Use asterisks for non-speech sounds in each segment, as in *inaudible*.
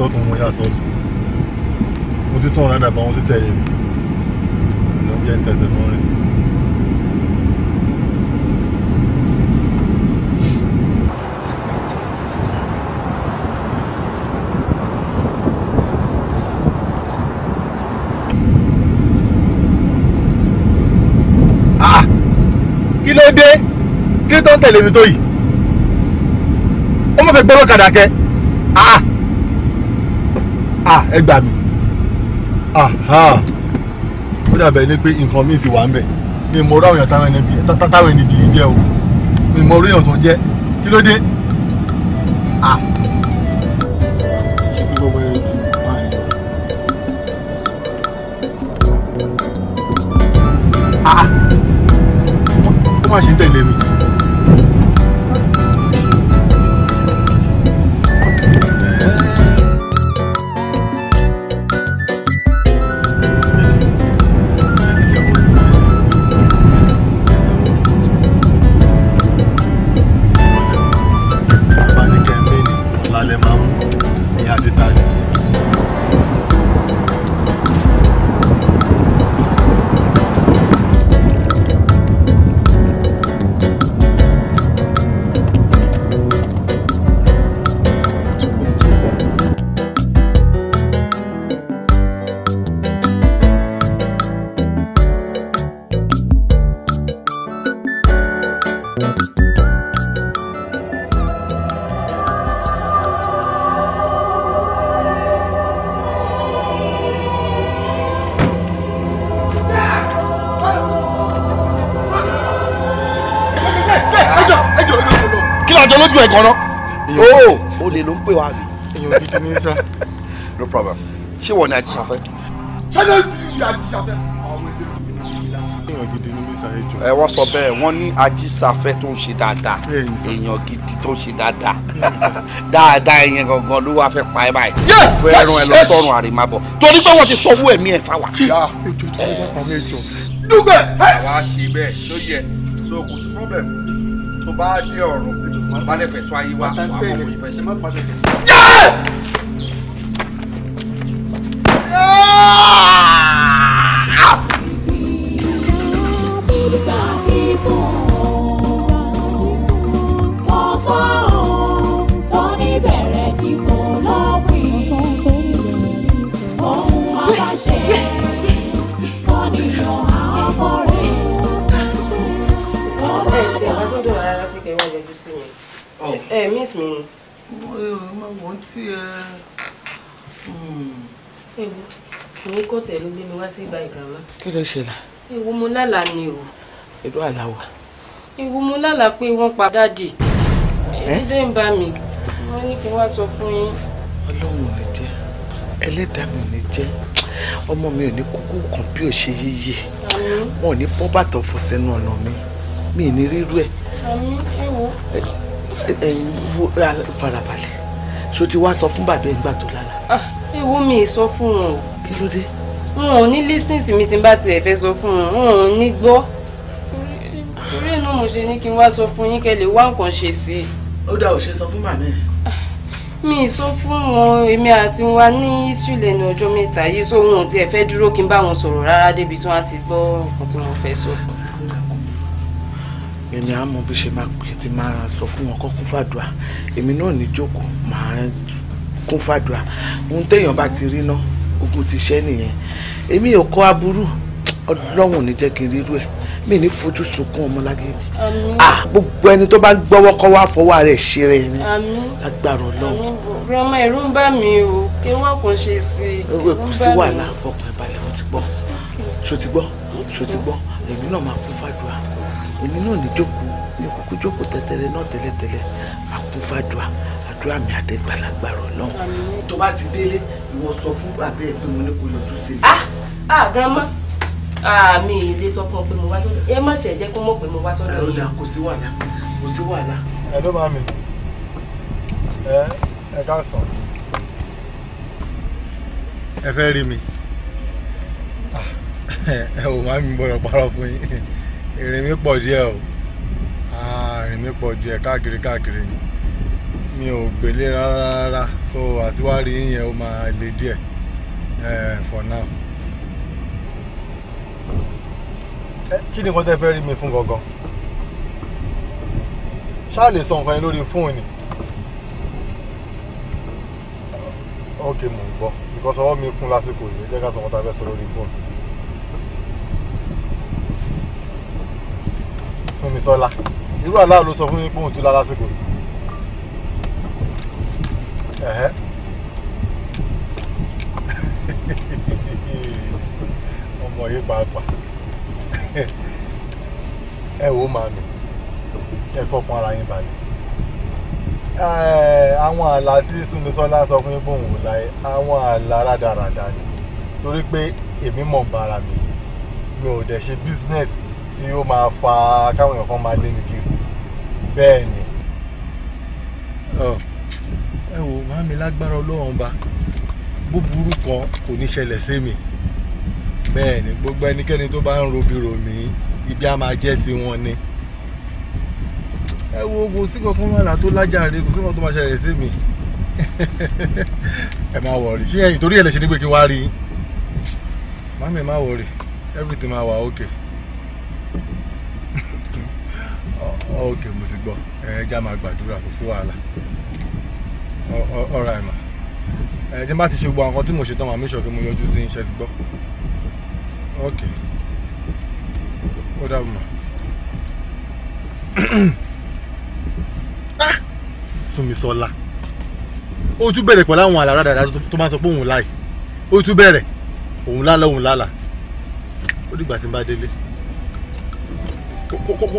sọ́tún mo yà sọ́tún mo tún tún ọ̀nà àbá wọn tún tẹ̀lé mi lọ jẹ́ ń tẹ̀sẹ̀ mọ́ rìn. de, ah! ló dé kí ló tó ń tẹ̀lé mi tó yìí ó mọ̀ fẹ́ gbọ́ lọ́kadà ah ah ẹ gbà mí ó dàbẹ̀ ni pé nǹkan mi ti wà ń bẹ̀ mi mọ orí àwọn èèyàn táwọn ẹni bí táwọn ẹni bí jẹ́ o mi mọ orí èèyàn tó jẹ́ kí ló dé ṣé wọ́n ní àjíṣàfẹ́. ṣáájú ìyá àjíṣàfẹ́. ẹ wọ́n sọ bẹ́ẹ̀ wọ́n ní àjíṣàfẹ́ tó ń ṣe dáadáa èèyàn gidi tó ń ṣe dáadáa dáadáa ìyẹn gangan ló wá fẹ́ pa ẹ́ báyìí fún ẹran ẹ lọ sọ́run àrèmábọ̀ torí pé wọ́n ti sọ owó ẹ̀mí ẹ̀ fáwa. dúgbẹ́ ẹ̀ wá ṣe bẹ́ẹ̀ ló yẹ so kò sí problem tó bá dé ọ̀run balẹ̀ fẹ̀ tó ayé wa wà á mọ̀ ìfẹsẹ̀. sí by grandma. kí ló ṣẹlẹ̀. ìwú mu lálàá ni o. ìlú àlàwà. ìwú mu lálàá pé wọ́n pa dáàdì. èyí dé ń bá mi wọ́n ní kí n wá sọ fún yín. ọlọ́run ò ní jẹ́ ẹlẹ́dàá mi ò ní jẹ́ ọmọ mi ò ní kúkú kan bí ò ṣe yíyẹ wọn ò ní bọ́ bàtà ọ̀fọ̀ sẹ́nu ọ̀nà mi mi ì ní rírú ẹ̀. ẹ̀yin wo farabalẹ̀ ṣó ti wá sọ fún bàbá ẹ̀ ń gbà tó lálàá. Ah, ewu mi sọ fún wọn o. kí ló dé wọn ò ní listening sí mi tí n bá tiẹ̀ fẹ́ sọ fún wọn wọn ò ní gbọ́ torí inú mo ṣe ní kí n wá sọ fún yín kẹ́ lè wá nǹkan ṣe sí i. ó dà ò ṣe sọ fún màmí ẹ. mi sọ fún wọn èmi àti wa ní isu lẹ́nu ọjọ́ mẹ́ta yìí sọ wọn ò tiẹ̀ fẹ́ dúró kí n bá wọn sọ̀rọ̀ rárá débi tí wọ́n á ti gbọ́ nǹkan tí mo fẹ́ sọ. èmi á bí ṣe máa pè tí máa sọ fún wọn kó kún èmi náà ní jókòó máa kún fàdúrà ti rí náà ogun ti ṣẹ́ nìyẹn èmi ò kọ́ aburú ọlọ́run ní jẹ́ kí n rírú ẹ̀ mi ní fojú sunkún ọmọlágé mi gbogbo ẹni tó bá ń gbọ́wọ́ kọ́ wá fọwọ́ rẹ̀ ṣe rẹ̀ ni lágbára ọlọ́run. grandma ẹ̀rù ń bà mí o kí wọ́n ṣe sí i. kò sí wàhálà fọkàn balẹ̀ mo ti gbọ́ ṣo ti gbọ́ ṣo ti gbọ́ èmi náà máa kún fàdùà èmi náà ní jókòó ní kúkú jókòó tẹ́tẹ́rẹ́ náà tẹ́lẹ̀tẹ́lẹ̀ máa kún fàdùà àdúrà mi àdẹ́gbàlagbàrọ̀ náà tó bá ti délé ìwọ sọ fún bàbá ẹ pé mo ní kó yọjú sí i. a gan mọ àmì ilé sọ fún ọ pé mo wá sọ́dọ̀ ẹ má tiẹ̀ jẹ́ kó mọ̀ pé mo wá sọ́dọ̀ yìí. kò sí wàhálà kò sí wàhálà. ẹ ló máa mi ẹ ẹ ká sàn ẹ fẹ́ rí mi ah, ẹ ò má mi gbọ́dọ̀ parọ́ fún yín ìrìn mi pọ̀ díẹ̀ o ah, ìrìn mi pọ̀ díẹ̀ káàkiri káàkiri ni mi ò gbélé rárá rárá so àti wá rí yẹn ó máa le díẹ̀ for now. kí ni nǹkan tẹ́ fẹ́ rí mi fún gangan ṣáà lè sọ nǹkan yẹn lórí fóònù ok mò gbọ́ because ọwọ́ mi kún lásìkò yìí jẹ́ ká sọ nǹkan tá a fẹ́ sọ lórí fóònù. Súnmisọ́lá irú àlá ló sọ fún mi pé òun tún lá lásìkò yìí. *laughs* ọmọ yìí pàápàá *laughs* ẹ wò máa mi ẹ fọkàn ara yín balẹ̀ àwọn àlá tí Súnmisọ́lá sọ fún yín bóun wò láyé àwọn àlá rádaràda ni torí pé èmi mọ̀ bara mi mi ò dẹ̀ ṣe business tí ó máa fa káwọn èèyàn kan máa lé mi kiri bẹ́ẹ̀ ni. Uh ẹ wò màámi lágbára ọlọ́run ba búburú kan kò ní ṣẹlẹ̀ sí mi bẹ́ẹ̀ ni gbogbo ẹnikẹ́ni tó bá ń robiro mi ibi a máa jẹ́ tiwọn ni ẹ wo kò sí kankan mọ́ra tó lájàre kò sí kankan tó máa ṣẹlẹ̀ sí mi *laughs* ẹ máa wọ̀rì ṣé ẹ̀yìn torí ẹ̀ lè kí wá rí yín màámi ẹ máa wọ̀rì everything máa wà okay *laughs* ok mo ti gbọ́ ẹ já máa gbàdúrà kò sí wàhálà ọ̀rọ̀ àìmọ̀ ẹ̀ tí n bá ti ṣe gbogbo àwọn nǹkan tí mo ṣe tán màá make sure pé mo yọjú sí iṣẹ́ ti gbọ́ ok ó dàbọ̀ mọ́ ah! Súnmisọ́lá ó tún bẹ̀rẹ̀ pẹ̀lú àwọn àlàrà dáadáa tó máa sọ pé òun láì ó tún bẹ̀rẹ̀ òun lálẹ́ òun lálà ó dìgbà tí n bá délé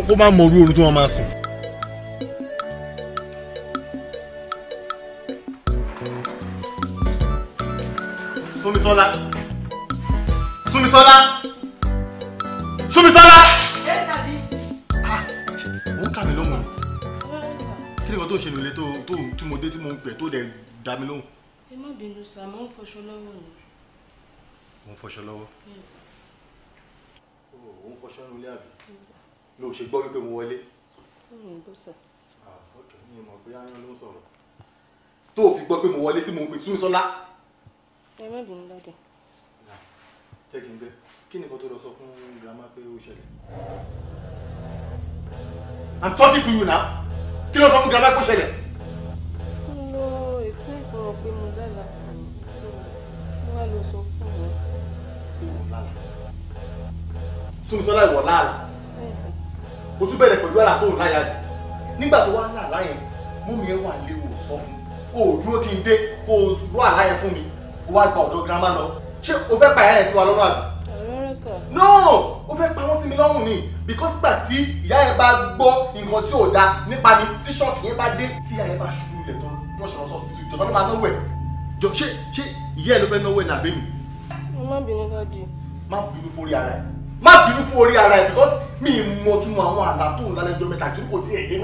kó má mọ orú oorun tó wọn máa sùn. Súnmisọ́lá Súnmisọ́lá Súnmisọ́lá. Yes, Daddy. Ah, ó ń kà mí lóhùn kí ni nǹkan tó ṣe nílé tó tí mo dé tí mo ń pè tó dẹ̀ dá mi lóhùn. ẹ má bínú sá mo ń fọṣọ lọ́wọ́ ni. mo ń fọṣọ lọ́wọ́. o ń fọṣọ nílé àbí lo ò ṣe gbọ́ wípé mo wọlé. Ah, tó o fi gbọ́ pé mo wọlé tí mo ń pè ẹ má bínú dáadé. jẹ́ kí n gbé kí ni nǹkan tó lọ sọ fún girama pé ó ṣẹlẹ̀. I'm talking to you now kí ló sọ fún girama pé ó ṣẹlẹ̀. mo lo explain fún ọ pé mo lálàá mo wá lọ sọ fún ọ. ìwọ lálàá sunsola ìwọ lálàá o tún bẹ̀rẹ̀ pẹ̀lú àlá tó ń láyà nígbà tó wá ń là láyẹn mú mi ẹ wà léwu sọ fún o ò dúró kí n dé kó o lọ àlá yẹn fún mi ó wá gba ọ̀dọ̀ girama lọ ṣé o fẹ́ pa ìyá yẹn sí wa lọ́rùn àgbà. no o fẹ́ pa wọ́n sí mi lọ́rùn ni because gbà tí ìyá yẹn bá gbọ́ nǹkan tí ò dáa nípa mi tí ṣọ́ọ̀kì yẹn bá dé tí ìyá yẹn bá ṣubú ilẹ̀ tó rọ̀ṣọ̀ lọ sọ́ọ̀sì ìjọba ló máa náwó ẹ̀ jọ ṣé ṣé ìyá ẹ ló fẹ́ náwó ẹ̀ nàbẹ́ mi. mo má bínú dájú. má bínú forí ara ẹ má bínú forí ara ẹ because mi ì mọ̀tún àwọn àlá tó ń lálẹ́ jọ mẹ́ta kí ló kò tiẹ̀ yé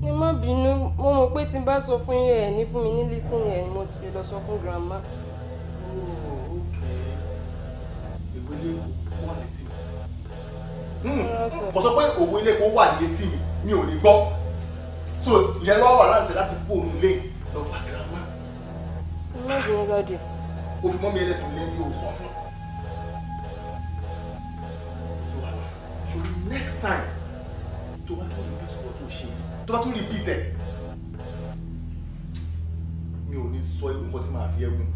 ẹ má bínú mo mọ̀ pé tí n bá sọ fún yín ẹ̀ ní fún mi ní listening ẹ̀ ni mo ti lọ sọ fún grandma. Oh, hmm, mo sọ pé òwe ilé epo wà létí mi mi ò ní gbọ́ so ìyẹn lọ́wọ́ wà láǹtẹ̀ láti kó òun lé lọ bá grandma. ẹ má bínú gáàdì. o fi mọ́ mi ẹlẹ́sìn lẹ́yìn o sọ fún. sọ wàhálà ṣòro next time tó bá tó tó bá tún repeat ẹ̀ mi ò ní sọ irú nǹkan tí màá fi ẹ̀gún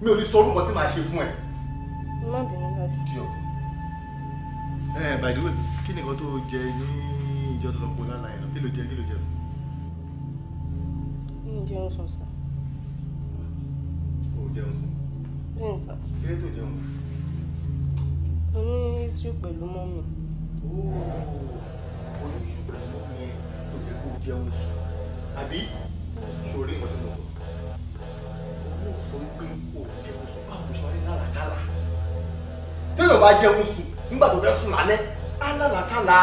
mi ò ní sọ irú nǹkan tí màá ṣe fún ẹ. má bínú bá dé. idiot. ẹ ẹ by the way kí ni nǹkan tó jẹ ní ìjọ tó sọ pé lálàá yẹn kí ló jẹ kí ló jẹ sùn. mi ò jẹun sùn sá. o jẹun sùn. bẹ́ẹ̀ sá. kí ló tó jẹun sùn oní iṣu pẹ̀lú mọ́mì. oní iṣu pẹ̀lú mọ́mì ẹ̀ kò yẹ kó jẹun sùn àbí sórí nǹkan tí mo sọ òun sọ pé kò jẹun sùn báwo ṣe rí lálàkàlà téèyàn bá jẹun sùn nígbà tó fẹ́ sùn lálẹ́ á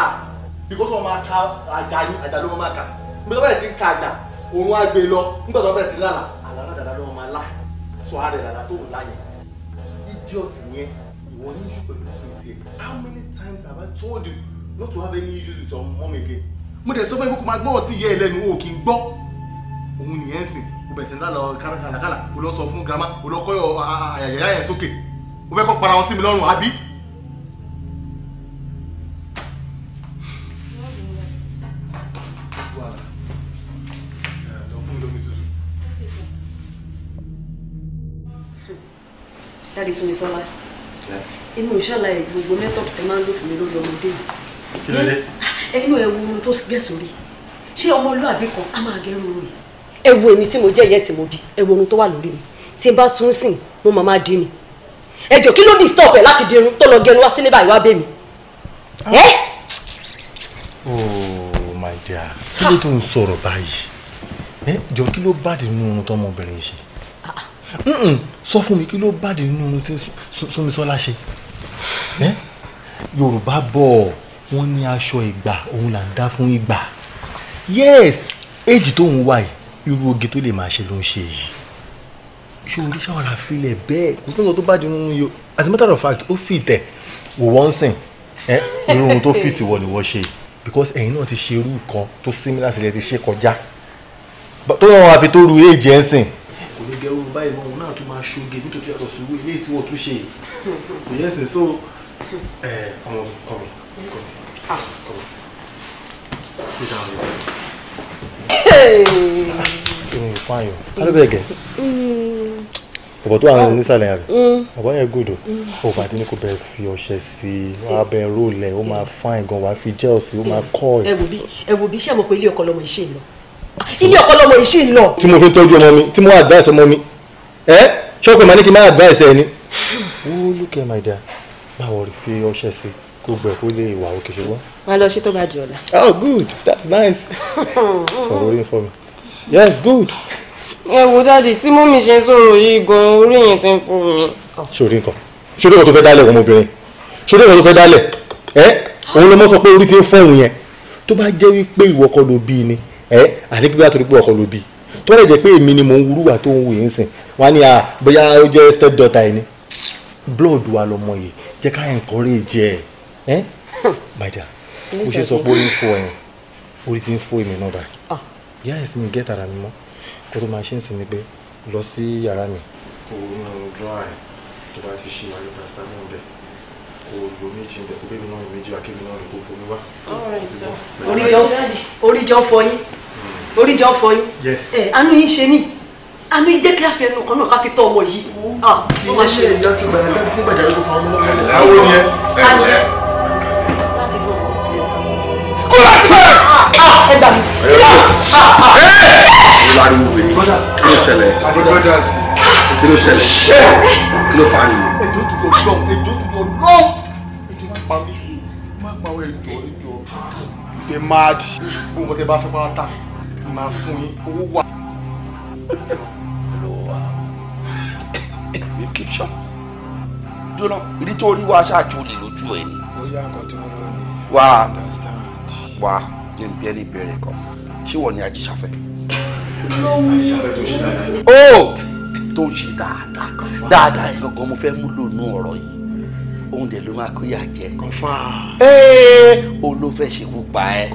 bíkọ́sì wọn máa ka àjà ni àjà ló máa ka nígbà tó bẹ̀rẹ̀ sí ka àjà òun á gbé lọ nígbà tó bẹ̀rẹ̀ sí lálà àlàlà dàda ló máa lá sọ ara dàda tó ń lá yẹn yẹn ìwọ ní ìṣù pẹ̀lú ọmọ ìtì how many times have I told you not to have any issues with your mom again mo dẹ̀ sọ fún ibùkún máa gbọ́wọ́ sí ìyá ẹ lẹ́nu o kì í gbọ́ òun nìyẹn ń sìn o bẹ̀sẹ̀ ńlá lọ kàlàkàlà o lọ sọ fún girama o lọ kọ́yọ̀ àyàyà yẹn sókè o fẹ́ kọ́ para wọn sí mi lọ́rùn àbí. Dádì Súnmisọ́lá, èmi ò ṣàlàyé gbogbo mẹ́tọ̀ọ̀tì tẹ máa ń lò fún mi lórí ọmọdé yìí. Kí ló dé? ẹnu ẹ wo orun tó gẹ̀ sórí ṣé ọmọlúàbí kan á máa gẹrun orun yìí. ẹ wo èmi tí mo jẹ́ ìyá ẹ̀ tí mo bí ẹ wo orun tó wà lórí mi tí n bá tún sìn mo máa máa dín ni ẹ jọ kí ló disturb ẹ láti dirun tó lọ gẹrun wá sí níbàyí wá bẹ́ẹ̀ mi. Ah. oh my dear kí ló tó ń sọ̀rọ̀ báyìí jọ kí ló bá dé nínú orun tọmọbìnrin ṣe ah, ah. sọ fún mi kí ló bá dé nínú orun tí Súnmisọ́lá ṣe yorùbá bọ̀ ọ́ wọ́n ní aṣọ ìgbà òun là ń dá fún ìgbà yes éèjì tóun wà yìí irú oge tó lè máa ṣe ló ń ṣe yìí ṣé orí ṣàwárà filẹ̀ bẹ́ẹ̀ kò sí nǹkan tó bá di nínú yìí as a matter of fact ó fi ìtẹ̀ wò wọ́n sìn ẹ́ irú ohun tó fi ìtìwọ́ ni wọ́n ṣe because ẹ̀yin náà ti ṣe irú kan tó similar sílẹ̀ ti ṣe kọjá tó náà wà fi tó ru éèjì ẹ̀ ń sìn kò ní gẹ orun báyìí wọn náà tún máa ṣoge nítorí ọ̀sọ̀ sùúrù ilé tí wọ́n tún ṣe kò yẹ ẹ̀sìn so ọmọ ọmọ ọmọ. Ah. Come on. Sit down. Hey. tó wà ní nísàlẹ̀ yàrá. Ọ̀bọ̀ yẹn gùdò. Ọ̀bọ̀ àti ní kò bẹ̀rẹ̀ fi ọṣẹ sí i. Wà á bẹ̀rẹ̀ ó máa fáìn gan, wà fi gel sí ó máa kọ́ ẹ̀. Ẹ wò bí ẹ wò bí iṣẹ́ pé ilé ọkọ lọmọ ìṣe lọ. Ilé ọkọ lọmọ ìṣe lọ. Tí mo fi tọ́jú ọmọ mi, tí mo wá advice ọmọ mi. Ẹ ṣọ́ọ̀pù màá ní kí n má advice ẹ ni. Wọ́n lókè my dear, báwo rí fi ọṣẹ sí i kó gbẹ kó lè òkè ṣùgbọ́n. máa lọ ṣe tó bá di ọ̀la. oh good that's nice. *laughs* sọ̀rọ̀ orí fún mi yes good. ẹ wo dáàdi tí mú mi ṣe sọ̀rọ̀ yìí gan orí yẹn ti ń fún mi. ṣòrí nǹkan ṣòrí nǹkan tó fẹ́ dálẹ̀ ọmọbìnrin ṣòrí nǹkan tó fẹ́ dálẹ̀ ẹ òun ló mọ̀ sọ pé orí ti ń fọ́ òun yẹn tó bá jẹ́ wípé ìwọ kọ́ ló bí ni ẹ àní pípẹ́ àtòrí pé ọkọ ló bí tó lè jẹ́ pé èmi ni mò ń wúrúwà tó ń wù yín sìn wá ní à bóyá ó jẹ́ step daughter yìí ni blood wa lọmọ yìí jẹ́ ká encourage ẹ̀ ẹ eh? *laughs* my dear mo ṣe sọ pé orí ń fọ ẹ̀yìn orí ti ń fọ èmi náà báyìí ìyá ah. ẹ̀sìn mi gẹ́tà ara mi mọ́ kó tó máa ṣe ń sinmi pé lọ sí yàrá mi. kò o ní ọ̀rọ̀ dúrà ẹ̀ tó bá ti ṣe ìwádìí pàṣẹ náà bẹ̀ kò o lo méjì bẹ̀ kó bébí náà lo méjì akébi náà lo gbogbo mi wá. oríjọ́ fọyín oríjọ́ fọyín ẹ̀ anú yín ṣe mí àmì jẹ́ kí a fi ẹnu kan náà ká fi tọ́ ọmọ yìí. Ah, ilé iṣẹ́ ìyá tó gbàdá lẹ́nu fún gbàdá lóko fún ọmọ náà. ẹ̀lẹ́ owó yẹn ẹ̀lẹ́. kó la pẹ́. ẹ gbà mí. Ah, ah, ìlànà ìwé kí ló ṣẹlẹ̀ kí ló ṣẹlẹ̀ kí ló fa ni. ẹjọ́ tó lọ lọ ẹjọ́ tó lọ lọ ẹjọ́ máa pa mí máa pa ọ ẹjọ́ ẹjọ́ ìdè máa di gbogbo ọdẹ bá fẹ́ pátá máa fún yín owó wà èmi keep short jóná nítorí wàá ṣáàjú olè lójú ẹ ni. bóyá nǹkan tí wọ́n lọ ní. wá wá ní bí ẹni bẹ̀rẹ̀ kan ṣé wọ́n ní ajíṣàfẹ́. ó tó ń oh! ṣe dáadáa dáadáa yẹn gangan mo fẹ́ mú lò nú ọ̀rọ̀ yìí òun dẹ̀ ló máa kó yà jẹ. confam. ee òun ló fẹ́ ẹ.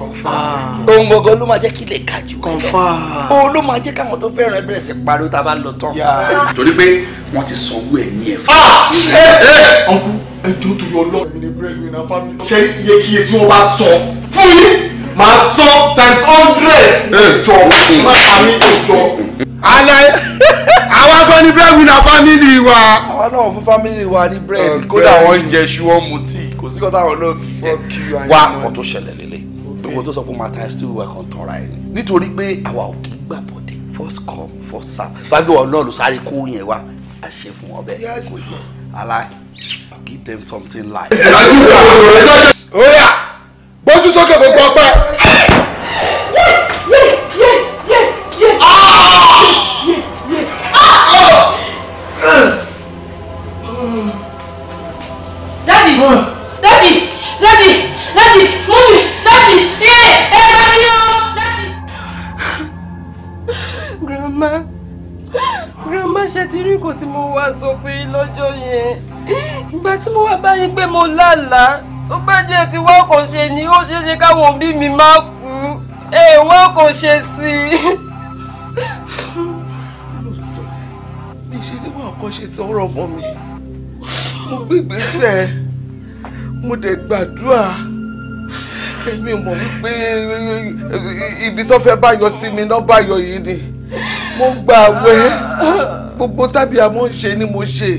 òun gbọ̀ngàn ló máa jẹ́ kí lè ka jù. confam. máa jẹ́ káwọn tó fẹ́ràn ẹ bẹ̀rẹ̀ sí pariwo tá a bá lọ tán. torí pé wọ́n ti sanwó ẹ̀ ní ẹ̀fọ́. ṣe é ẹjọ́ tó yọ lọ́ọ̀ mi ní bírèkì náà fámi. ṣé iyekíye tí wọ́n bá sọ fún yín máa sọ times hundred. ìjọ máa pa mí ìjọ. àlàyé àwa gan ni bírèkì náà fámìlì wa àwa náà fún family wa ní bread kódà wọ́n jẹ ṣu wọ́n mu tíì kò sí kọ́tà àwọn náà fi jẹ wá ọ̀kan tó ṣẹlẹ̀ lélẹ̀ gbogbo tó sọ pé màtá ẹ̀ still wà kan tán ra ẹ̀ nítorí pé àwa ò kí gbà bọ̀dẹ̀ first come first serve gbàgbé wọn náà ló sáré kó yẹn wá a ṣe fún wọn bẹ́ẹ̀ kò yẹ alá give them something like. ó yá bójú sókè gbogbo ọpẹ́. pé mo lálàá ó bá jẹ́ ti wá kò ṣe ni ó ṣeé ṣe káwọn òbí mi máa kú ẹ wá kò ṣe sí i. mi ṣe ní wọn kò ṣe sọ̀rọ̀ ọmọ mi mo gbé ìgbésẹ̀ mo dẹ̀ gbàdúrà èmi mọ̀ wípé ibi tó fẹ́ báyọ̀ sí mi náà báyọ̀ yìí ni mo gbààwẹ̀ gbogbo tàbí àmọ́ ṣe ni mo ṣe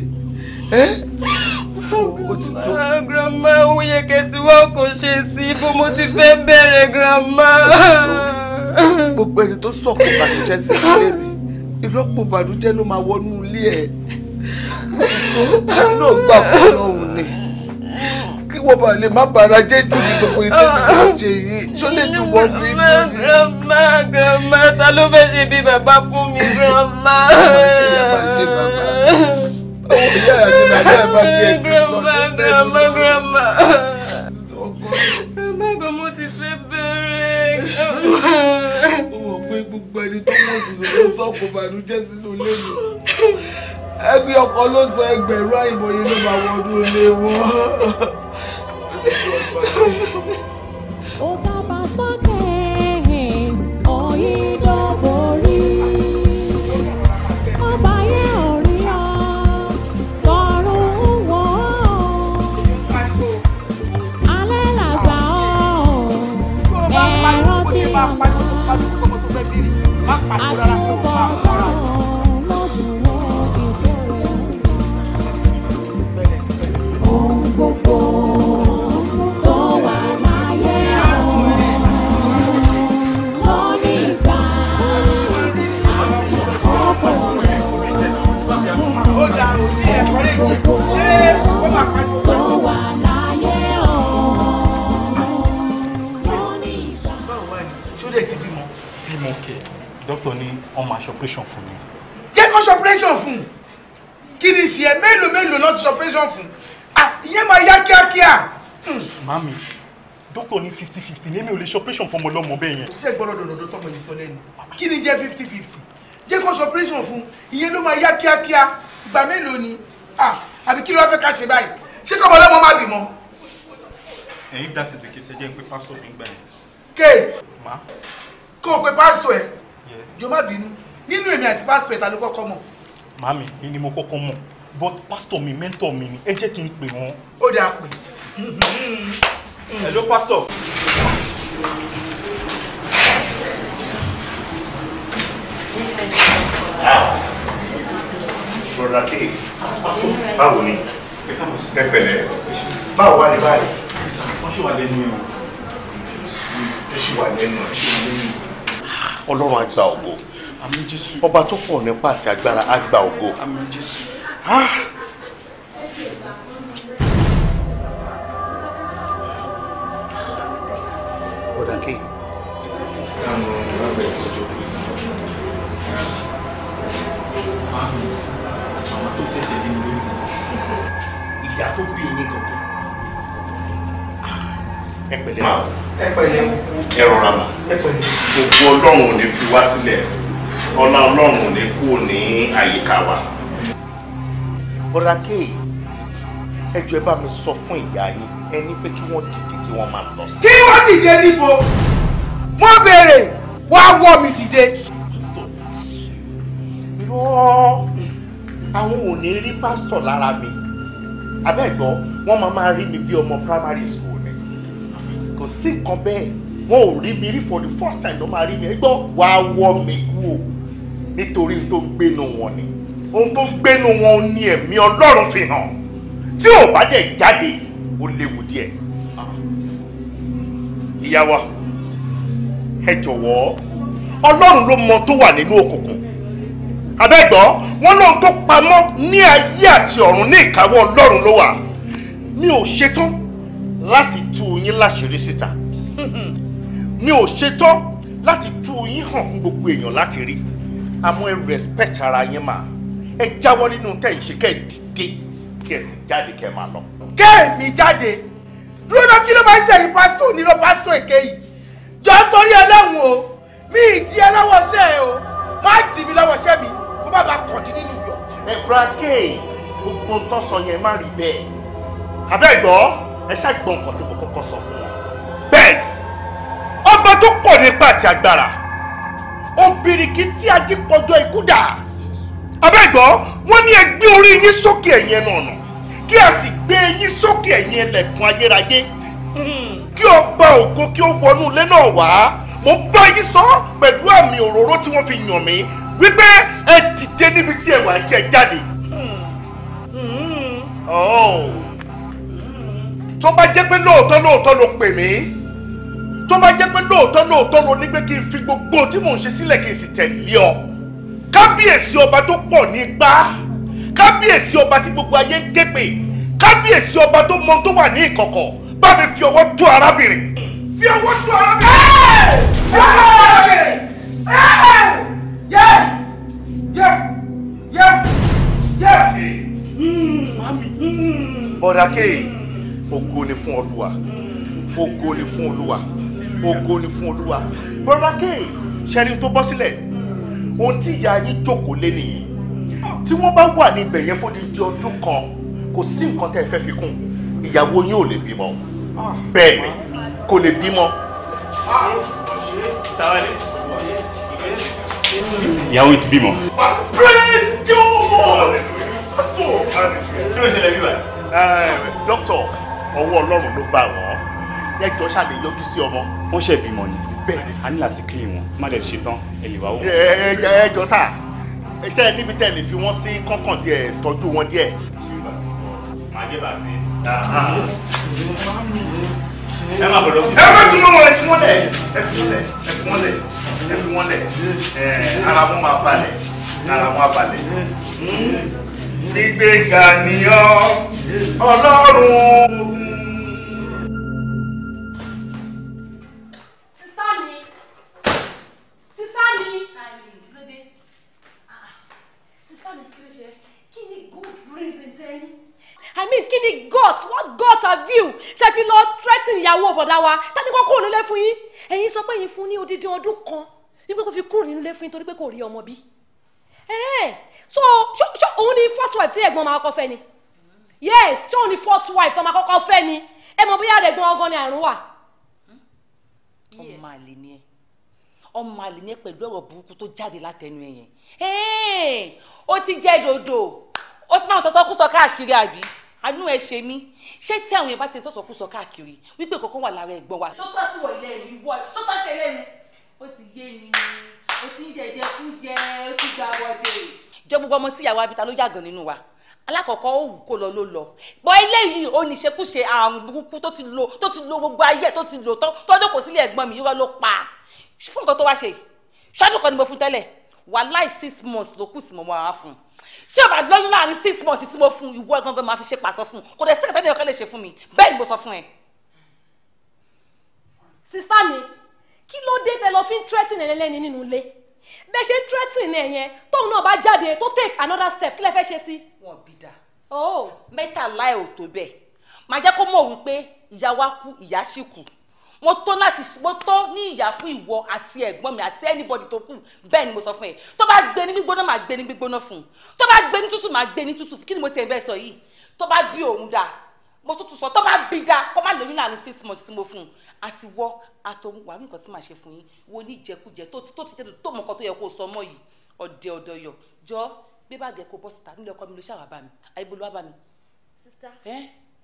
ó ti tó. grandma Oyèkẹ́ tí wọ́n kò ṣe sí bó mo ti fẹ́ bẹ̀rẹ̀ grandma. gbogbo ẹni tó sọ̀kò bànújẹ́ sí ilé mi ìlọ́po bànújẹ́ ló máa wọnú ilé ẹ̀ náà gbà fún ọlọ́run ni kí wọ́n bá lè má bàrà jẹ́ jù ní gbogbo ìtẹ́ mi ló ṣe yìí ṣó lè dùn wọ́n bí mi. grandma grandma ta ló fẹ́ ṣe bí bàbá fún mi grandma. ṣé yàrá ṣe bàbá ìyá àti nàdá ẹ̀ bá tiẹ̀ ti lọ grandma grandma grandma kan mo ti fẹ́ bẹ̀rẹ̀ ó mọ̀ pé gbogbo ẹni tó mọ̀ tuntun ló sọ kò bànújẹ́ sínú ilé mi ẹgbẹ́ ọkọ ló sọ ẹgbẹ̀rún àìmọye ló máa wọnú ilé wọn. ó dábàá sókè. máa pariwo tó pariwo tó kọ́mọ tó fẹ́ bìrì má pariwo rárá. Doctor, ní wọ́n máa ṣe operation fún mi. jẹ́ kó ṣe operation fún un kí ni ṣe ẹ mélòó mélòó náà ti ṣe operation fún un ìyẹn máa yá kíákíá. Hmm. màmí doctor ní fifty fifty lèmi ò lè ṣe operation fún ọmọ ọlọ́mọ bẹ́ẹ̀ yẹn. ṣé gbọ́dọ̀ dọ̀dọ̀ tọmọ yìí sọ lẹ́nu kí ni jẹ́ fifty fifty jẹ́ kó ṣe operation fún un ìyẹn ló máa yá kíákíá ìgbà mélòó ni àbí kí ló wá fẹ́ ká ṣe báyìí ṣé kọ́mọ ọlọ́mọ má bímọ. ẹ̀yin dá ti ṣèké ṣẹ́jẹ́ ń pé pásítọ̀ mi ń gbà yẹn. kéè kó o pe pásítọ̀ ẹ̀ jọ má bínú nínú èmi àti pásítọ̀ ìta ló kọ́kọ́ mọ̀. màmí èyí ni mo kọ́kọ́ mọ̀ but pásítọ̀ mi mẹ́ńtọ̀ mi ni ẹ jẹ́ kí n pè wọ́n. ó dáa pè. hello pásítọ̀. rọra dé báwo ni ẹ pẹ̀lẹ́ báwo wà ní báyìí. ó ṣì wà lẹ́nu ẹ̀ o. ṣì wà lẹ́nu ẹ̀ ọlọ́run á gba ògo ọba tó pọ̀ nípa àti agbára á gba ògo. Ah! ọ̀dà kéyìí. ìyá tó bí yín ẹ pẹ̀lẹ́ máa ẹ pẹ̀lẹ́ ẹ rọra mà ẹ pẹ̀lẹ́ gbogbo ọlọ́run ò ní fi wá sílẹ̀ ọlá ọlọ́run ò ní kú ní àyíká wa. bọ́lá kéè ẹjọ́ ẹ bá mi sọ fún ìyá yín ẹ ní pé kí wọ́n dìde kí wọ́n máa lọ sí. kí wọ́n dìde níbo wọ́n béèrè wọ́n á wọ́ mi dìde. irọ́ àwọn ò ní rí pásítọ̀ lára mi abẹ́gbọ́ wọ́n máa máa rí mi bí ọmọ primary school kò sí nǹkan bẹ́ẹ̀ wọn ò rí mi rí for the first time tó máa rí mi gbọ́ wá wọ́ mi kú o nítorí tó ń gbénu wọn ni ohun tó ń gbénu wọn ni ẹ̀mí ọlọ́run fi hàn tí ò bá dẹ̀ jáde ó léwu díẹ̀ ìyá wa ẹ jọ̀wọ́ ọlọ́run ló mọ tó wà nínú òkùnkùn abẹ́gbọ́ wọn lóhun tó pamọ́ ní ayé àti ọ̀run ní ìkáwọ́ ọlọ́run ló wà mi ò ṣetán láti tú yín láṣìírí síta mi ò ṣetán láti tú yín hàn fún gbogbo èèyàn láti rí àmọ́ ẹ respect ara yín mà ẹ jáwọ́ nínú tẹ̀ ìṣe kẹ́ ẹ dìde kí ẹ sì jáde kẹ́ ẹ máa lọ. kẹ́ẹ̀mí jáde dúró náà kí ló máa ń ṣe yìí pásítọ̀ onírọ̀ pásítọ̀ èké yìí jọ ń torí ẹlẹ́wọ̀n o mi ì di ẹ ṣẹ́ ẹ o má dì mí lọ́wọ́ ṣẹ́ mi kó má bàa kàn dín nínú yọ. ẹ bra kéè gbogbo ń tọ́ yẹn má rí bẹ́ẹ̀ abẹ́ gbọ́ ẹ ṣàgbọ́n nǹkan tí mo kọ́kọ́ sọ fún wọn. bẹ́ẹ̀ ọba tó pọ̀ nípa àti agbára obìnrin tí a ti kọjọ ikú dà abẹ́gbọ́ wọ́n ní ẹ gbé orí yín sókè ẹ̀yìn ẹnu ọ̀nà kí a sì gbé yín sókè ẹ̀yìn ẹlẹ́kùn ayérayé kí ọba ògo kí ó wọnú ilé náà wá mo bá yín sọ pẹ̀lú àmì òróró tí wọ́n fi yàn mí wípé ẹ dìde níbi tí ẹ wà kí ẹ jáde. Oh tó bá jẹ́ pé lóòótọ́ lóòótọ́ ló pè mí tó bá jẹ́ pé lóòótọ́ lóòótọ́ ló ní pé kí n fi gbogbo tí mò ń ṣe sílẹ̀ kí n sì tẹ̀lé ọ kábíyèsí ọba tó pọ̀ ní gbá kábíyèsí ọba tí gbogbo ayé ń ké pè kábíyèsí ọba tó mọ tó wà ní ìkọ̀kọ̀ bá mi fi ọwọ́ tó arábìnrin fi ọwọ́ tó arábìnrin fi ọwọ́ tó arábìnrin yẹ yẹ yẹ yẹ. bọ̀dà kéè ògo ni fún olúwa ògo ni fún olúwa ògo ni fún olúwa brother k ṣẹ́ni tó bọ́ sílẹ̀ ohun tí ìyá yín jókòó lé nìyí tí wọ́n bá wà níbẹ̀ yẹn fún odidi ọdún kan kò sí nǹkan tẹ́ ẹ fẹ́ fi kún ìyàwó yín ò lè bímọ bẹ́ẹ̀ ni kò lè bímọ. ìyàwó yìí ti bímọ. praise God. dókítà ọwọ́ ọlọ́run ló bá wọn ẹjọ́ ṣàlè yọjú sí ọmọ. wọ́n ṣe bímọ ni a ní láti kílì wọn má lè ṣe tán ẹ lè wá wò. ẹjọ́ sà iṣẹ́ níbi tẹ́ lè fi wọ́n sí kọ́kàn tí ẹ tọ́jú wọn díẹ̀. ẹ má bọ̀dọ̀ ẹ má tún wọn ẹ fi wọn lẹ̀ ẹ fi wọn lẹ̀ ẹ fi wọn lẹ̀ ẹ fi wọn lẹ̀ ara wọn máa balẹ̀ ara wọn máa balẹ̀ hmm? nígbèga nìyọ ọlọ́run. fẹ́ I mean kí ni God what God have you ṣe fi lọ threaten ìyàwó bọ̀dá wa tani kò kúrò nílé fún yín ẹ̀yin sọ pé yín fún ní odidi ọdún kan nígbà kó fi kúrò nílé fún yín torí pé kò rí ọmọ bí. so ṣó ṣó òun ni first wife tí ẹ̀gbọ́n máa kọ́ fẹ́ ni yes ṣé òun ni first wife tó máa kọ́kọ́ fẹ́ ni ẹ mọ̀ bóyá rẹ̀ gbọ́n ọgọ́ ni àrùn wà. ọmọ àlè ni ẹ ọmọ àlè ni ẹ pẹ̀lú ọ̀rọ̀ burúkú tó jáde látẹnu ẹ yẹn ó ti jẹ́ dòdò ó ti máa ń tọ́sọ́kú sọ káàkiri àbí àánú ẹ ṣe mí ṣé tí àwọn yẹn bá ti tọ́sọ́kú sọ káàkiri wípé kọ̀ọ̀kan wà lára ẹ̀gbọ́n wa. sọ́tọ́ sí wọ ilé ẹ̀rí wọ sọ́tọ́ sí ẹlẹ́nu ó ti yé mi ó ti ń jẹjẹ kú jẹ ó ti gba wọdẹ. jọ gbogbo ọmọ tíyàwó abita ló yàgàn nínú wa alákọ̀ọ́kọ́ ó wù kó lọ ló lọ bọ́ eléyìí ó ní ìṣekúṣe àrùn burúkú tó ti lo tó ti lo gbogbo ayé tó ti lo tọ́jọ́ kò sílé ẹ̀gbọ́n mi irọ́ ló pa fún nǹkan tó wá ṣe ṣọ́dún kan ni mo fún tẹ́lẹ̀ wàláì six months ló kù sí mọ́mọ́ fún un tí o bá lóyún láàrin six months tí mo fún ìwọ ẹ̀gbọ́n gbọ́n máa fi ṣe pàṣọ fún kò dé sẹ́kẹ̀tẹ́ nìkan lè ṣe fún mi bẹ́ẹ̀ ni mo sọ fún ẹ. sista mi kí ló dé tẹ lọ fi ń threaten ẹlẹ́ni nínú ilé bẹ́ ṣe ń threaten ẹ̀ yẹn tóun náà bá jáde tó take another step kí lẹ fẹ́ ṣe sí. wọn bí da oh. mẹ́tàlá ẹ̀ ò tó bẹ́ẹ̀ máa jẹ́ kó mọ̀ wípé ìyá wa kú ìyá sì kú mo tó láti mo tó ní ìyà fún ìwọ àti ẹ̀gbọ́n mi àti anybody tó kù bẹ́ẹ̀ ni mo sọ fún ẹ tó bá gbé ní gbígbóná máa gbé ní gbígbóná fún un tó bá gbé ní tútù máa gbé ní tútù kí ni mo ti ẹ̀ bẹ́ẹ̀ sọ yìí tó bá bí òun dáa mo tún tún sọ tó bá bí dáa kó má lóyún láàrin six months mo fún un àti wọ àtòun wàá nǹkan tí màá ṣe fún yín wo ní ìjẹkújẹ tó ti tó ti tó mọ nǹkan tó yẹ kó sọ mọ yìí ọdẹ ọdọ yọ jọ bí bàgẹ kó bọ síta nílé ọkọ mi ló ṣàwà bá mi àyíbólú bá mi. sista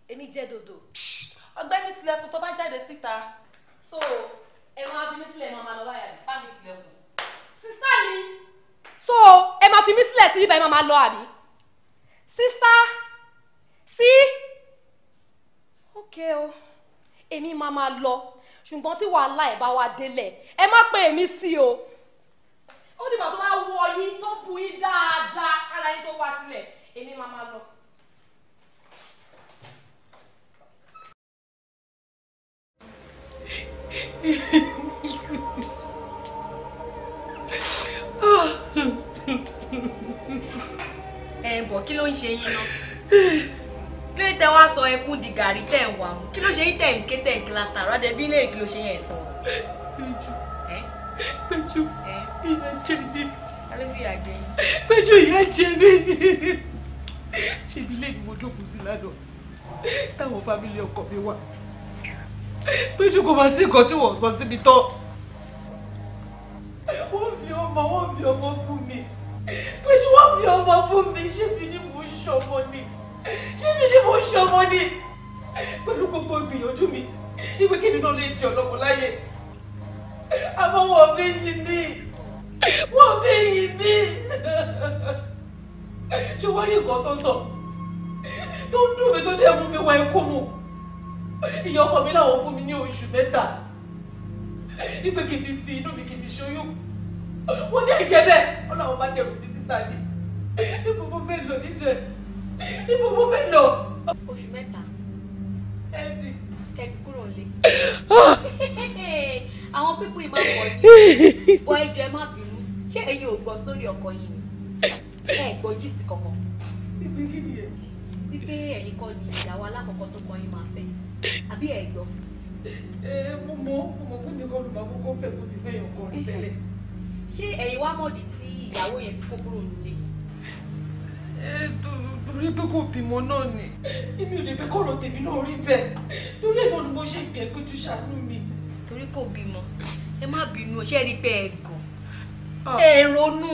èmi jẹ dodo. ọ̀gbẹ́ni tilẹ̀kùn tó bá jáde síta so ẹ máa fi mí sílẹ̀ máa máa lọ báyà bí. bámi sílẹ̀ kù. sista mi. so ẹ máa fi mí sílẹ̀ sí ibà ẹ máa máa lọ àbí. sista sí. ok o èmi máa máa lọ ṣùgbọ́n tí wàhálà ẹ̀ bá wa délẹ̀ ẹ má pè èmi sí o ó dìgbà tó bá wọ yín tó bu yín dáadáa kára yín tó wá sílẹ̀ èmi máa máa lọ. ẹ bọ̀ kí ló ń ṣe yín náà kí ló tẹ wá sọ ẹkún di gàrí tẹ̀ ń wà kí ló ṣe yín tẹ̀ ń ké tẹ̀ ń kí lata rádẹ bí léèrè kí ló ṣe yẹn sọ. péjú ìyá jẹ mí péjú ìyá jẹ mí ṣèbí lè ní mo jókòó sí lánàá táwọn fámìlì ọkọ mi wà péjú kò máa sí nǹkan tí wọ́n sọ síbi tán wọ́n fi ọmọ wọ́n fi ọmọ bú mi péjú wọ́n fi ọmọ bú mi ṣé mi ni mò ń ṣọmọ ni ṣé mi ni mò ń ṣọmọ ni pẹ̀lú gbogbo ìgbìyànjú mi ìwé kíni náà lè di ọlọ́mọ láyè àmọ́ wọ́n fi yin mí wọ́n fi yin mí ṣé wọ́n rí nǹkan tó sọ tó ń dùn mí tó dé mú mi wá ikú mu ìyá ọkọ mi láwọn fún mi ní oṣù mẹ́ta ipe kì í fi fi inú mi kì í fi ṣoyún wọn ní ẹ̀jẹ̀ bẹ́ẹ̀ wọn làwọn bá dẹrù mi síta ni ibo mo fẹ́ lọ nídìí ibo mo fẹ́ lọ. oṣù mẹ́ta ẹbí kẹfì kúrò lé ah! àwọn pípọ̀ ìmọ̀ pọ̀ ní bọ́ ẹjọ́ ẹ má bínú ṣé èyí ò gbọ́ sórí ọkọ yìí ni ẹ gbọ́ gist kankan. ibi kí ni ẹ. wípé ẹ̀yin kọ́ ni ìyàwó alákọ̀ọ́kọ́ tó kọ́ yín máa fẹ́ àbí ẹ̀ gbọ́. ẹ mo mọ mo mọ pé mi kọ́ ló máa kókó fẹ́ kó ti fẹ́ yàn kọ́ rí tẹ́lẹ̀. ṣé ẹ̀yin wá mọ̀dí tí ìyàwó yẹn fi kókóró nílé? ẹ torí pé kò bímọ náà ni èmi ò lè fẹ́ kọ́rọ̀ tèmi náà rí bẹ́ẹ̀ torí ẹ̀ náà ni mo ṣe gbẹ pé tó ṣàánú mi. torí kò bímọ ẹ má bínú ṣe rí pé ẹ gàn ah. ẹ ronú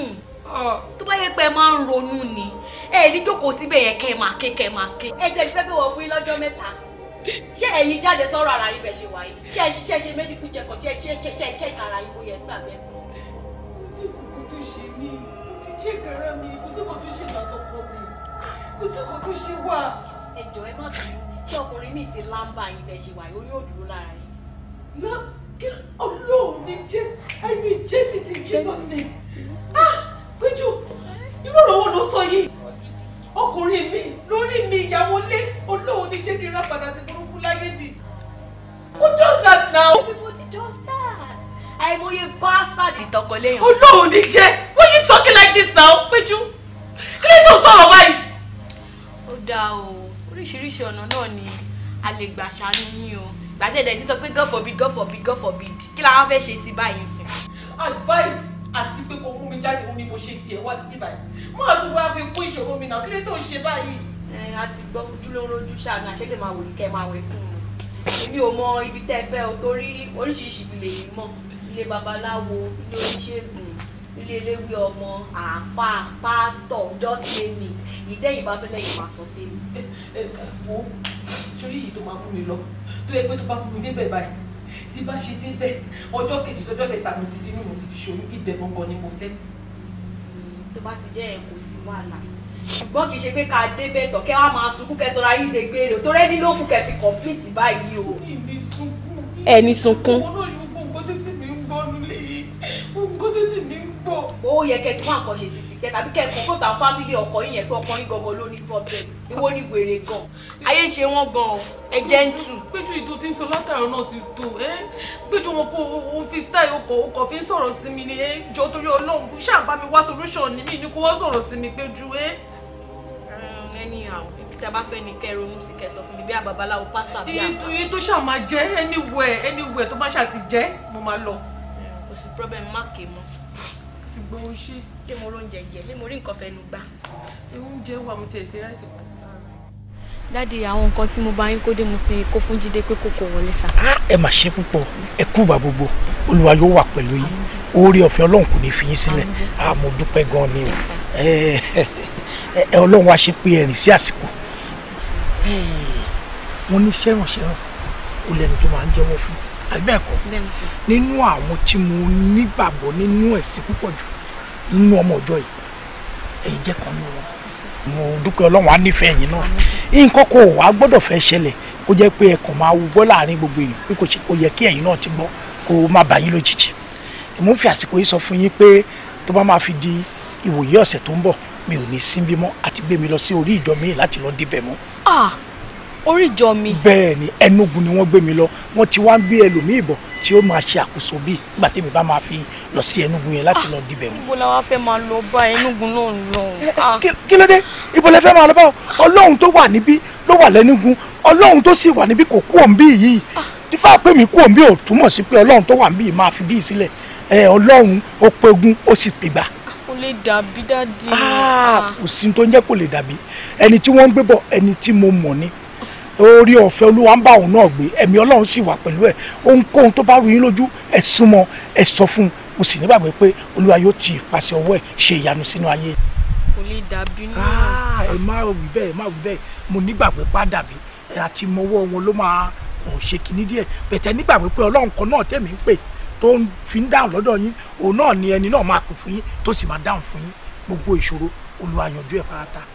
ah. tó bá yẹ pé ẹ máa ń ronú ni ẹ ní jókòó síbẹ̀ yẹn kẹ́ ẹ máa ké kẹ́ ẹ máa ké ẹ jẹ́ ìfẹ́ pé wọ́n fún yín lọ́jọ́ mẹ́ta ṣé ẹ̀yin jáde sọ̀rọ̀ ara yín bẹ̀ ṣe wáyé ṣé ṣe ṣe medical check up ṣe ṣe ṣe ṣe ara yín bóyá ẹgbẹ́ abẹ́. kò sí kankan tó ṣe mí kò sí check mi kò sí kankan tó ṣe ìdàtọ̀kọ mi kò sí kankan ṣe wá. ẹ ẹ má bínú ṣé ọkùnrin mi ti láǹbà yín bẹ̀ ṣe wáyé oyún òdúró lára yín. na kí ọlọ́run ní jẹ́ I reject it in Jesus name. ah péjú irú ọ̀rọ̀ wo ló sọ yìí ọkùnrin mi lórí mi ìyàwó lé olóhùn ní jẹ́ kí n rà padà sí burúkú láyé mi who does that now. everybody does that àìmọye bastard ìtọkọlẹ́yìn. olóhùn ní jẹ́ why you talking like this now péjú kí ló ń sọ̀rọ̀ báyìí. ó dáa o oríṣiríṣi ọ̀nà náà ni a lè gbà ṣàánú yín o gbàtẹ́ẹ̀dẹ̀ ti sọ pé God forbid God forbid God forbid kí la wá fẹ́ ṣe sí báyìí sí. advice àti pé kò mú mi jáde òun ni mo ṣe pè é wá sí bíbáyìí má tún wá fi kún ìṣòro mi náà kí ló tó ń ṣe báyìí. ẹ a ti gbọ́ ojúlówó ojú ṣàánú àṣẹlẹ̀ máa wò ní kẹ́ máa wẹ̀ kún un èmi ò mọ ibi tẹ́ ẹ fẹ́ o torí oríṣiríṣi ìbílẹ̀ yìí mọ̀ ilé babaláwo ilé oníṣègùn ilé eléwé ọmọ àáfàá pásítọ̀ just name it ìdẹ́yìn bá fẹ́ lẹ́yìn máa sọ fún mi. ẹ ẹ wo sórí yìí tó máa mú mi lọ tó yẹ pé tó bá mú mi débẹ̀ báyìí tí bá ṣe débẹ̀ ọjọ́ kejì sọ́jọ́ kẹta mo ti dín nínú mo ti fi ṣòyún ibẹ̀ gangan ni mo fẹ́ tó bá ti jẹ́ ẹ̀ kò sí wàhálà ṣùgbọ́n kì í ṣe pé ká débẹ̀ tọ̀ kẹ́ wàá máa sunkún kẹsọ̀rọ̀ ayé lè gbé tó rẹ́dí ló kù kẹfì kọ̀m̀plìtì báyìí o. ẹni sunkún. ó yẹ kẹ́ ti wá nǹkan ṣe sí t jẹ́ tàbí kẹ́ ẹ kókó ta fámílì ọkọ yín pé ọkọ yín gangan ló ní problem ìwọ ni wèrè gan ayé ń ṣe wọ́n gan o ń tù. péjú ìdó tí ń sọ látàrọ náà ti tó péjú wọn kó o fi style ọkọ ọkọ fi ń sọ̀rọ̀ sí mi ni jọ torí Ọlọ́run ṣáà bá mi wá solution ni mí ni kó wá sọ̀rọ̀ sí mi péjú ẹ. ibi tá a bá fẹ́ ni kẹ́ ronú sí kẹ́ sọ fún mi bí àbábaláwo pásítà bí àbá. iye tó ṣáà jẹ́ anywhere anywhere tó bá ṣáà jẹ́ mo máa lọ. kò sí problem má kéé mọ́ ti gbọ́ ó ṣe. ṣé mo róúnjẹ jẹ ṣé mo rí nǹkan fẹnu gbà. oúnjẹ wà mo ti ẹ̀sìn ráìsì pọ̀. dáàdi àwọn nǹkan tí mo bá yín kó dé mo ti kó fún jíde pé kò kò wọlé sá. ẹ mà ṣe púpọ̀ ẹ kú ìgbà gbogbo olúwa yóò wà pẹ̀lú yín oore ọ̀fẹ́ ọlọ́run kò ní fi yín sílẹ̀ a mo dúpẹ́ gan ni o ẹ ọlọ́run wa ṣe pé ẹ rìn sí àsìkò wọn ní ṣẹ́rànṣẹ́ràn ó lẹ́nu tó máa ń jẹ́wọ́ fún un àbẹ́ẹ̀kọ́ nínú àwọn tí mo nígbàgbọ́ nínú ẹ̀sìn púpọ̀ jù nínú ọmọ ọjọ́ yìí ẹ̀yin jẹ́ kan ní wọn. mo dúpẹ́ ọlọ́run á nífẹ̀ẹ́ yín náà nǹkan kò wá gbọ́dọ̀ fẹ́ ṣẹlẹ̀ kó jẹ́ pé ẹ̀kàn máa wú gbọ́ láàrin gbogbo èèyàn pé kò yẹ kí ẹ̀yin náà ti gbọ́ kó má bà yín lójijì mo ń fi àsìkò yìí sọ fún yín pé tó bá máa fi di ìwòye ọ̀sẹ̀ tó ń bọ̀ mi ò ní síbí mọ́ àti gbé mi lọ sí orí ìjọ mi láti lọ débẹ̀ mọ́. ah orí ìjọ mi. bẹ́ẹ̀ ni ẹnugun ni wọ́n gbé mi lọ wọ́n ti wá ń gbé ẹlòmíì bọ̀ tí ó máa ṣe àkóso bíi nígbà tèmi bá máa fi lọ sí ẹnugun yẹn láti ah, lọ dìbẹ̀ ibo la wá fẹ́ máa lọ bá ẹnugun náà lọ. Eh, eh, kí ló dé ibo la fẹ́ máa lọ bá ọlọ́run tó wà níbí ló wà lẹ́nugun ọlọ́run tó sì wà níbí kò kú òǹbí yìí nífà pé mi kú òǹbí ò túmọ̀ sí pé ọlọ́run tó wà níbí máa fi bí sílẹ̀ eh, ọlọ́run ó pegun ó sì pègbà ah, kò lè dàbí dáàdi. Ah, kò sí tó ń jẹ́ kò lè dàbí ẹni tí wọ́n ń gbé bọ̀ ẹni tí mo mọ̀ ni orí ọ̀fẹ́ olúwa ń bá òun náà gbé ẹ̀mí ọlọ́run sì wà pẹ̀lú ẹ̀ ohunkóhun tó bá rú yín lójú ẹ̀ súnmọ́ ẹ̀ sọ fún un mo sì nígbàgbọ́ pé olúwa yóò ti ìpàṣẹ ọwọ́ ẹ̀ ṣe ìyanu sínú ayé. kò lè dàbí náà. Ah, ẹ má wí bẹ́ẹ̀ ẹ má wí bẹ́ẹ̀ mo nígbàgbọ́ pé àdàbí àti mọ́wọ́ wọn ló máa kàn ṣe kinní díẹ̀ bẹ̀tẹ̀ nígbàgbọ́ pé ọlọ́run kan náà tẹ̀mí ń pè tó fi ń dáhùn lọ́dọ̀ yín òun náà ni ẹni náà máa pè fún yín tó sì máa dáhùn fún yín gbogbo ìṣòro olúwa yanjú ẹ̀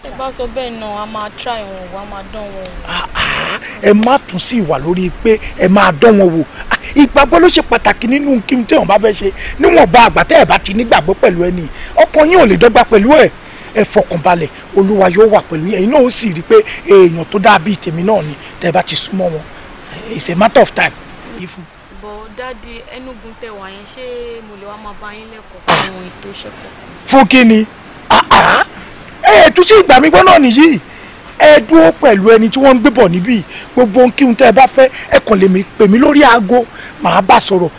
ẹ bá sọ bẹ́ẹ̀ náà a máa try wọn wò a máa dán wọn wò. Ah, ah, ẹ má tún sí ìwà lórí pé ẹ máa dán wọn wò ah, ìgbàgbọ́ ló ṣe pàtàkì nínú kí n tẹ̀wọ̀n bá fẹ́ ṣe níwọ̀nba àgbà tẹ́ ẹ̀ bá ti nígbàgbọ́ pẹ̀lú ẹni ọkàn yín ò lè dọ́gba pẹ̀lú ẹ̀ ẹ fọkànbalẹ̀ olúwa yóò wà pẹ̀lú ẹ̀yin náà ó sì rí i pé èèyàn tó dáa bíi tèmi náà ni tẹ́ ẹ bá ti súnmọ́ wọn it's a matter of time. ifu. bọ̀ dáàdi ẹnugun tẹ̀wọ̀ àyẹ̀ṣe mo lè wá máa bá yín lẹ́kọ̀ọ́ fún ètò ìṣẹ́kọ̀ọ́. fún kí ni ẹ̀ẹ́dù sí ìgbà mi gbọ́ náà nìyí ẹ dúró pẹ̀lú ẹni tí wọ́n ń gbébọ̀ níbí gbogbo ohunkíhun tẹ́ ẹ bá fẹ́ ẹ kàn lè pè mí lórí aago màá bá sọ̀rọ̀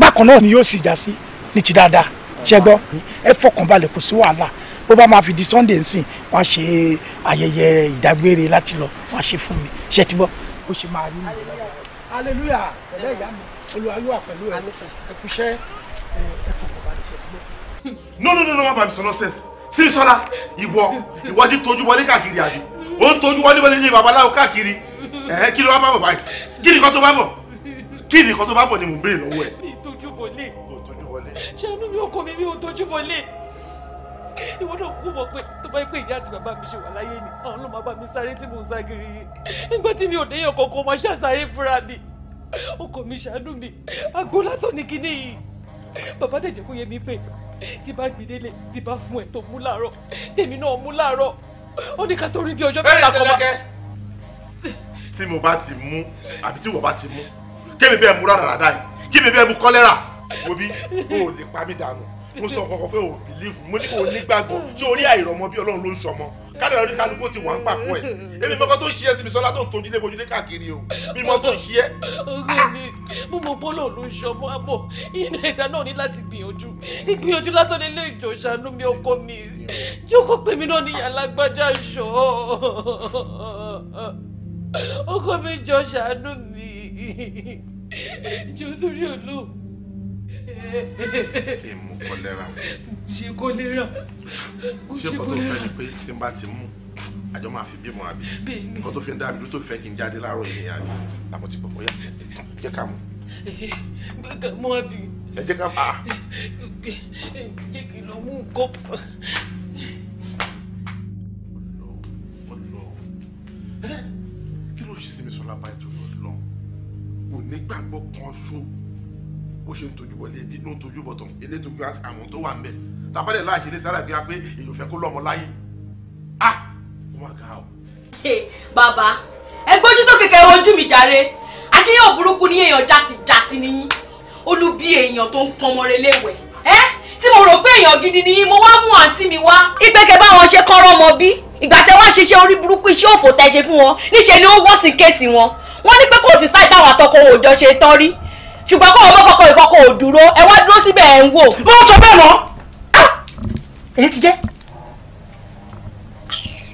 bákan náà ni yóò sì já sí ní ti dáadáa ṣe gbọ́ ẹ fọkàn balẹ̀ kò sí wàhálà bó bá máa fi di sunday nsìn wá ṣe ayẹyẹ ìdágbére láti lọ wá ṣe fún mi ṣe ti gbọ́ ó ṣe máa rí mi. aleluya ẹ̀rẹ́ ìyá sírísọ́lá ìwọ ìwọ ti tójú wọlé káàkiri àbí ó ń tójú wọlé wọlé ní babaláwo káàkiri ẹ̀ẹ́ kí ló wá bábọ̀ báyìí kí ni nǹkan tó bá bọ̀ kí ni nǹkan tó bá bọ̀ ni mò ń béèrè lọ́wọ́ ẹ̀. mi tójú wọlé o tójú wọlé. ṣàánú mi ọkọ mi mi ò tójú wọlé ìwọ náà kú mọ̀ pé tó bá yẹ pé ìyá àti bàbá mi ṣe wà láyé ni àwọn ló máa bá mi sáré tí mò ń ságiri yìí nígbà tí mi ò déyàn kankan máa ṣàṣàyè fúnra mi ọkọ mi ṣàánú mi àgbo lásán ni kinní yìí bàbá dẹ̀ kó yẹ mi pé tí bá gbìdélé tí bá fún ẹ tó mú láàárọ̀ tèmi náà mú láàárọ̀ ó ní ká tó rí bí ọjọ́ mẹ́ta kan bá. tí mo bá ti mú àbí tí wọ́n bá ti mú kí mi bẹ́ẹ̀ mú rádaràdà yìí kí mi bẹ́ẹ̀ mú kọ́lẹ́rà òbí o ò lè pa mí dànù mo sọ kankan fẹ́ o bìlífù mo ní kò nígbàgbọ́ tí orí àìrọ̀mọ bí Ọlọ́run ló ń sọmọ kádàrá oníkálukú ti wà ń pàpọ̀ ẹ̀ èmi mọ́kọ́ tó ń ṣiẹ́ síbi sọ́lá tó ń tójúlé bojúlé káàkiri o mi mọ́ tó ń ṣiẹ́. oge mi mo mọ bọ́lọ̀ ló ń ṣe ọmọ àbọ̀ iná ẹ̀dá náà ní láti gbìyànjú gbìyànjú látọ̀ nílé ìjọ ìṣàánú mi ọkọ mi jókòó pé mi náà ní alágbájá ṣọ ọkọ mi jọ ṣàánú mi jọ sórí olóògùn kí n mú kọlẹ́ra. ṣe kọlẹ́ra. ṣé kò tó fẹ́ ni pé tí n bá ti mú àjọ máa fi bímọ àbí kò tó fi ń dá mi tó fẹ́ kí n jáde láàárọ̀ yìí àbí àmọ́ ti bọ̀bọ̀ yá jẹ́ ká mú. bàtà mọ́ àbí. ẹ jẹ́ ká bá. Ah. jẹ́ kí n lọ mú nǹkan. kí ló ṣe sí mi sọ́lá báyìí tó lọ́ọ́ lọ́hùn-ún kò ní gbàgbọ́ kan ṣó bó ṣe ń tojú wọlé ibi ló ń tojú bọ̀tàn elétojú àwọn tó wà ń bẹ̀ tabalẹ̀ láàṣẹ ilé sára bíi pé èèyàn fẹ́ kó lọ́mọ láyé ah ó mà ga o. bàbá ẹ gbójú sókè kẹ ojú mi jàre àṣeyàn burúkú ni èèyàn játijàti nìyí olúbi èèyàn tó ń pọnmọre léwẹ̀ ẹ tí mo rò pé èèyàn gidi ni mo wá mú àǹtí mi wá. ìgbẹ́kẹ̀ báwọn ṣe kọ́rọ́ ọmọ bí ìgbà tẹ wá ṣiṣẹ́ orí burúkú iṣẹ́ òfò tẹ ṣe fún wọn níṣẹ́ ni ó wọ́ sí kéèsì wọn wọ́n ní pé kò sí sáì táwọn àtọkọ òòjọ́ ṣe tán rí ṣùgbọ́n kó o mọ́ kọ́kọ́ ìkọ́kọ́ ò dúró ẹ wá dúró síbẹ̀ ẹ̀ ń wò. mo sọ bẹ́ẹ̀ mọ́ èyí ah! ti jẹ́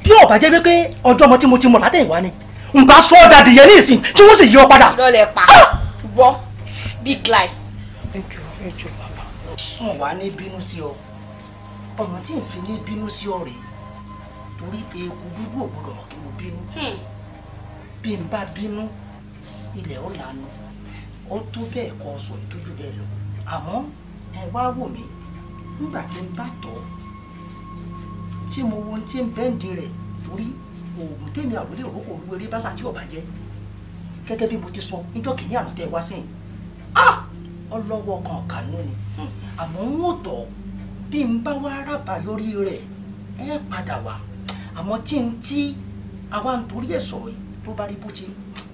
bí ọ̀bà jẹ́ wípé ọjọ́ ọmọ tí mo ti mọ̀ látẹ̀yìnwá ni nǹkan sọ ọ́ dàdí yẹn ní ìsìn tí wọ́n sì yí ọ padà. lọ́lẹ̀ pa bọ́ ah! big lie. ẹjọ ẹjọ bàbá wọn wà ní bínú sí ọ ọ̀nà tí n fi ní bínú sí ọ rèé torí eku dúdú ògbódò mọ̀ kí mo bínú hmm. bí n bá bínú ilẹ̀ ó lànà ó tó bẹ́ẹ̀ kọ́ sọ ìtọ́jú bẹ́ẹ̀ lọ àmọ́ ẹ wá wò mí nígbà tí ń bá tọ̀ tí mo wo tí ń bẹ́ǹdì rẹ̀ torí oògùn tèmi àwòlé òrókò olúwerè bá sà tí ò gẹ́gẹ́ bí mo ti sọ níjọ́ kìíní àná tẹ́ wá sẹ́yìn ọlọ́wọ́ kan kànú ni hmm. àmọ́ ń wò tọ̀ bí n bá wá rábà lórí rẹ̀ ẹ padà wá àmọ́ tí n tí àwa ń torí ẹ̀ sọ̀rọ̀ yìí tó bá rí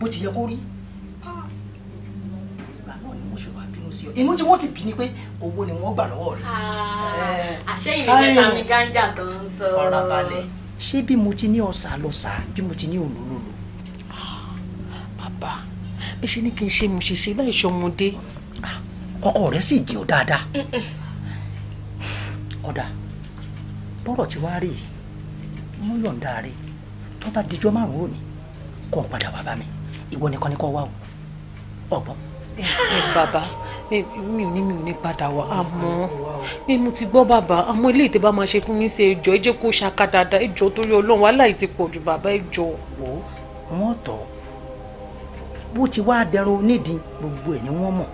bó ti yẹ kó rí mo ṣe wá bínú sí ọ inú tí wọ́n sì bí ni pé owó ni wọ́n gbà lọ́wọ́ rẹ̀. Ah, àṣẹyìn ní sami ganja tó ń sọ. farabalẹ̀ ṣé bí mo ti ní ọ̀sà lọ́sà bí mo ti ní òlòlòlò. bàbá bí ṣe ní kí n ṣe mo ṣe ṣe láì ṣọmọdé. Ah, ọkọ rẹ sì jẹ́ ọ dáadáa. ọ̀dà bọ́rọ̀ ti wá rí yìí wọ́n yọ̀ǹda rẹ tó bá dijọ́ márùn-ún òní kó o padà wá bá mi ìwọ nìkan ni kó o wá o ọgbọ́n. Baba, mi ò ní mi ò ní padà wá àmọ́ mi mo ti gbọ́ bàbá àmọ́ ilé ìtẹ́ bá máa ṣe fún mi ṣe ẹjọ́ ẹ jẹ́ kó ṣaka dáadáa ẹjọ́ torí ọlọ́run wàhálà yìí ti pọ̀ jù bàbá ẹjọ́. wò ó wọn tọ bó ti wá dẹrọ onídìí gbogbo ẹ ni wọn mọ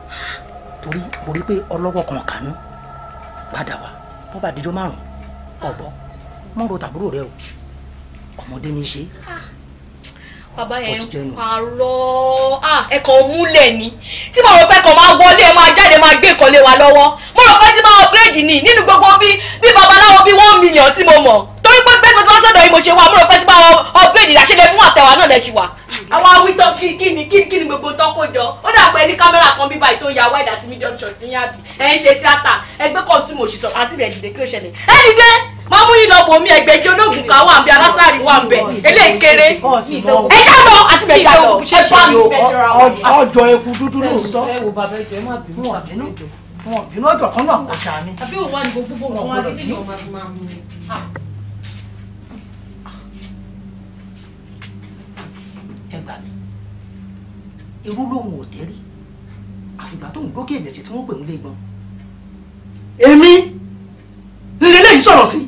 torí mo rí pé ọlọ́wọ́ kan kànú padà wá bó bá dijọ́ márùn-ún ọ̀bọ mọ́rò tàbúrò rẹ o ọmọdé ní í ṣe bàbá yẹn ń parọ́ ẹ̀kọ́ ni tí mo rò pé kò máa wọlé ẹ máa jáde máa gbé ìkọ́lé wa lọ́wọ́ mo rò pé tí máa upgrade ni nínú gbogbo bí bí babaláwo bí one million tí mo mọ̀ láti mo ti wá sọ́dọ̀ yìí mo ṣe wá mo rò pé sípà ọ̀bẹ́ẹ̀dì làṣẹ lè fún àtẹ̀wá náà lẹ̀ ṣì wá. àwọn awítọ́ kí kí ni gbogbo tán kó jọ ó dà pé ní kámẹ́rà kan bíbá ètò ìyàwó ẹ̀dá tí medium shot ń yàbí ẹ̀ ń ṣe tíátà ẹgbẹ́ kọ́sùmù òṣìṣọ́ àti rẹ̀ dìde kí ló ṣẹlẹ̀ ẹ̀ dìde máa mú yín lọ bòmí ẹgbẹ́ jẹ́ ológun ká wà ń bẹ alásàárì wà ń bẹ eléyìí kéré ẹ já lọ àti bẹ̀ ẹ gbà mí irú lòun ò tẹ́rí àfìgbà tóun gbókè ìdẹ̀sí tí wọ́n pè ń lé gan èmi ń lélẹ́yìí sọ̀rọ̀ sí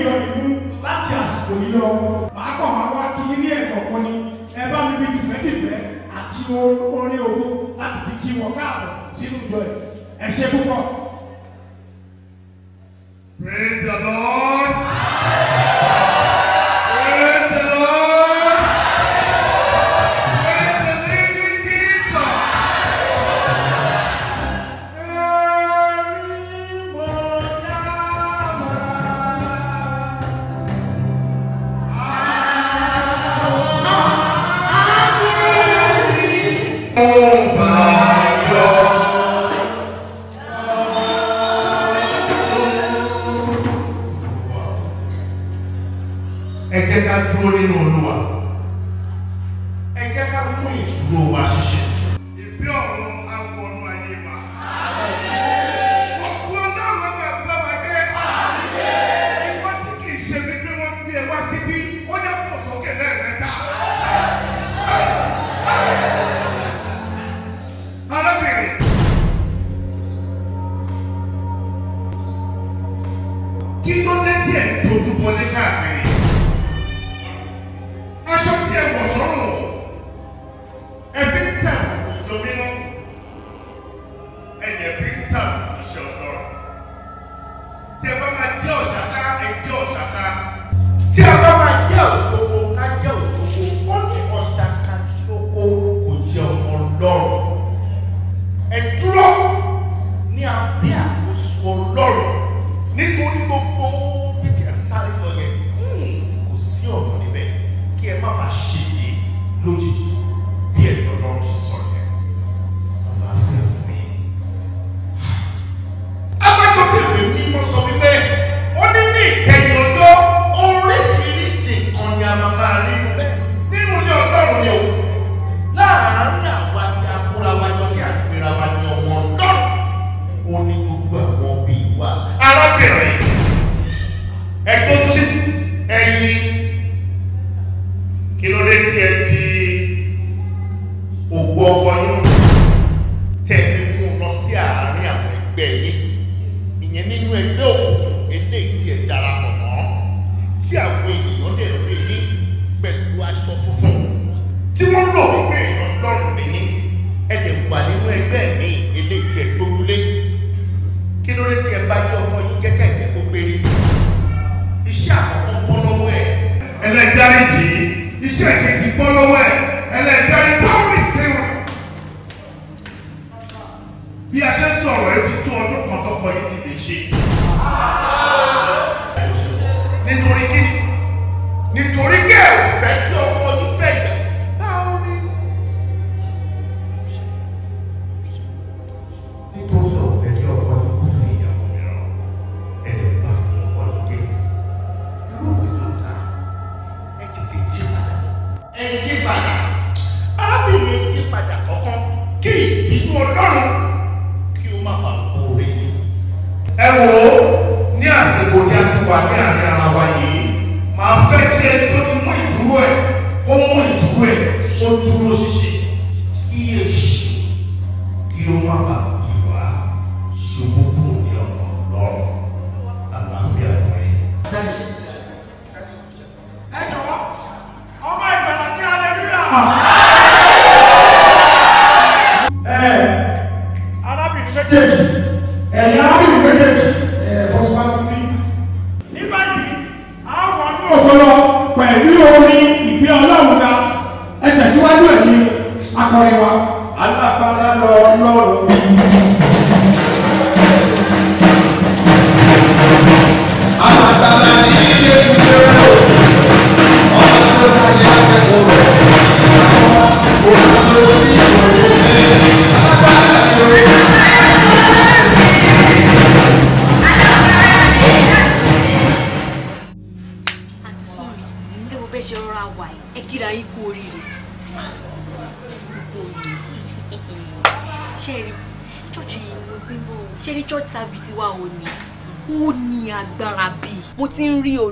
ìjọ ìlú láti àsìkò yìí lọ màá kàn máa wá kí ní ẹ̀kọ́ ni ẹ bá mi bí tìfẹ́tìfẹ́ àti orin owó láti fi kí wọn káàbọ̀ sínú ìjọ ẹ̀ ẹ ṣe púpọ̀. Praise the Lord.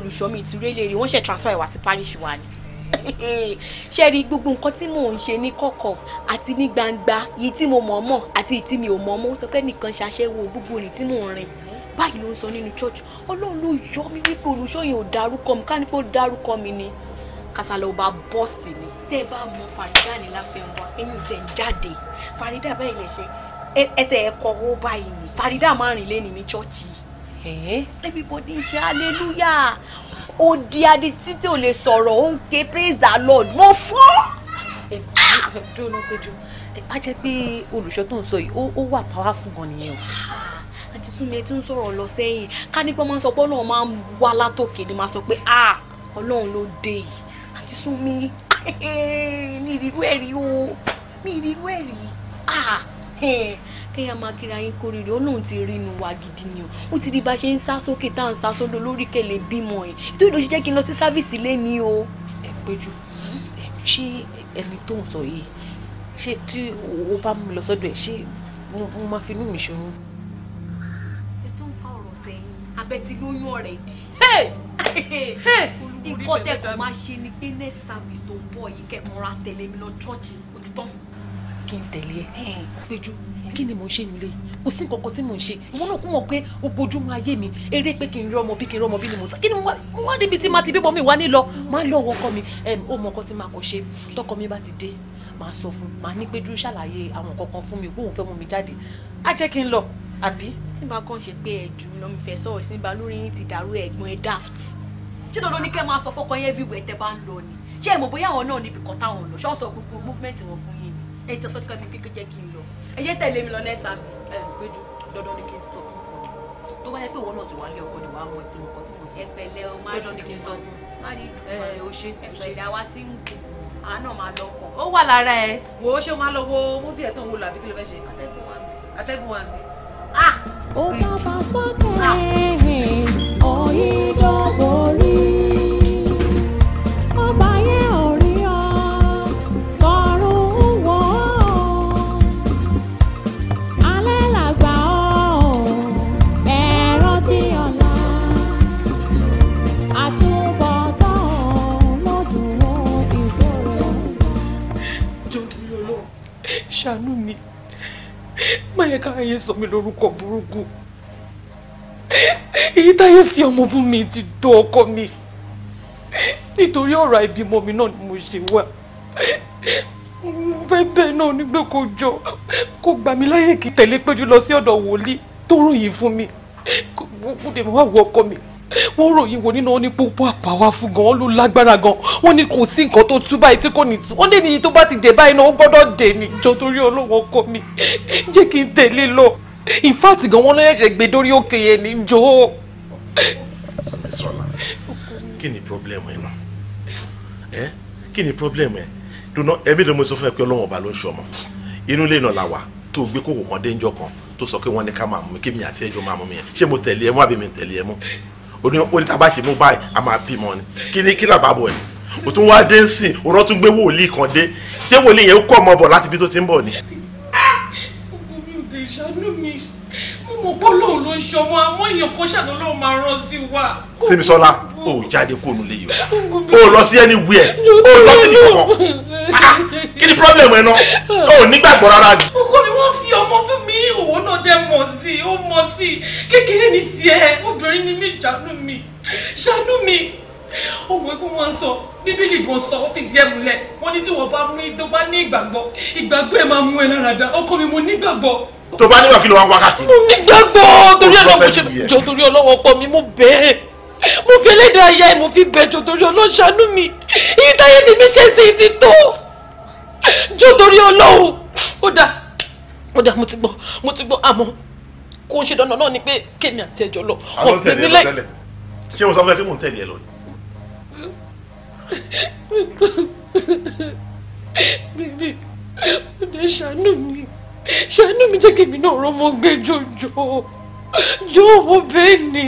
olùṣọ́ mi ìtúrẹ́ lè rí wọ́n ṣe transfer ìwà sí parish wa ni *laughs* ṣe rí gbogbo nǹkan tí mò ń ṣe ní kọ̀kọ̀ àti ní gbangba yìí tí mo mọ̀ mọ̀ àti yìí tí mi ò mọ̀ mọ̀ sọ pé nìkan ṣàṣẹ́wò gbogbo rìn tí mò ń rìn báyìí ló ń sọ nínú church ọlọ́run ló yọ mí wípé olùṣọ́ yẹn ò dárúkọ mi káni pé ó dárúkọ mi ni kàsàlẹ̀ ò bá bọ́ọ̀sì ni. tẹ́ bá mọ Farida ni láfẹ́ wa ẹ̀yìn jáde Farida báyìí lẹ̀ ṣe ẹsẹ̀ owó báyìí ni Farida máa rìn lé ní ní yìí Eh? everybody ṣe hallelujah ó di adi títí ò lè sọ̀rọ̀ ó ń ké praise the lord mo fọ́. Eh, eh, dúró péjú a jẹ́ pé olùṣọ́ tó ń sọ yìí ó wà powerful gan nìyẹn o. Ah, àti súnmi tí ń sọ̀rọ̀ lọ sẹ́yìn ká ní pé máa ń sọ pé ọlọ́run máa ń wá látòkè ni máa sọ pé ah ọlọ́run ló dé yìí àti súnmi *laughs* mi ìrírú ẹ̀rí o mi ìrírú ẹ̀rí ah kéèyàn máa kíra yín kórìíre ó lóun ti rí inú wa gidi ni o ó ti rí bá ṣe ń sá sókè tá à ń sá sódò lórí kẹlẹ bímọ ẹ nítorí ló ṣe jẹ́ kí n lọ sí sáfíìsì lẹ́ni o. ẹ péjú ṣé ẹni tó ń sọ yìí ṣé tí o bá mi lọ sọ́dọ̀ ẹ ṣé mo máa fi inú mi ṣoyún. ẹ tún fa ọ̀rọ̀ sẹ́yìn abẹ́ ti lóyún ọ̀rẹ́ dì nǹkan tẹ máa ṣe ni pé next service tó ń bọ̀ yìí kẹ́kọ̀ọ́ tẹ̀lé mi lọ ṣọ́ọ̀ṣì kí ni mò ń ṣe nílé kò sí nǹkan kan tí mò ń ṣe ìwọ náà kú mọ̀ pé o bójúmọ́ ayé mi eré pé kí n rí ọmọ bí kí n rí ọmọ bí ni mo sá kí ni mo wá níbi tí màá ti bíbọ mi wá nílọ máa lọ ọwọ́ ọkọ mi ó mọ ọkọ tí màá kọ ṣe tọkọ mi bá ti dé màá sọ fún màá ní pé dúró ṣàlàyé àwọn kankan fún mi bóun fẹ́ mú mi jáde á jẹ́ kí n lọ àbí. tí màá kàn ṣe pé ẹ̀jú náà mi fẹ́ sọ̀rọ̀ sí ibà lórí yín ti dàrú ẹ̀gbọ́n ẹ̀ daft. ṣé dandan ni kẹ́ máa sọ fọ́kọ yẹn everywhere tẹ́ bá ń lọ ni ṣé ìmọ̀ bóyá àwọn náà níbi kan táwọn lọ ṣọ́ọ̀ṣọ̀ gbogbo movement wọn fún yín ni ẹ̀ sọ fẹ́ kọ́ mi pé kó jẹ́ kí n lọ ẹ jẹ́ tẹ̀lé mi lọ ní service ẹ gbẹdú dandan ni kí n sọ tó bá yẹ pé ìwọ náà ti wà lé ọkọ ni wàá mọ ìtumọ̀ kan tí mo sọ ẹpẹlẹ o má dandan ni kí n sọ fún má rí ẹ o ṣe ẹpẹlẹ àwa sí ń gùn àánà máa lọ kàn ó wà lára ẹ wò ó ṣé máa lọ wo móbì ẹ tó ń wo lọ àbí kí ló fẹ́ ṣe atẹ́gùn wa mi ah! ó bá bá sókè ah! ọ̀yìn dọ́gbọ̀rí. ṣàánú mi má yẹ ká ayé sọ mí lórúkọ burúkú èyí táyé fi ọmọ bú mi ti tó ọkọ mi nítorí ọ̀rọ̀ àìbímọ mi náà ni mo ṣe wà mo fẹ́ bẹ́ẹ̀ náà nígbà kó jọ kó gbà mí láyè kí tẹ̀lé péjú lọ sí ọ̀dọ̀ wòlíì tó ròyìn fún mi kó dé mọ́ àwọ̀ ọkọ mi wọ́n ròyìn wo nínú wọn ní púpọ̀ àpáwá fún gan wọ́n ló lágbára gan wọ́n ní kò sí nǹkan tó tú báyìí tí kò ní tú wọ́n lè ní tó bá ti dé báyìí náà ó gbọ́dọ̀ dé ní ìjọ torí olówó kọ́ mi jẹ́ kí n tẹ̀lé lọ in fact gan wọ́n ló ṣẹ̀ṣẹ̀ gbé dórí òkè yẹn ní ìjọ. sọlá kí ni problem ẹ náà ẹ kí ni problem ẹ dùnà ẹbí ló mú sọ fún ẹ pé ọlọ́wọ́n ọba ló ń ṣọmọ inú ilé náà la wà tó gbé kókò kan dé ńjọ kan tó sọ pé wọ́n ní ká máa mú mi kí mi àti ẹjọ́ máa mú mi yẹn ṣé mo tẹ̀lé ẹ mọ́ àbí mi tẹ̀lé ẹ mọ́ onítàbá ṣe mú báyìí a máa bímọ ni kí ni kí làbàbọ̀ ẹ̀ o tún wá dé nsìn o rán tún gbé wòlíì kan dé ṣé wòlíì yẹn kọ́ ọmọ bọ̀ láti ibi tó ti ń bọ̀ ni. ọkọ ah! ò dé ìṣàánú mi mo gbọ́ lóun ló ń ṣọmọ àwọn èèyàn kan ṣàdó lóun máa rán sí wa. Sẹ́misọ́lá o ò jáde kó o léyìí o lọ sí anywhere o lọ sí nìkan ah, kí ni problem ẹ náà o ò nígbàgbọ́ rárá ni. ọkọ mi wọ́n fi ọmọ bí mi òwò náà dẹ mọ̀ sí i ó mọ̀ sí i kékeré ni tiẹ̀ obìnrin ni mí ṣàánú mi ṣàánú mi òwe kó wọ́n sọ bíbélì gan sọ ó fi díẹ̀ múlẹ̀ wọ́n ní tí wọ́n bá mú igbó bá ní ìgbàgbọ́ ìgbàgbọ́ ẹ̀ máa mú ẹ lára dá ọkọ mi mo nígbàgbọ́ tó bá níwà kí ló wá wá káàkiri. nígbàgbọ́ torí ọlọ́wọ́ ṣe jọ torí ọlọ́wọ́ ọkọ mi mo bẹ́ẹ̀ mo fi ẹlẹ́dàá ayá ẹ̀ mo fi bẹ́ẹ̀ jọ torí ọlọ́wọ́ ṣàánú mi èyí táyé fi mi ṣe sí i ti tó jọ torí ọlọ́wọ́ ó dà ó dà mo ti gbọ́ mo ti gbọ́ àmọ́ kó o ṣe dandan náà ni pé kémi àti ẹjọ lọ. àwọn tẹ̀lé ẹ lọ tẹ́lẹ̀ ṣé mo sọ fún ẹ pé mò ń tẹ̀lé ẹ lọ ni. ó dẹ̀ ṣàánú mi ṣàánú mi jẹ́ kébì náà rọ́mọ gbé jọjọ jọ owó bẹ́ẹ̀ ni.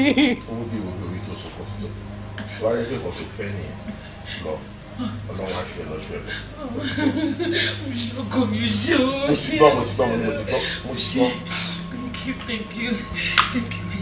owó bí wo lórí tó sọkọ sí ọ wá kan tó fẹ́ nìyẹn lọ ọlọ́run aṣọ ẹ lọ́ṣọ ẹ lọ. ọkọ mi ṣe o ṣe. mo ti mo ti mo ti mo ti thank you thank you thank you.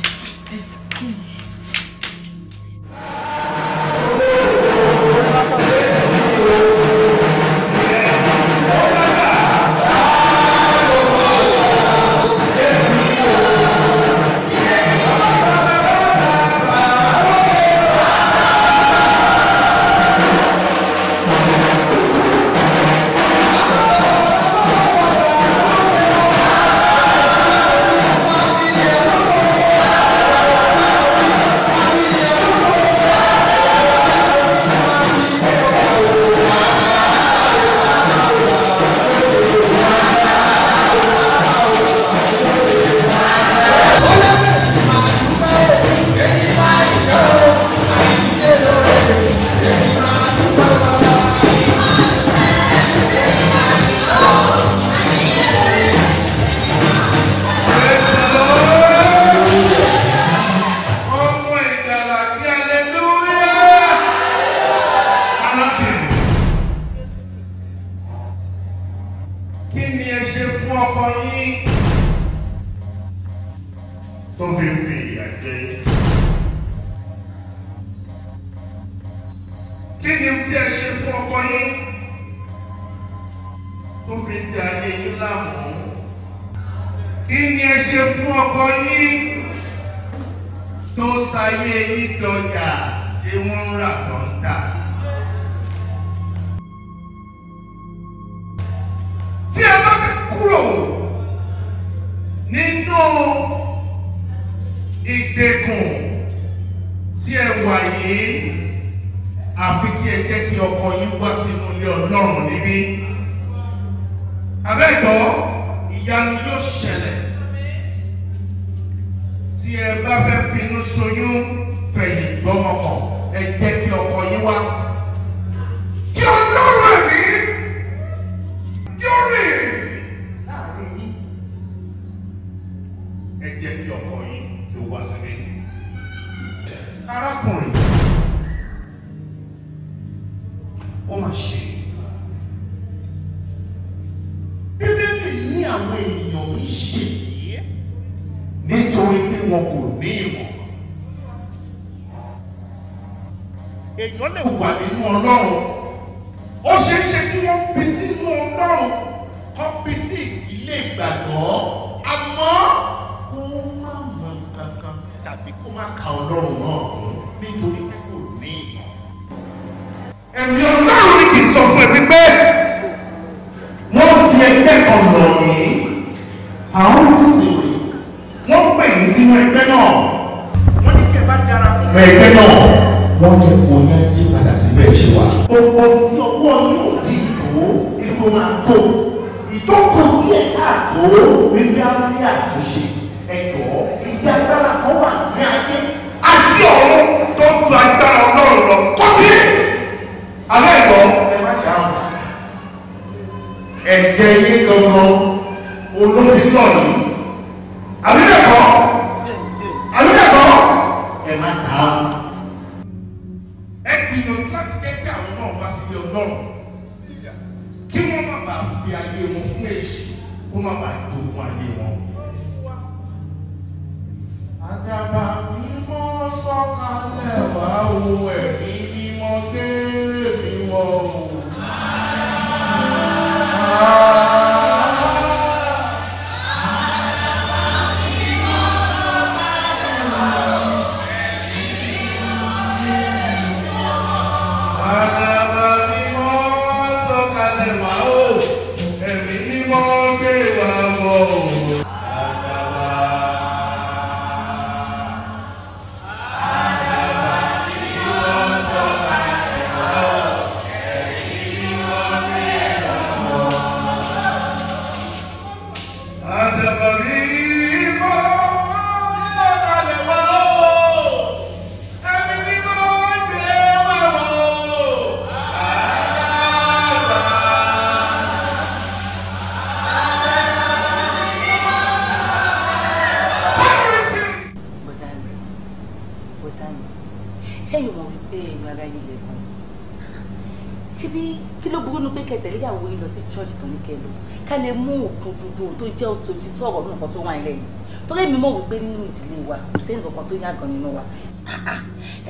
ká lè mú òkun dúdú tó jẹ́ òtò títú ọ̀rọ̀ nù nǹkan tó wà nílẹ̀ yìí torí èmi mọ̀ wípé nínú ìdílé wa kò sí nǹkan tó yàgàn nínú wa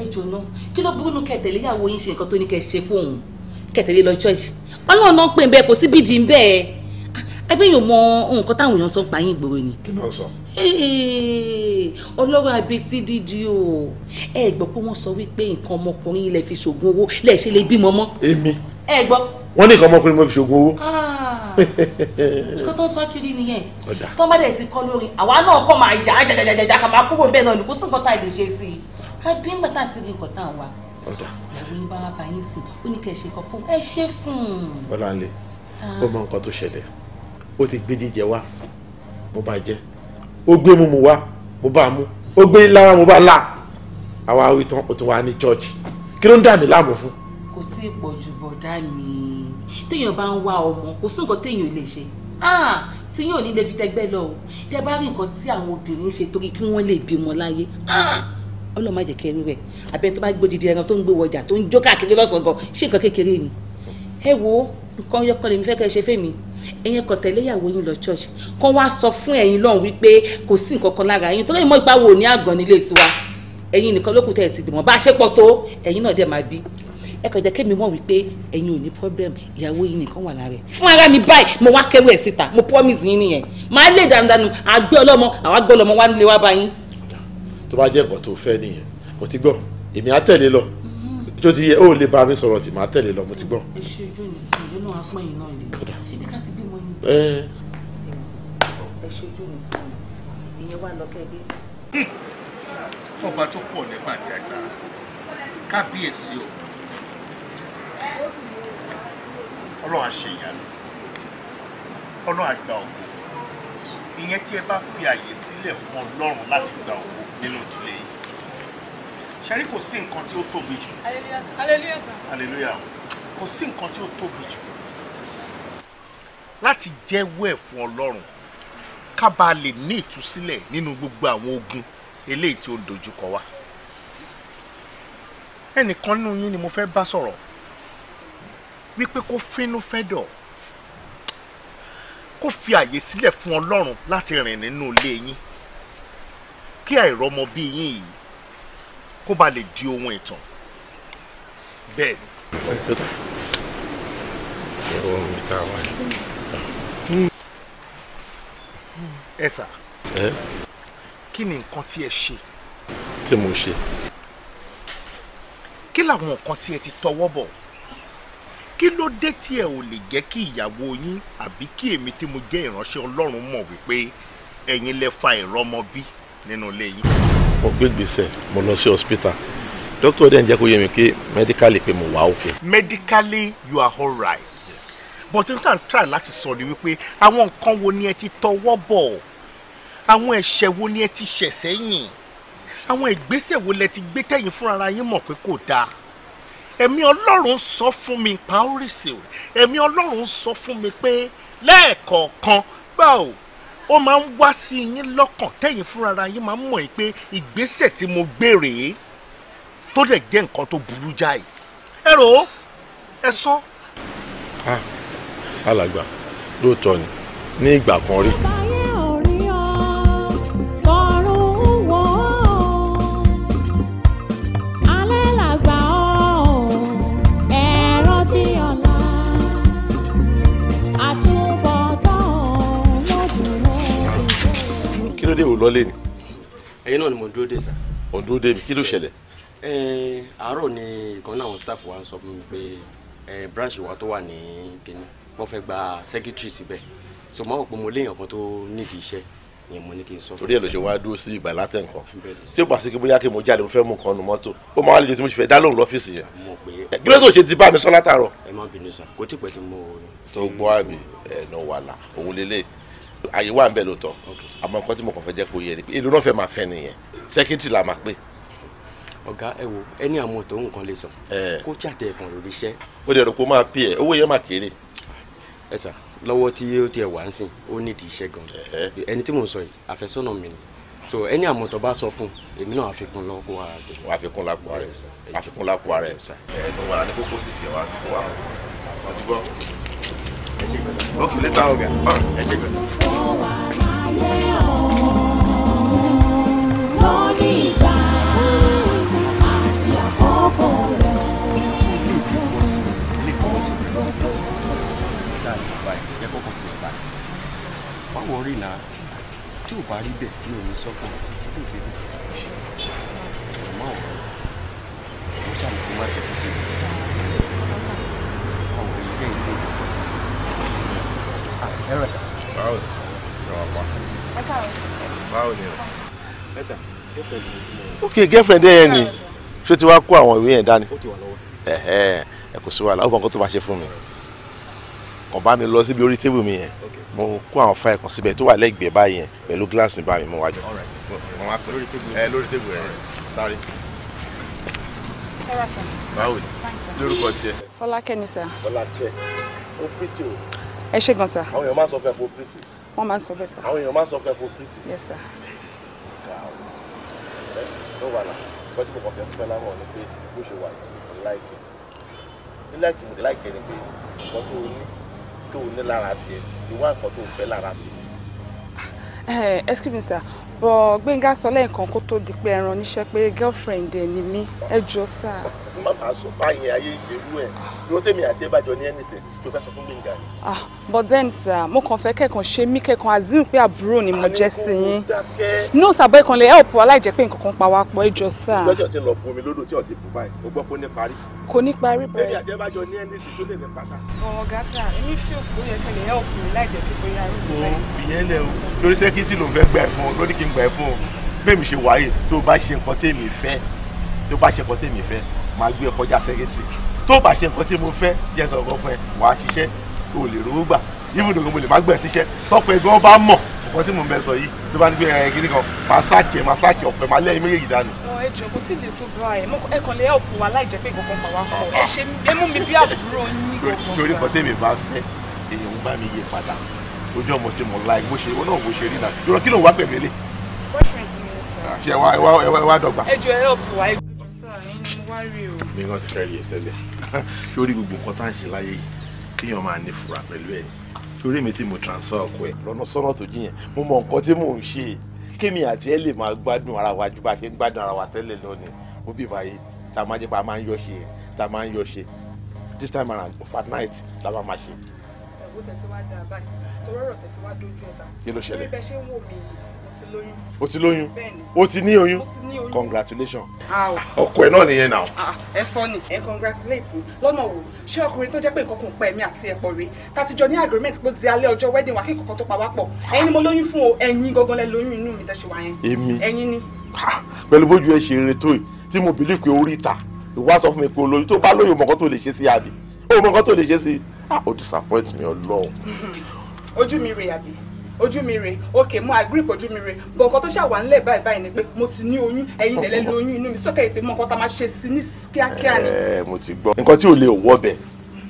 ẹ jọ̀nà kí ló burú nu kẹtẹ̀lé ìyàwó yín ṣe nǹkan tó ní kẹ ṣe fóun kẹtẹ̀lé lọ church ọlọ́run náà pè bẹ́ẹ̀ kò sí bídì ń bẹ́ẹ̀ abẹ́yìn mọ nǹkan táwọn èèyàn sọ ń pa yín ìgboro ni. kí ló sọ. ọlọ́run abetí dídí o ẹ gbọ́ pé wọ́n sọ wípé nǹkan ọmọkùnrin ilẹ̀ fi ṣògùn owó lẹ́ẹ̀ ṣe lè bímọ mọ́. èmi. ẹ gbọ́. wọ́n ní nǹkan ọmọkùnrin mo fi ṣògùn owó kó tó ń sọ kiri nìyẹn tó má dẹ̀ sí kọ́ lórí àwa náà kọ́ máa jà jàjàjàjà kà máa kúrò bẹ́ẹ̀ náà ní kó sì nǹkan tá a lè ṣe sí i àbí ń bàtà àti nǹkan tá a wà ìyàwó yín bá wà bá yín sí ó ní kẹ́ ẹ ṣe kan fún ẹ ṣe fún un. Bọ́láńlé ó mọ nǹkan tó ṣẹlẹ̀ ó ti gbé jíjẹ wá mo bá jẹ ó gbé mímu wá mo bá mú ó gbé ńlá wá mo bá là àwa wí tán ó tún wá ní chọ́ọ̀chì téèyàn bá ń wá ọmọ kò sí nǹkan téèyàn ò lè ṣe ah, tí yóò ní lebi tẹgbẹ́ lọ o tẹ bá rí nǹkan tí àwọn obìnrin ṣe torí kí wọ́n lè bímọ láyé ah, ọlọ́run má jẹ́ kí ẹnu rẹ̀ abẹ́ni tó bá gbódìdí ẹran tó ń gbé wọjà tó ń jó káàkiri lọ́sàn-án gan ṣé nǹkan kékeré ni ẹ wo nǹkan yọkan lèmi fẹ́ kẹ́ ẹ ṣe fẹ́mi ẹ̀yin kan tẹ̀lé ìyàwó yín lọ church kan wá sọ fún ẹ̀yin lọ́hùn wípé kò sí nǹkan kan lára yín torí ìmọ̀ ìpawò ní àgàn nílé tiwa ẹ̀yin nìkan lókùtà ẹ̀ ti gbìmọ̀ bá a ṣe pọ̀ tó ẹ̀yin náà dẹ̀ máa bí ẹ kàn jẹ́ kémi mọ̀ wípé ẹ̀yin ò ní problem ìyàwó yìí nìkan wà lára ẹ̀. fún ara mi báyìí mo wá kẹ́rù ẹ̀ síta mo promise yín nìyẹn máa lè dandanu àgbẹ̀ ọlọ́mọ àwa gbọ́ ọlọ́mọ wá nílé wá bá tó bá jẹ́ nǹkan tó fẹ́ nìyẹn mo ti gbọ́ èmi á tẹ̀lé lọ tó ti yẹ ó lè bá mi sọ̀rọ̀ tì máa tẹ̀lé lọ mo ti gbọ́. ẹ ṣe ojú mi fún ìlú náà apọ̀ yìí náà lè ṣe bí ká ti bímọ ni. ẹ ṣe ojú mi fún ìyẹn wà lọ́kẹ́dẹ́. ọba tó pọ̀ nípa àti àgbà kábíyèsí o ọlọ́run á ṣe ìyanu ọlọ́run á gba ògo ìyẹn tí ẹ bá fi àyè sílẹ̀ fún ọlọ́run láti gba ògo nínú ìdílé yìí ṣẹ́rí kò sí nǹkan tí ó tóbi jù hallelujah kò sí nǹkan tí ó tóbi jù láti jẹ́wọ́ ẹ̀ fún ọlọ́run ká bàa lè ní ìtúsílẹ̀ nínú gbogbo àwọn ogun eléyìí tí ó ń dojúkọ wa ẹnìkan nínú yín ni mo fẹ́ bá sọ̀rọ̀ wípé kó fínú fẹ́dọ̀ kó fi àyè sílẹ̀ fún ọlọ́run láti rìn nínú ilé yín kí àìrọ́mọ bí yín yìí kó ba lè di ohun ìtàn bẹ́ẹ̀ ni. ẹ sà kí ni nǹkan tí ẹ ṣe. tí mo ṣe. kí làwọn nǹkan tí ẹ ti tọwọ́ bọ̀ kí ló dé tí ẹ ò lè jẹ́ kí ìyàwó yín àbí kí èmi tí mo jẹ́ ìránṣẹ́ Ọlọ́run mọ̀ wípé ẹ̀yin lẹ fa ìrọmọ bí nínú ilé yín. mo gbé gbèsè mo lọ sí hospital doctor dẹ́n jẹ́ kó yé mi pé medically pé mo wà òkè. medically you are all right but n tàn try láti sọ ni wípé àwọn nǹkan wo ni ẹ ti tọwọ́ bọ̀ àwọn ẹ̀ṣẹ̀ wo ni ẹ ti ṣẹ̀ sẹ́yìn àwọn ìgbésẹ̀ wo lẹ ti gbé tẹ̀yìn fúnra yín mọ̀ pé kò dáa ẹ̀mí ọlọ́run sọ fún mi paorisi o ẹ̀mí ọlọ́run sọ fún mi pé lẹ́ẹ̀kọ̀ọ̀kan gbà o ó máa ń wá sí yín lọ́kàn tẹ̀yìn fúnra yín máa ń mọ̀ pé ìgbésẹ̀ tí mo gbé rèé tó dẹ̀ jẹ́ nǹkan tó burú jáì ẹ ẹ sọ. Ah, alàgbà lóòótọ́ ni ní ìgbà kan rí. ló dé ò lọ́lé ni. ẹ̀yin náà ni mo dúró dé sá. ò dúró dé mi kí ló ṣẹlẹ̀. àárọ̀ ni ìkan náà àwọn staff wa sọ fún mi pé branch wa tó wà ní kínní wọ́n fẹ́ gba secretary síbẹ̀ so máa wò pé mo léèyàn kan tó nídìí iṣẹ́ ìyẹn mo ní kí n sọ. torí ẹ ló ṣe wá dúró sí ìgbà látẹ̀ nǹkan tí ó bá sí kí bóyá kí mo jáde mo fẹ́ mú nǹkan nu mọ́tò ó máa wá lójú tí mo ṣe fẹ́ dá lóhùn lọ́fíìsì yẹn. kí ló tó ṣe ti bá mi sọ látàárọ̀. ẹ má bínú sá kó tí pẹ́ tí mo. tó gbọ́ àbí ẹ̀ náà wà lá òun lélẹ̀ àyè wà ń bẹ lóòótọ́ àmọ́ nǹkan tí mo kàn fẹ́ jẹ́ kó yẹ ni pé èlò náà fẹ́ máa fẹ́ nìyẹn sẹ́kítì la máa pè. ọ̀gá ẹ wo ẹni àmọ́ tó nǹkan lè sàn kó jàtẹ ẹ̀kan lórí iṣẹ́. ó dẹ̀ rò kó máa pè ẹ́ owó yẹn máa kéré. ẹ sà lọ́wọ́ tí ó tiẹ̀ wá ń sìn ó nídìí iṣẹ́ gan-an ẹni tí mò sọ yìí àfẹ́sọ́nà mi ni so ẹni àmọ́ tó bá sọ fún èmi náà àfikún lọ́kọ́ wa dé. wà á fikún lápò rẹ àfikún lápò rẹ ẹ Let's later ọ̀gá ẹ ṣe gbèsè. lórí ìgbà Let's àkókò rẹ̀. báwo rí náà tí ò bá rí bẹ́ẹ̀ mi ò ní sọ́kàn tí kò dé bẹ́ẹ̀ ọ̀rọ̀ máa wọ̀ ọ́ mo ṣàlùkù má tẹ̀sí sí i. Erwe. Báwo. Yo pa. Báwo. Báwo ni. Okay, girlfriend ẹ Any. Ṣé ti walk? kó àwọn ìwé yẹn dání? Ó ti wà lọ́wọ́. Ẹ̀hẹ́ ẹ kò to wàhálà, ó mọ nǹkan tó máa ṣe fún mi. Kàn bá mi lọ síbi orí tébù mi yẹn. Mo to àwọn leg. Be síbẹ̀ tó wà lẹ́gbẹ̀ẹ́ báyìí yẹn pẹ̀lú gíláàsì mi báyìí mo wájú. Ẹ lórí tébù rẹ̀ sáré. Báwo ni? Lórúkọ tiẹ̀. Fọlákẹ́ ni sà. Fọlákẹ́, ó pìtì o ẹ ṣe gan sir. àwọn èèyàn máa ń sọ fún ẹ wọ́n máa ń sọ bẹ́ẹ̀ sir. àwọn èèyàn máa ń sọ fún ẹ yes sir. ló wà náà ìgbà tí mo kàn fẹ́ fẹ́ lámọ̀ ni pé bó ṣe wà ní láìkẹ́ ní láìkẹ́ mo dé láìkẹ́ ni pé nǹkan tó ní tó ní lára tiẹ̀ ìwà nǹkan tó fẹ́ lára mi. Ah, eh, excuse me sir bọ Gbẹ́ngà sọ lẹ́ẹ̀kan kó tó di pé ẹran níṣẹ́ pé girlfriend ẹ̀ ni mí ẹ jọ sá. má bàa sọ báyìí ayé ìlérú ẹ ló tèmi àti ẹ bàjọ ní anything tó fẹ́ sọ fún Gbẹ́ngà ni. ah but then sir mo kàn fẹ́ kẹ́kàn ṣe mí kẹ́kàn assume pé àbúrò ni mo jẹ́ sí yín no sir bọ́ ìkànnì help wa láì jẹ́ pé nǹkan kan pa wá pọ̀ ẹ jọ sá. lọ́jọ́ tí lọ bu omi lódò tí ò ti bù báyìí o gbọ́ kó ní parí. kò ní parí bẹ́ẹ̀. tèmi àti ẹ bàjọ ní anything tó lè fẹ́ pàṣà. Oh, ọ̀gá sà èmi fi òkú yẹ kẹ́lẹ̀ gbà ẹ́ fún o bẹ́ẹ̀ mi ṣe wáyé tó o bá ṣe nǹkan tèmi fẹ́ tó o bá ṣe nǹkan tèmi fẹ́ máa gbé ẹ kọjá secretary tó o bá ṣe nǹkan tí mo fẹ́ jẹ́ sọ̀rọ̀ fún ẹ wàá ṣiṣẹ́ o lè rówó gbà even though mo lè má gbẹ̀ síṣẹ́ tọ́pẹ́ gan bá mọ̀ nǹkan tí mo bẹ sọ yìí tó bá ní pé ẹ kiri kan máa sáàkì ẹ máa sáàkì ọ̀pẹ máa lẹ́yìn méjèèjì dání. ọ̀ ẹ jọ kò tí ì lè tó bra ẹ ẹ kàn lè ọ̀pọ̀ wa láì jẹ́ pé kankan bá wa kọ̀ ṣe é mú mi bí àbúrò yín kankan. torí kan tèmi bá fẹ́ èèyàn bá mi yé padà ojú ọmọ tí mo láì bó ṣe ó náà bó ṣe rí náà yọrọ kí ló wá pẹ̀lú eléyìí Ah, ṣe wá ẹ wá ẹ wá dọgba. ẹ jọ ẹ help wa ẹgbẹ́ jọ sọ ẹyin ni mo wá rí o. mi náà ti kẹ́rì ẹ tẹ́lẹ̀ lórí *laughs* gbogbo nǹkan tá à ń ṣe láyé yìí kéèyàn máa ní fura pẹ̀lú ẹ̀ lórí mi tí mo transfer ọkọ ẹ̀ lọ́nà sọ́nà tó jiyàn mo mọ nǹkan tí mò ń ṣe kémi àti ẹ lè máa gbádùn ara wa ju bá ṣe ń gbádùn ara wa tẹ́lẹ̀ lónìí mo bí báyìí tá a máa jẹ́ pé a máa ń yọ ṣe tá a máa ń yọ ṣe this time around night, la máa máa ṣe. ẹ̀gbọ́n tẹ̀ ti wá dáa báyìí torọ́rọ̀ tẹ̀ dójú ẹ̀ kí ló ṣẹlẹ̀ bẹ́ẹ̀ ṣe ń wò mí yìí o ti lóyún o ti ní oyún congratulation ọkọ ẹ náà nìyẹn náà. Ah, ẹ fọ́ ni ẹ congratulate lọ́nà wo ṣé ọkùnrin tó jẹ́ pé nǹkan kan pa ẹ̀mí àti ẹ̀pọ̀ rẹ̀ tàtijọ́ ní agreement pé di alẹ́ ọjọ́ wedding wa kí nǹkan kan tó pa wá pọ̀ ẹ̀yin ni mo lóyún fún o ẹ̀yin gangan lẹ lóyún inú mi tẹ̀síwá yẹn ẹ̀yin ni. pẹ̀lú bójú ẹ ṣe rere tó yìí tí mo bìlí pé orí ìta ìwà sọ fún mi pé olóyún tó bá lóyún mọ̀kọ́ ah, disappoint mi ọlọ́run. *laughs* ojú mi rè àbí ojú mi rè Okay, mo agree pé ojú mi rè but nǹkan tó ṣà wà nílẹ̀ báyìí báyìí ni pé mo ti ní oyún ẹ̀yin dẹ̀lẹ́ lo oyún inú mi sókè ètè mọ nǹkan tá a máa ṣe sí ní kíákíá ni. ẹ eh, mo ti gbọ́ nǹkan tí ò lè wọ́ bẹ̀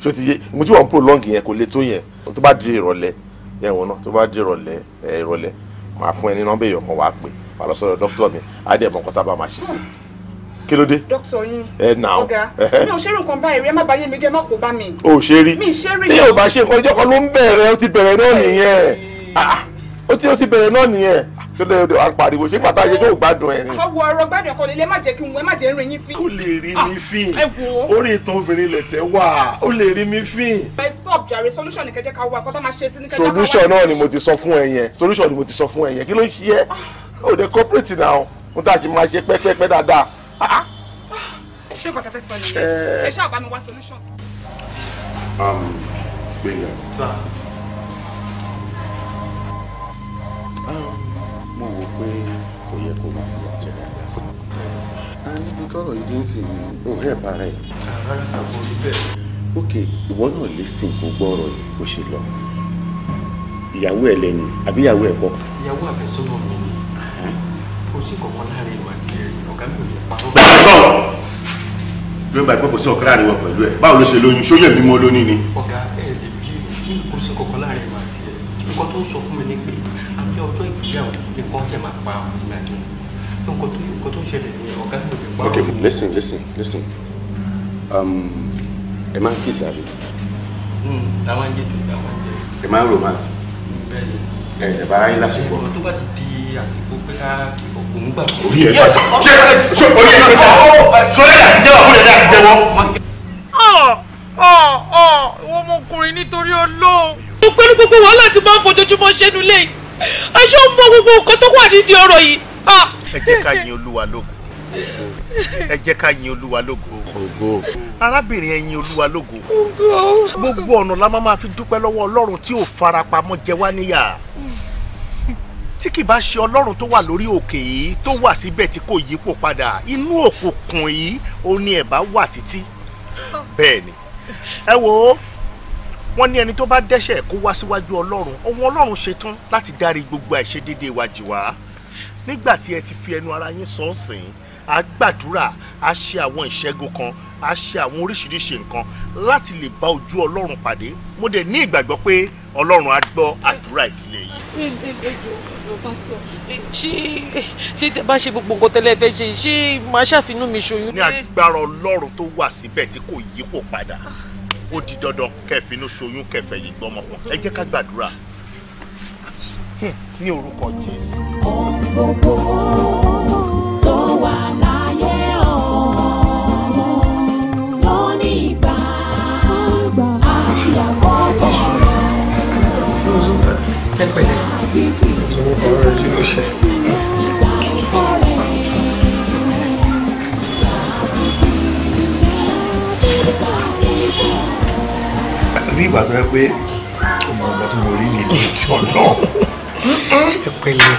ṣó ti yé mo ti wà ń prolong yẹn kò le tó yẹn tó bá di ìrọ̀lẹ́ yẹn wọn náà tó bá di ìrọ̀lẹ́ ìrọ̀lẹ́ màá fún ẹ ní nọ́mbà èèyàn kan wàá pè wà lọ sọ́dọ̀ dókítà mi á dẹ̀ mọ nǹkan tá a bá máa ṣe sí i kí ló dé. dókítà yín ọgá mi ò ṣe rí nǹkan báyìí rí ẹ má báyé mi jẹ má kó bá mi. o ò ṣe rí mi ò ṣe rí. bí o bá ṣe nǹkan ọjọ́ kan ló ń bẹ̀rẹ̀ ó ti bẹ̀rẹ̀ náà nìyẹn ó ti ó ti bẹ̀rẹ̀ náà nìyẹn tó lè ọdọ apariwo ṣé pàtó àṣẹ tó ò gbádùn ẹ̀rín. ọwọ́ ọ̀rọ̀ gbádùn ẹ̀kọ́ lélẹ̀ má jẹ́ kí n wọ ẹ má jẹ́ rìn yín fín. ó lè rí mi ah, fín orí ìtàn obìnrin lẹ̀tẹ̀ wà ó lè rí mi fín. ẹ stop jàre solution ní kẹjẹ ká wá kó tó máa ṣe sí ní kẹjẹ ká wá. solution náà ni mo ti sọ fún ẹ yẹn solution ni mo ti sọ fún ẹ yẹn kí ló ń ṣe ẹ ó dé corporate náà mo tà sí máa ṣe pẹ́pẹ́pẹ́ dáadáa. Ah, ah. ṣé nǹkan tẹ́fẹ́ sọ ni ẹ ṣáà bá mi wá solution. Um, gbẹ̀ngàn mo wò pé kò yẹ kó máa fi àjẹ rẹ dá sí. a níbi tọrọ yìí dín sí ni ó rẹ bára ẹ. àbára ṣàkóso bẹ́ẹ̀. ok ìwọ náà listen kó gbọ́ yìí kó ṣe lọ. ìyàwó ẹ lẹ́nu àbí ìyàwó ẹ kọ́. ìyàwó àfẹ́sọ́nà mi ni kò sí kọ̀ọ̀kan láàrin ìwà àti ọ̀gá mi ò lè parọ́. bá a sọ̀rọ̀ ló gba ìpẹ́kọ̀ sí ọ̀kẹ́rẹ́ àríwọ̀ pẹ̀lú ẹ̀ báwo ló ṣe lóyún ṣó mímọ́ lónìí ni. ọ̀gá ẹ̀ lè bí kò sí kọ̀ọ̀kan láàrin ìwà àti ẹ̀ nǹkan tó sọ fún mi ní pé ní ọjọ́ ìgbéyàwó ikú ọ̀tẹ̀ máa pa ọmọ ìgbà yẹn nǹkan tó ṣẹlẹ̀ ní ọ̀gá mi ò pa. okay listen listen listen um, ẹ máa ń kí ìsàlẹ̀. àwọn ń jẹ tó àwọn ń jẹ. ẹ máa ń romance. bẹ́ẹ̀ni. ẹ Oh bá aráyé láṣepọ. ẹ Oh, oh, oh. Oh, àsìkò pé ká òun Oh, orí ẹ bàjẹ́ ṣé orí ẹ bàjẹ́ sọlẹ́ àti jẹ́wọ́ kúlẹ̀ ní àti jẹ́wọ́. ọ̀ ọ̀ ìwọ ọmọkùnrin nítorí olóhùn. mo pẹ́ ní gbogbo wàhálà tí mo máa ń fojoojúmọ́ ṣẹ́nu lẹ́yìn aṣọ mọ gbogbo nǹkan tó wà nídìí ọ̀rọ̀ yìí. ẹ jẹ́ ká yin olúwa lógo ẹ jẹ́ ká yin olúwa lógo arábìnrin ẹ yin olúwa lógo gbogbo ọ̀nà la máa fi dúpẹ́ lọ́wọ́ ọlọ́run tí ò farapamọ́ jẹ wá níyà tí kì bá ṣe ọlọ́run tó wà lórí òkè yìí tó wà síbẹ̀ tí kò yípo padà inú òkùnkùn yìí ó ní ẹ̀ bá wà títí bẹ́ẹ̀ ni ẹ wo wọ́n ní ẹni tó bá dẹ́ṣẹ̀ kó wá síwájú ọlọ́run ọwọ́ ọlọ́run ṣetán láti dárí gbogbo àìṣedéédéé wa jì nígbà tí ẹ ti fi ẹnu ara yín sọ sìn á gbàdúrà á ṣe àwọn ìṣẹ́gun kan á ṣe àwọn oríṣiríṣi nǹkan láti lè bá ojú ọlọ́run pàdé mo dẹ̀ ní ìgbàgbọ́ pé ọlọ́run á gbọ́ àdúrà ìdílé yìí. ṣé ṣé tẹ bá ṣe gbogbo nǹkan tẹ́lẹ̀ fẹ́ ṣe ṣé màá ṣàfihàn mi ṣoyún. ní agbára ọlọ́run tó wà síbẹ̀ tí kò yípo padà ó di dandan kẹfìnú ṣoyún kẹfẹ yìí gbọmọ pọ ẹ jẹ́ ká gbàdúrà ní orúkọ Jésù. ohun gbogbo bí ìgbà tó yẹ pé ọmọ ọgbà tó mo rí ní ilé tí ọlọ́run. ẹ pẹ̀lẹ́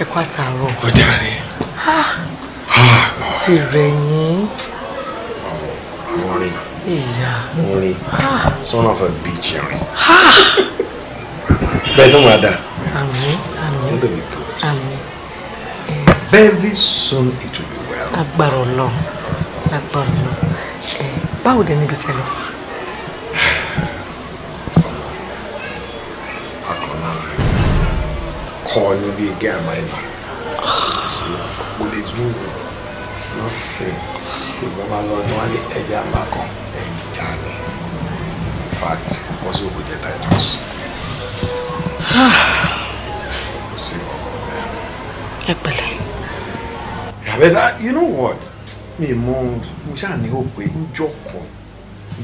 ẹ kó àtàárọ̀. ọjà rẹ. ti rẹ̀ yín. mo rìn. ìyá. mo rìn. son of a bitch rìn. bẹ́ẹ̀ tó máa dà. àmín àmín àmín. very soon it will be well. agbára Ọlọ́run agbára Ọlọ́run báwo dé níbi tẹ́lẹ̀. call me be my man. See, what do, nothing. You my lord, don't have the back on. And down. In fact, what's with the titles? you know what? Mi mom, we ṣáà need hope pé njọ́ kan,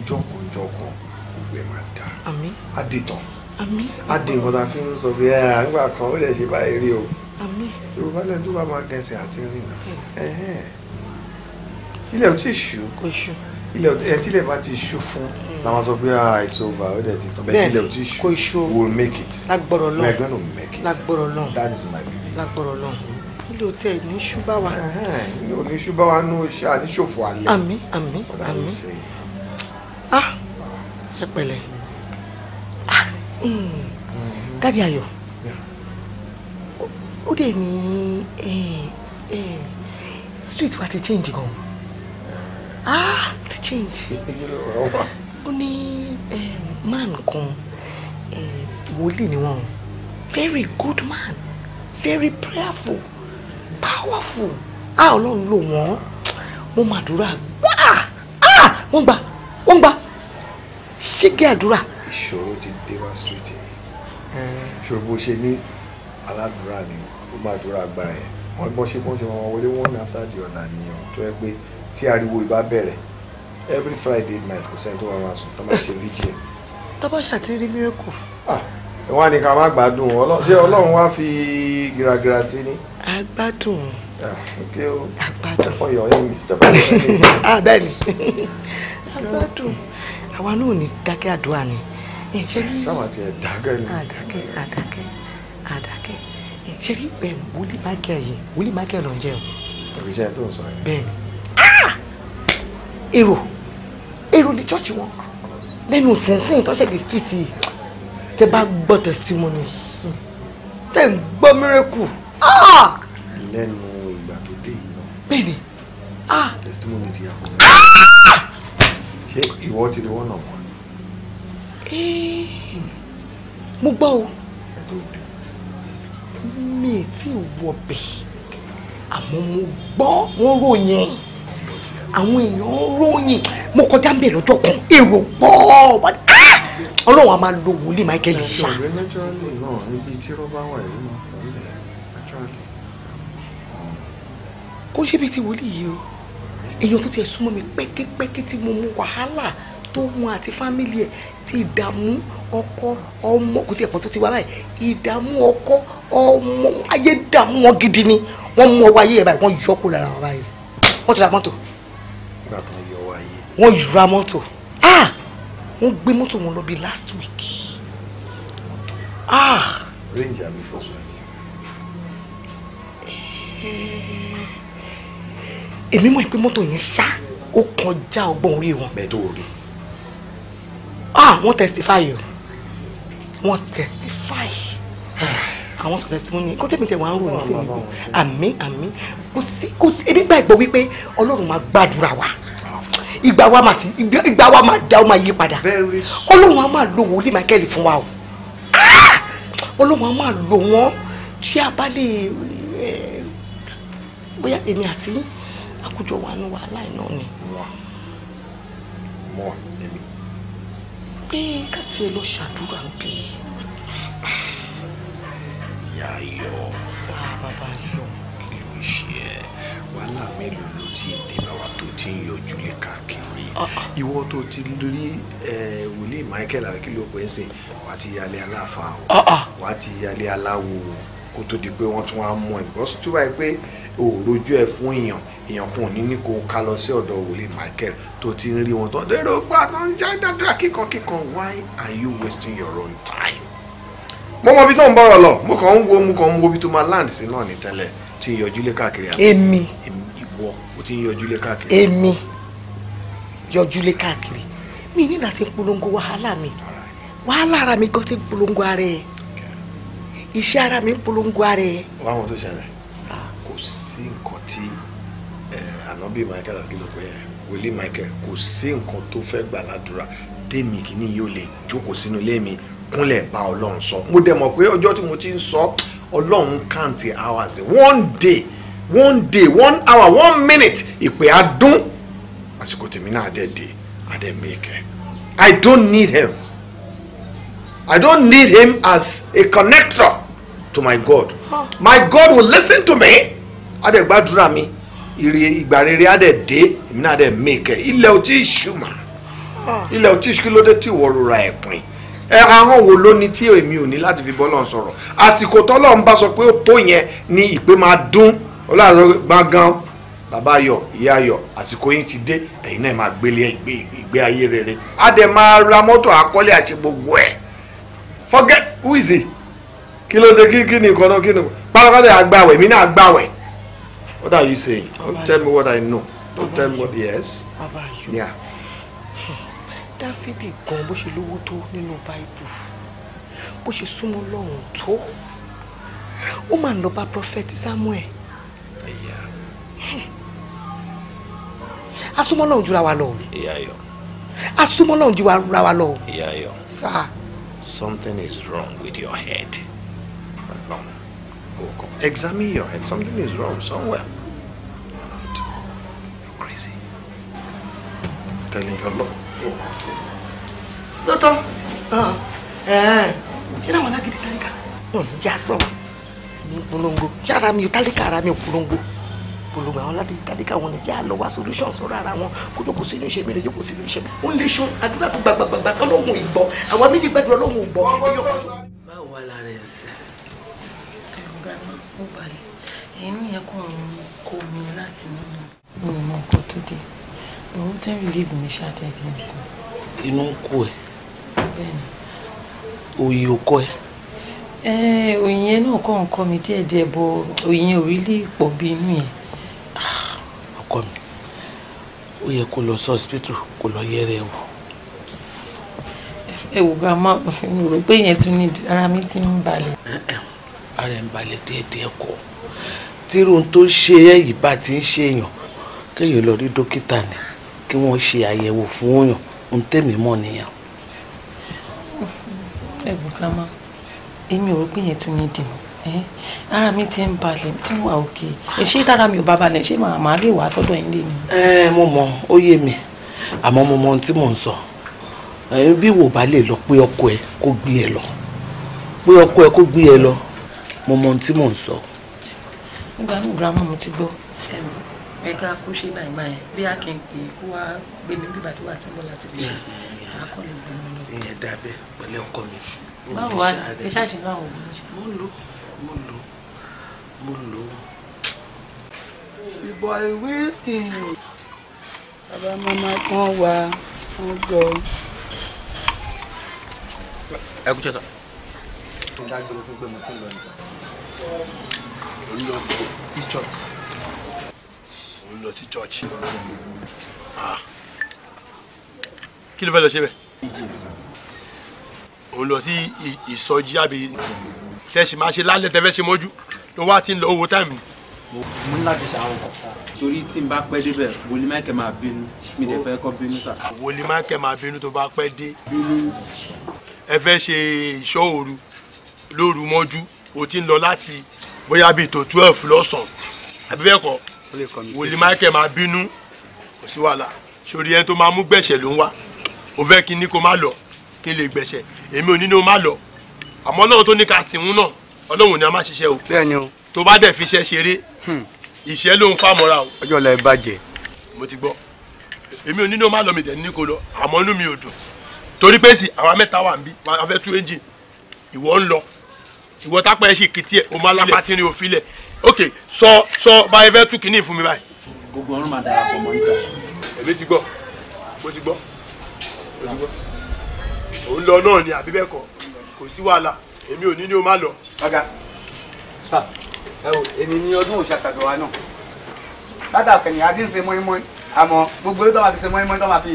njọ́ kan, njọ́ kan, gbogbo ẹ̀ máa dáa á di nǹkan tá a fi ń sọ pé ẹ àgbà kan ó lè ṣe báyìí rí o yorùbá lẹ́nu tó bá máa gẹ̀ẹ́sì àti rìn náà ilẹ̀ ò tí ì ṣú ilẹ̀ ẹ̀ tí ilẹ̀ bá ti ṣú fún làwọn sọ pé ah it's over ó dẹ̀ ti tán bẹ́ẹ̀ ilẹ̀ ò tí ì ṣú we will make it lágbọ̀rọ̀ lọ́n we're gonna make it lágbọ̀rọ̀ lọ́n that is my belief lágbọ̀rọ̀ lọ́n ilé ò tí ẹ̀ ní ṣú bá wa. ní ò ní ṣú bá wa ní àníṣòfò alẹ́ Ami, ami, ami. ah ṣe Mm. dádì ayọ̀ ó dẹ̀ ni, eh, eh, street wa ti change gan ah ti change *laughs* ó ní eh, man kan wòlíì ni wọ́n very good man very prayerful powerful a ọlọ́run lò wọ́n mo máa dúrà gbà á ah! ah! wọ́n gbà wọ́n gbà ṣígẹ́ àdúrà ìṣòro ti dé wá street yìí ṣòro bó ṣe ní aládùúrà ni ó máa dúrà gba yẹn wọ́n gbọ́n ṣe gbọ́n ṣe máa wọlé one after the other ni ọ̀ tó yẹ pé tí ariwo ìbá bẹ̀rẹ̀ every friday night kò sẹ́ni tó máa máa sùn tó máa ṣe vigil. tọ́bọ̀ṣà ti rí miracle. ah wọ́n á ní ká má gbádùn ṣé ọlọ́run wá fi gíragíra sí ni. agbádùn. Ah, o agbádùn. ọyọ ọyọ mi step by step. ah bẹ́ẹ̀ ni agbádùn *laughs* àwa náà ò ní dákẹ́ àdúrà ni. Eh, ṣebí sáwọn eh, ah! èrò ní chọ́ọ̀chì wọn lẹ́nu sínsìn tó ṣe di street yìí tẹ bá gbọ́ testimony hmm, tẹ ń gbọ́ miracle. Ah! lẹ́nu ìgbà tó dé yìí bẹ́ẹ̀ni. Ah! testimony ti yà kó. ṣé ìwọ ti di wọ́n náà mọ́ mo gbọ́ o mi tí ì wọbẹ̀ àmọ́ mo gbọ́ wọ́n ròyìn ẹ̀ àwọn èèyàn ròyìn mo kọjá ń bẹ̀ lọ́jọ́ kan èrò pọ̀ ah! ọlọ́run a máa lo wòlíì Michael yìí. ọ̀rẹ́ nẹ́tírálì náà níbi tí rọ́bà wà ìlú náà kò ń bẹ̀ nẹ́tírálì. kó ṣe bí ti wòlíì yìí o èèyàn tó tiẹ̀ súnmọ́ mi pẹ́kípẹ́kí tí mo mú wàhálà tó hun àti fámìlì ẹ̀ ti ìdààmú ọkọ ọmọ kò tí ẹ̀ pọ̀ tó ti wá báyìí ìdààmú ọkọ ọmọ ayé dààmú wọn gidi ni wọ́n mú ọwọ́ ayé yẹn báyìí wọ́n yọ kó lára wọn báyìí wọ́n ti ra mọ́tò. nígbà tó ń yọ ọwọ́ ayé. wọ́n ra mọ́tò ah wọ́n gbé mọ́tò wọn lọ bí last week ah. range àbí first range. èmi mọ̀ pé mọ́tò yẹn ṣá ó kọjá ọgbọ́n orí wọn. bẹ́ẹ̀ tó rí i ah wọ́n testify o wọ́n testify àwọn sọ testimony kó tẹ̀mí tẹ̀ to á rò wọ́n sí mi àmín àmín kò sí kò sí ebi gbàgbọ́ wípé ọlọ́run máa gbàdúrà wa ìgbà wa máa ti ìgbà wa máa dá ọ máa yí padà ọlọ́run á máa lo wòlíì Michael fún wa o ah! ọlọ́run á máa lo wọ́n tí a bá lè bóyá èmi àti àkójọ wa ní wàhálà iná ni pé káti ẹ lọ ṣàdúrà ń bí. ìyá yọ fa bàbá yọ kí ló ń ṣe ẹ wàhálà mélòó ló ti dé báwa tó ti ń yọjú lé káàkiri ah, ah. ìwọ tó ti rí wòlíì Michael àbí kí ló pè é ṣe wàá ti yálé aláfa o ah, wàá ti yálé aláwo kó tó di pé wọ́n tún wá mú ẹ bọ́sùn tó báyìí o ò rojú ẹ fún èèyàn èèyàn kan ò ní ní kó ká lọ sí ọ̀dọ̀ wòlíì Michael tó ti ń rí wọn tó ń dérò gbà tó ń dáadáa kíkan kíkan why are you wasting your own time. mo mọ ibi tó ń bọ̀rọ̀ lọ mo kàn ń wo mo kàn ń wo ibi tó máa land sí náà ní tẹ́lẹ̀ tí ń yọjú lé káàkiri àná. èmi ìwọ o ti ń yọjú lé káàkiri. èmi yọjú lé káàkiri mi ní láti polongo wàhálà mi wàhálà ara mi gan ti polongo ara ẹ iṣẹ́ ara mi polongo ara ẹ. wàá wọn tó ṣẹlẹ̀ sí nǹkan tí eh, ànábì Michael àbí pé wòlíì Michael kò sí nǹkan tó fẹ́ gbà ládùúrà tèmi kìíní yóò lè jókòó sínú ilé mi kúnlẹ̀ bá ọlọ́run sọ mo dẹ̀ mọ̀ pé ọjọ́ tí mo ti ń sọ ọlọ́run count hours one day one day one hour one minute ìpè á dún àsìkò tèmi náà dẹ̀ dé adẹ̀ mẹ́kẹ́ I don't need him I don't need him as a connector to my God. My God will listen to me. á dẹ̀ gbàdúrà mi ìgbà rere á dẹ̀ dé èmi náà dẹ̀ mèkẹ́ e. ilẹ̀ ò tí ilẹ̀ ò tí ló dé fi bọ́lọ̀ sọ̀rọ̀ àsìkò tọ́lọ́run bá sọ pé ó tó yẹn ni ìpè máa dún ọlọ́run gbọ̀ngàn bàbá yọ ìyá àsìkò yín ti dé ẹ̀yin náà máa gbélé ìgbé ayé rere á dẹ̀ máa ra mọ́tò àkọ́lé àti gbogbo ẹ̀ forget who What are you saying? Don't Baba tell you. me what I know. Don't Baba tell me what. Yes. Baba you. Yeah. *sighs* Dáfídì gan bó ṣe lówó tó nínú Báíbù bó ṣe súnmọ́ lọ́hùn tó ó máa ń lọ bá prophet Samuel. Asúmọ́ lọ́hùn jura wa lọ. Asúmọ́ lọ́hùn jura wa lọ. Sir. Something is wrong with your head woke up. Examine your head. Something is wrong somewhere. You're crazy. I'm telling your law. Ah, Doctor! eh. Ṣé náà wọn lágídí tálíkà? Òní hmm, yá sọ̀rọ̀. Ní polongo. Yára mi ò tálíkà ara mi I polongo. Polongo àwọn ládìí tálíkà wọn ni yá lọ wá solution sọ̀rọ̀ ara wọn. Kó jókòó sínú iṣẹ́ mi lè jókòó sínú iṣẹ́ mi. Ó ń lè ṣan àdúrà tó gbàgbàgbàgbà tọ́lọ́hùn ìgbọ́. Àwọn méjì gbàdúrà lọ́hùn ìgbọ́. Báwo wà lára ẹ̀ inú yẹn kò ń kó mi láti mú mi. mi ò mọ nǹkan tó dé but ó ti ń relieve mi ṣáájú ẹ̀dí ẹ̀sìn. inú ń kó ẹ òye ò kọ ẹ. òyìn yẹn náà kọ́ ń kọ́ mi díẹ̀díẹ̀ bọ òyìn yẹn ò rí lè pọ̀ bí inú yẹn. Ah, ọkọ mi ó yẹ kó lọ sí hospital kó lọ yẹrẹ wò ẹ wò ga má rò pé yẹn tún ní ara mi ti ń balẹ̀. ara ń balẹ̀ díẹ̀díẹ̀ kọ́ tírú tó ṣe ẹ́ yìí bá ti ń ṣe èèyàn kéèyàn lọ rí dókítà ni kí wọ́n ṣe àyẹ̀wò fún èèyàn ohun tèmi mọ̀ nìyẹn. ẹ̀gbọ́n grandma èmi ò rò pé yẹn tún ní dì mí ara mi ti ń balẹ̀ tí wà òkè ṣé dára mi ò bá balẹ̀ ṣé màá máa lè wá sọ́dọ̀ yín lé ni. ẹ mo mọ ó yé mi àmọ́ mo mọ ohun tí mò ń sọ bí wò bá lè lọ pé ọkọ ẹ kó gbé ẹ lọ pé ọkọ ẹ kó gbé ẹ lọ mo mọ ohun tí mò ń sọ nígbà náà grandma mo ti gbọ́. ẹ̀ka kó ṣe báyìí báyìí bí a kì í pè é kó wá gbé mi bíbá tó wà tí mo láti lè ṣe àkọlé gbé mi lọ. ìyẹn dábẹ́ pẹ̀lẹ́ ọkọ mi. báwo wá ẹ ṣáàṣì ní àwọn òògùn ṣe. mo lò mo lò mo lò. ìbọn ìwíìsì bàbá màmá kan wà wọ́n gbọ́. ẹ kú ṣe sọ òun lọ sí church òun lọ sí church ah. kí ló fẹ́ lọ ṣe bẹ́ẹ̀ òun lọ sí ìsọjí àbí tẹ̀sí máa ṣe lálẹ́ tẹ́fẹ́ ṣe mọ́jú ló wá ti ń lọ owó táìmù. mo ní láti ṣàwọn kan torí tí n bá pẹ́ débẹ̀ wòlíì máìkẹ́ máa bínú mi lè fẹ́ kọ́ bínú sà. wòlíì máìkẹ́ máa bínú tó bá pẹ́ dé. ẹ fẹ́ ṣe ìṣọ́ òru lóru mọ́jú o ti ń lọ láti bóyá bíi tó twelve lọ́sàn-án àbí bẹ́ẹ̀ kọ́ wòlíì michael máa bínú kò sí wàhálà sórí ẹni tó máa mú gbẹ̀ṣẹ̀ ló ń wá o fẹ́ kí ni kó má lọ kí n lè gbẹ̀ṣẹ̀ èmi ò ní ní o má lọ àmọ́ ọlọ́run tó ní ká sìnwún náà ọlọ́run ni a máa ṣiṣẹ́ o bẹ́ẹ̀ni o tó bá dẹ̀ fi iṣẹ́ ṣeré hmm. ìṣẹ́ ló ń fàmọ́ra o. ọjọ́ la ẹ bàjẹ́. mo ti gbọ́ èmi ò ní ní o má lọ mi dẹ̀ ní kó lọ àmọ́ inú mi ò dùn torí pé sì àwa mẹ́ta wà ń bí wà á fẹ́ tú engine ìwọ ń lọ ìwọ tápẹ́ ẹ̀ sì kìtì ẹ̀ o máa lápá tí ni o fi lẹ̀ ok sọ sọ báyìí fẹ́ tú kínní fún mi báyìí. gbogbo ọrùn máa darapọ̀ mọ́ ìsà. èmi ti gbọ́ mo ti gbọ́ mo ti gbọ́ òun lọ náà ni àbí bẹ́ẹ̀ kọ́ kò sí wàhálà èmi ò ní ní o má lọ. ọ̀gá ẹ wò èmi ní ọdún òṣàtàgbọ̀ wa náà látàkẹ́yìn àti ń ṣe mọ́ínmọ́ín àmọ́ gbogbo tó máa fi ṣe mọ́ínmọ́ín tó máa fi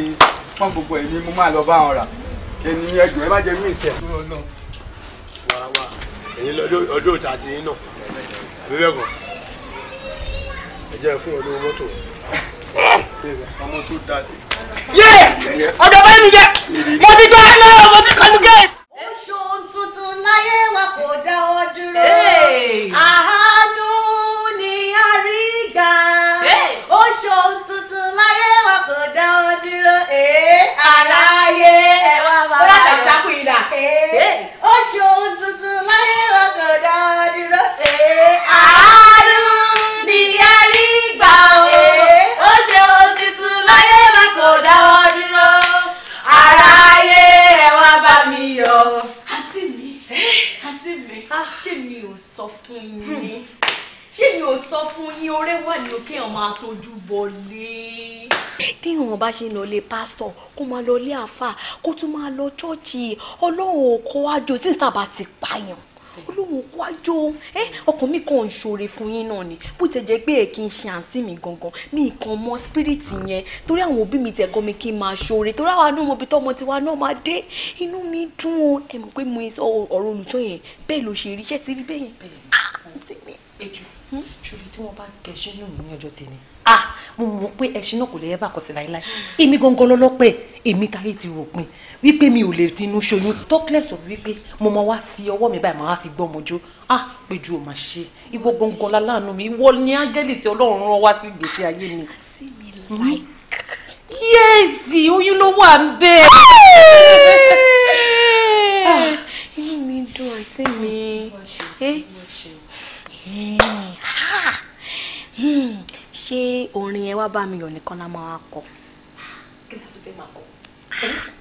pọ́n gbogbo èmi mo máa lọ bá wọn rà ènìyàn ẹ̀dùn ẹ bá jẹ mí ìṣẹ́. wàrà wà ẹ̀yin ọdún òtà àti yín náà àbí bẹ́ẹ̀ fún ọdún mọ́tò. ọmọ bá mi jẹ mo ti gbọ́ ẹ̀ náà mo ti kọlu gate. oṣù tuntun láyé wa kò dá ọ dúró àánú ni a rí gbà oṣù tuntun kò dán ó dúró aráyé ẹ wá máa bá yọ. bóyá ṣàkóso ìdá. ó ṣe ohun tuntun láyé wọn kò dán ó dúró àánú ni ẹ rí gbà ó. ó ṣe ohun tuntun láyé wọn kò dán ó dúró aráyé ẹ wá bá mi yọ. àǹtí mi àǹtí mi ah. ṣé mi ò sọ fún yín ṣé mi ò sọ fún yín ọ̀rẹ́ wà ní òkè ọmọ àtọjú bọlé téèyàn bá ṣe ń lọ lé pásítọ̀ kó máa lọ lé àáfà kó tún máa lọ chọ́ọ̀chì ọlọ́run kó àjò sísà bá ti pààyàn olóhùn kó àjò ẹ ọkàn mi kàn ń ṣoore fún yín náà ni bó ti jẹ́ pé ẹ kì í ṣe àǹtí mi gangan mi kàn mọ spirit yẹn torí àwọn òbí mi tẹ̀gọ́ mi kí n máa ṣoore torí àwọn àánú ọmọbi tọmọ tiwa náà máa dé inú mi dùn ó ẹ mọ̀ pé mo sọ ọ̀rọ̀ olùjọ́ yẹn bẹ́ẹ̀ ló ṣe rí iṣẹ́ ti rí bẹ́ẹ̀ yẹn ah, àǹtí mi. ṣòfin tí wọn bá kẹṣẹ nù ní ọjọ́ tèmi. ah mo mọ̀ pé ẹṣin náà kò lè ẹ́bà kọ̀sí láéláé èmi gangan lọ́lọ́pẹ̀ èmi táyé ti ròpin wípé mi ò lè finú ṣoyún tọ́kílẹ̀sì wípé mo máa wá fi ọwọ́ mi báyìí máa wá fi gbọ́ ọmọ ah péjú ò máa ṣe ìwọ gangan láláàánú mi ìwọ ni áńgẹ́lì tí ọlọ́run rán wá sí ìgbésí ayé mi. Hmm? yẹ́ẹ̀sì oyún ló wà ń bẹ́ẹ̀ ah, inú mi dùn àǹtí mi ṣé orin ẹ wá bá mi yọ̀ nìkan la máa kọ. a tún fẹ́ máa kọ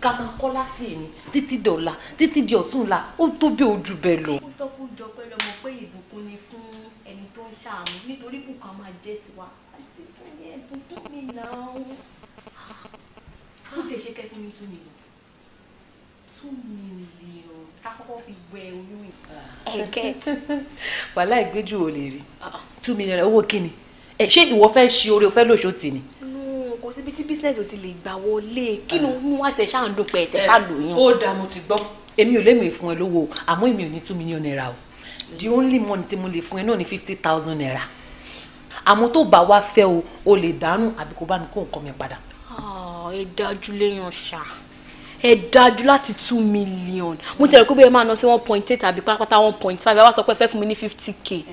ká máa kọ́ láti èmi títí dọ̀la títí di ọ̀túnla ó tó bí ojú bẹ́ẹ̀ lọ. ó tọ́kù jọ pé lọ́mọ pé ìbùkún ni fún ẹni tó ń ṣàánú nítorí kù kan máa jẹ́ tiwa àti sọ́ni ẹ̀bùkún mi náà. ó ti ṣe kẹ́fún mi tún mi lọ two million kakọ́kọ́ fi wẹ oyún yìí. ẹ̀kẹ́ wàhálà ìgbéjú ò lè rí ah, ah. two million owó kíni ṣé ìwọ fẹ́ ṣe oore o fẹ́ lòṣó tì ní. kò síbi tí bísíǹnẹ̀sì ò ti lè gbà wọlé kí ni wọ́n wá tẹ̀ ṣáà ń dúpẹ́ tẹ̀ ṣáà lóyún. ó dà mo ti gbọ́. èmi ò lémi fún ẹ lówó àmọ́ èmi ò ní two million naira o the only money tí mo lè fún ẹ náà ní fifty thousand naira àmọ́ tó bá wá fẹ́ o o lè dànù àbí kó bá mi kó nǹkan mi padà. Ah, ẹ dájú léèyàn ṣá ẹ dájú láti two million mo tẹ̀rẹ̀ kó bẹ́ẹ̀ máa ná sí one point eight àbí pátápátá one point five ẹ wá sọ pé ẹ fẹ́ fún mi ní fifty k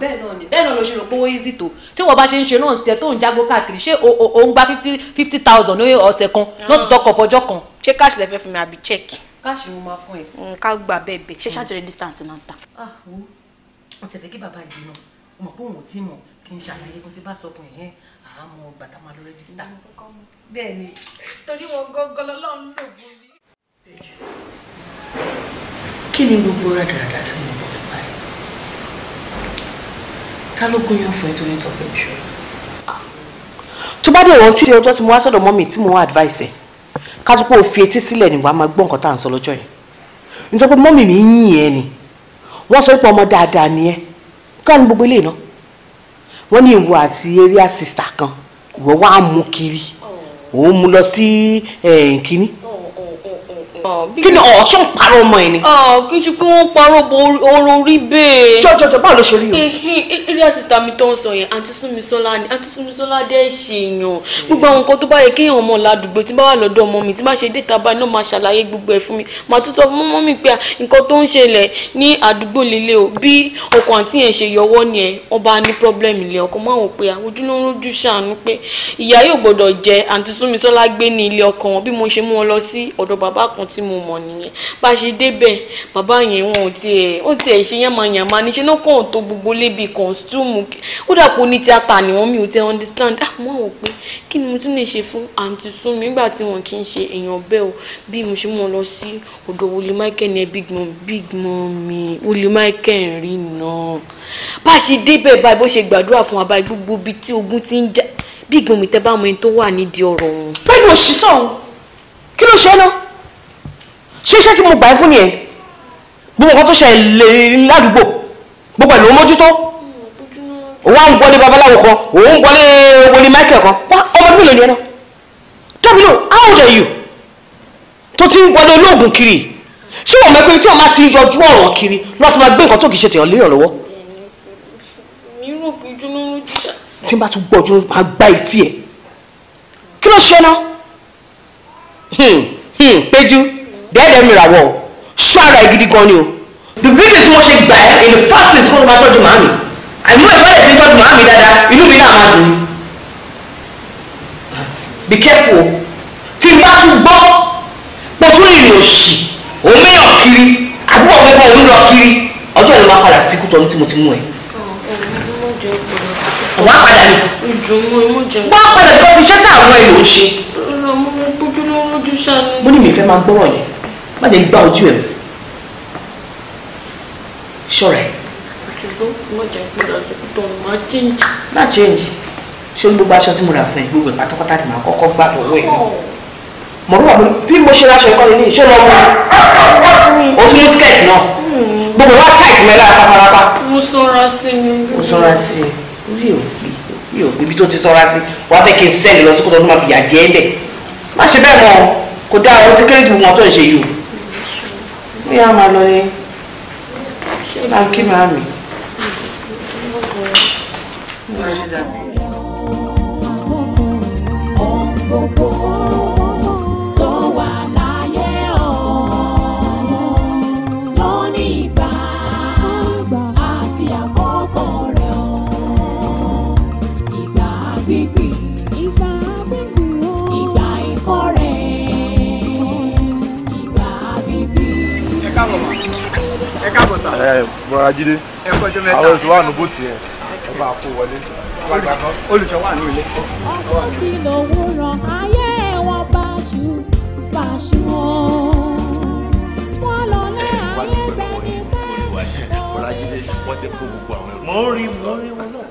bẹ́ẹ̀ náà ni bẹ́ẹ̀ náà ló ṣe rò pé owó easy tó tí wọ́n bá ṣe ń ṣe náà ṣe tó ń jágbó káàkiri ṣé o ń gba fifty fifty thousand ní ọ̀sẹ̀ kan náà ti tọkọ̀ fọjọ́ kan. ṣé káàṣì lè fẹ́ fún mi àbí chẹ́ẹ̀kì. káàṣì mo máa fún ẹ. Mm, ká gbà bẹ́ẹ̀ bẹ́ẹ̀ ṣé ṣáàtì rẹ̀ distance náà ta. ah wo mo tẹ̀lé kí bàbá yìí náà mo mọ̀ pé òun ò tí mọ̀ kí n ṣàlàyé mo ti bá sọ fún ẹ̀yẹn àmọ́ bàtà máa lọ rẹ́jísítà. bẹ́ẹ̀ ni torí wọn gọ́gọ́ lọ́lọ́run ló bú mi. kí ni gbogbo rádaràdà sí mi bọ̀ nípa ta ló gún yàn fún ẹ tó ní tọpẹ jù. tó bá dé ìrántí ọjọ́ tí mo wá sọ̀dọ̀ mọ́mì tí mo wá advice ẹ̀ ká tó pé o fi etí sílẹ̀ nígbà máa gbọ́ nǹkan tá à ń sọ lọ́jọ́ yìí nítorí pé mọ́mì mi yín ẹ ni wọ́n sọ pé ọmọ dáadáa ni ẹ ká ní gbogbo eléyìí náà wọ́n ní ìwọ àti area sister kan ìwọ wá mú kiri òun mú lọ sí eh, kínní kí ni ọ̀ọ́sùn parọ́ ọmọ ẹ̀ ni. Ah, kí n ṣe pé wọ́n parọ́ bo oró rí bẹ́ẹ̀. jọjọjọ báwo ló ṣe rí o. ilé àsìta mi tó ń sọ yẹn àǹtí súnmisọ́lá ni àǹtí súnmisọ́lá dẹ́ ṣèyàn gbogbo àwọn nǹkan tó bá yẹ kéèyàn ọmọ làdùgbò tí bá wà lọ́dọ̀ ọmọ mi tí bá ṣe déta báyìí náà máa ṣàlàyé gbogbo ẹ̀ fún mi màá tún sọ fún mọ́mọ́ mi pé nǹkan tó ń ṣẹlẹ̀ ní àdúgbò lélẹ̀ o bí ọkọ àǹtí yẹn ṣe yọwọ́ ni ẹ̀ wọ́n bá ní problem ilé ọkọ máa wò pé àwòjú ló ń rojú ṣàánú pé ìyá yóò gbọ́dọ̀ jẹ àǹtí súnmisọ́lá gbé ní ilé ọkọ wọn bí mo ṣe mú wọn lọ sí ọ̀dọ̀ bàbá kan t tí mo mọ̀ nìyẹn bá ṣe débẹ̀ bàbá yẹn wọn ò tiẹ̀ ó tiẹ̀ ṣe yánmayànmá níṣẹ́ náà kàn tó gbogbo lébi kọ̀ǹsítúmù ó dàpọ̀ ní tíátà ni wọ́n mi ò tiẹ̀ understand ah mo àwọn pé kí ni mo tún lè ṣe fún àǹtí sún mi nígbà tí wọn kì í ṣe èèyàn bẹ́ẹ̀ o bí mo ṣe mọ̀ lọ sí ọ̀dọ̀ wòlé máìkẹ́ ni ẹ big mom big mom mi wòlé máìkẹ́ rí náà bá ṣe débẹ̀ báyìí bó ṣe gbàdúrà fún wa báyìí gbogbo ibi tí ogun ti ń já big mom bá mọ ẹni tó wà nídìí ọ̀rọ̀ òun. bẹ́ẹ̀ ni òṣìṣẹ́ òun kí ló ṣe náà ṣé iṣẹ́ tí mo gbà ẹ́ fún nìyẹn gbogbo nǹkan tó ṣẹlẹ̀ ládùúgbò gbogbo ẹ̀ ló ń mójútó òun àwọn gbọ́lé babaláwo kan òun gbọ́lé wòlíì Michael kan wá ọmọdún mélòó ni ẹ náà tẹ́bílò how old are you tó ti ń gbọ́lé olóògùn kiri ṣé wọ́n mẹ́pẹ́ tí wọ́n máa ti yọjú ọ̀rọ̀ kiri lọ́ọ́ ti máa gbé nǹkan tó kì í ṣe tèèyàn léèyàn lọ́wọ́. tí n bá tún gbọ́ ojú máa gba etí ẹ̀ kí ló ṣe náà hmm, hmm, dẹ́ẹ̀dẹ́ mìràwọ̀ o ṣọ́ ara ẹ̀ gidi gan ni o the reason tí wọ́n ṣe gbà ẹ́ in the first place kó o máa tọ́jú màámi àìmọ́ ẹ̀ bọ́lẹ̀ tí ń tọ́jú màámi dáadáa inú mi náà máa dùn ni be careful o tí n bá tún gbọ́ pé tún ìrìn òṣì òun mẹ́yàn kiri àbúrò ọ̀gbẹ́gbẹ́ òun lọ kiri ọjọ́ ìlú máa padà sí kútọ́ ní tí mo ti mú ẹ. wọ́n á padà ní. wọ́n á padà bí wọ́n ti ṣẹ́ta àwọn èlò ń ṣe. mo ní mi fẹ́ máa gbọ́rọ̀ yẹn má lè gbá ojú ẹ̀ ṣọ́ra ẹ̀. ṣùgbọ́n mo jẹ́ ìpínlẹ̀ tó máa change. má change ṣé gbogbo aṣọ tí mo rà fún ẹ gbogbo pátápátá ni màá kọ́kọ́ gbà lọ́wọ́ ẹ̀ náà oh. mo rú àbúrò bí mo ṣe láṣọ ìkọ́ni ní ìṣó lọ́wọ́ hmm. o tún ní skirt náà hmm. gbogbo wa tight mẹ́lá pápálápá. mo sanra sí i. mo sanra sí i orí òbí orí òbí ibi tó ti sanra sí wàá fẹ́ kí n sẹ́ẹ̀lì lọ sí kótó tó máa fìyà jẹ ẹ́ bẹ̀ má ṣe bẹ́ẹ̀ mọ́ kò dáa ohun tí kéré jù wọn tó ń ṣe yìí o bí a máa lọ ní ṣé mi. sà. Eh, ẹ bọ̀dá jíde àwọn oṣù wà ní bó ẹ bá kó wọlé. olùṣọ́ wà ní ọkọ tí lòun ràn ayé wọn báṣu báṣu wọn lọ lẹ ayé bẹ ní pẹ́ mo ń rí mo ń rí wọn náà.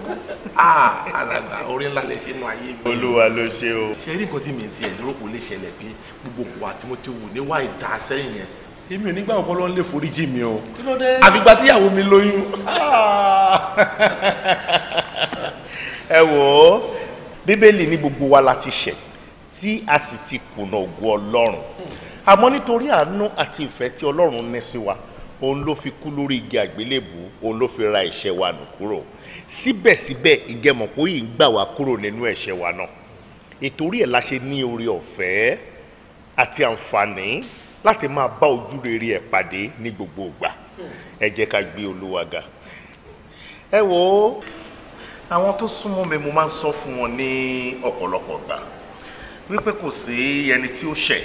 Ah, alàgbà orí ńlá lè ṣe inú ayé mi. olúwa ló ṣe o. ṣe rí nǹkan tí mi ti ẹ̀ lórúkọ lè ṣẹlẹ̀ pé gbogbo wa tí mo ti wù níwá ìdásẹ́yìn yẹn èmi ò nígbà ọpọlọ ń lè forí jì mí o àfìgbà tíyàwó mi lóyún ẹ wò ó bíbélì ní gbogbo wa la ti ṣẹ̀ tí a sì ti kùnà ògo ọlọ́run àmọ́ nítorí àánú àti ìfẹ́ tí ọlọ́run ní sí wa òun ló fi kú lórí igi àgbélébù òun ló fi ra ẹ̀ṣẹ̀ wa nù kúrò síbẹ̀síbẹ̀ ìgẹ̀mọ̀pọ̀ yìí ń gbà wá kúrò nínú ẹ̀ṣẹ̀ wa náà ìtorí ẹ̀ la ṣe ní oore ọ̀fẹ́ àti àǹfààní láti máa bá ojú rere ẹ̀ pàdé ní gbogbo ìgbà ẹ jẹ́ ká gbé Olúwa ga ẹ wò ó àwọn tó súnmọ́ mi mo máa ń sọ fún wọn ní ọ̀pọ̀lọpọ̀ gbà wípé kò sí ẹni tí ó ṣẹ̀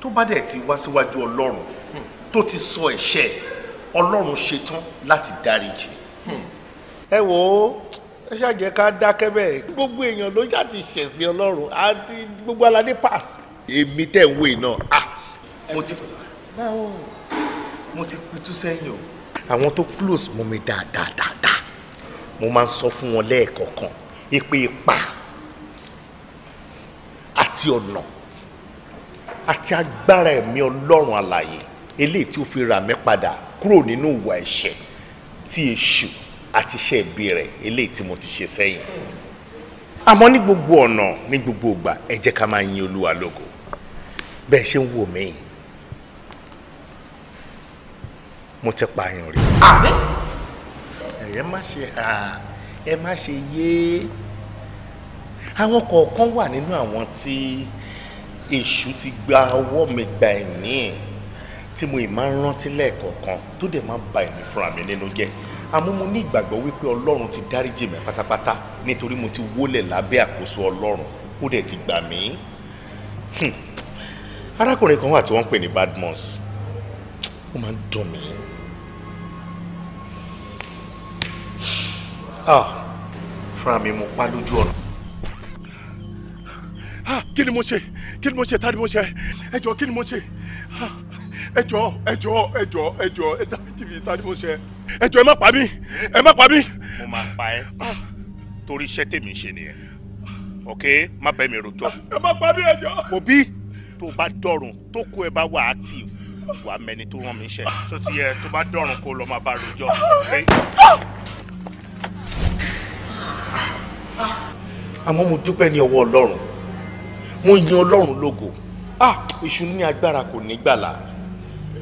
tó bá dẹ̀ ti wá síwájú Ọlọ́run tó ti sọ ẹ̀ṣẹ̀ Ọlọ́run ṣetán láti dáríjì ẹ wò ó ẹ ṣàjẹ́ ká dákẹ́ bẹ́ẹ̀ gbogbo èèyàn ló ṣáà ti ṣẹ̀ sí Ọlọ́run àti gbogbo aládé past èmi tẹ̀ ń wé náà ah mo ti báwo mo ti pitú sẹ́yìn o. àwọn tó close mọ́ mi dáadáa dáadáa mo máa ń sọ fún wọn lẹ́ẹ̀kọ̀ọ̀kan ìpè ìpà àti ọ̀nà àti agbára ẹ̀mí ọlọ́run àlàyé eléyìí tí ó fi rà mí padà kúrò nínú ìwà ẹ̀ṣẹ̀ tí èṣù àti iṣẹ́ ìbí rẹ̀ eléyìí tí mo ti ṣe sẹ́yìn àmọ́ ní gbogbo ọ̀nà ní gbogbo ìgbà ẹ jẹ́ ká máa yin olúwa lógo bẹ́ẹ̀ ṣe ń wò mí yìí mo ti pààyàn rí. Ah. ẹ má ṣe ẹ má ṣe yé àwọn kọ̀ọ̀kan wà nínú àwọn tí èṣù ti gba ọwọ́ mi gba ẹ̀mí ẹ̀ tí mo ì máa ń rántí lẹ́ẹ̀kọ̀ọ̀kan tó dẹ̀ máa ń ba ẹ̀mí fúnra mi nínú jẹ́ àmọ́ ní ìgbàgbọ́ wípé ọlọ́run ti dáríjì mi pátápátá nítorí mo ti wólẹ̀ lábẹ́ àkóso ọlọ́run ó dẹ̀ ti gbà mí. arákùnrin kan wà tí wọ́n ń pè ní Badmus ó máa ń dùn mí Ah. fúnra mi mo pa lójú ọ̀nà. Ah, kí ni mo ṣe kí ni mo ṣe tá ni mo ṣe ẹ jọ kí ni mo ṣe ah, ẹ jọ ẹ jọ ẹ jọ ẹ jọ ẹ dá mi jìbì ni mo ṣe ẹ jọ ẹ má pa mí ẹ má pa mí. mo máa pa ẹ torí iṣẹ́ tèmi ṣe nìyẹn ok má bẹ mi rojọ́. ẹ má pa mí ẹ jọ. mo tó bá dọ̀rùn tó kó ẹ bá wà á tì wà mẹni tó rán mi iṣẹ́ tó ti yẹ tó bá dọ̀rùn kó lọ máa bá rojọ́ àmọ́ mo dúpẹ́ ní ọwọ́ ọlọ́run mo yin ọlọ́run lógo èṣù ah, ní agbára kò ní gbàlà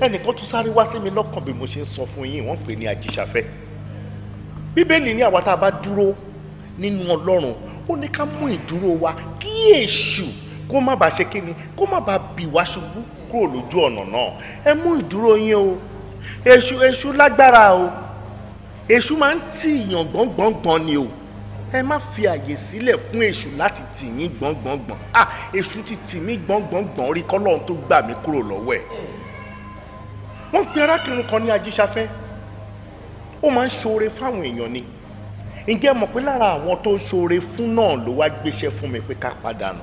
ẹnìkan tún sáré wá sí mi lọ́kàn bí mo ṣe ń sọ fún yín wọ́n pè ní ajíṣafẹ́ bíbélì ní àwa tá a bá dúró nínú ọlọ́run ó ní ká mú ìdúró wa kí èṣù kó má bàa ṣe kíni kó má bàa bì wá ṣubú kúrò lójú ọ̀nà náà ẹ mú ìdúró yín o èṣù èṣù lágbára o èṣù máa ń tì yàn gbọ̀ngbọ̀ngbọ̀n ni o ẹ má fi àyè sílẹ̀ fún èṣù láti tì yín gbọ̀ngbọ̀ngbọ̀n ah èṣù ti tì mí gbọ̀ngbọ̀ngbọ̀n rí kọ́lọ́run tó gbà mí kúrò lọ́wọ́ ẹ̀. wọ́n pe arákùnrin kan ní ajíṣafẹ́ ó máa ń ṣoore fáwọn èèyàn ni ǹjẹ́ mọ̀ pé lára àwọn tó ṣoore fún náà ló wá gbéṣẹ́ fún mi pé ká padà nù.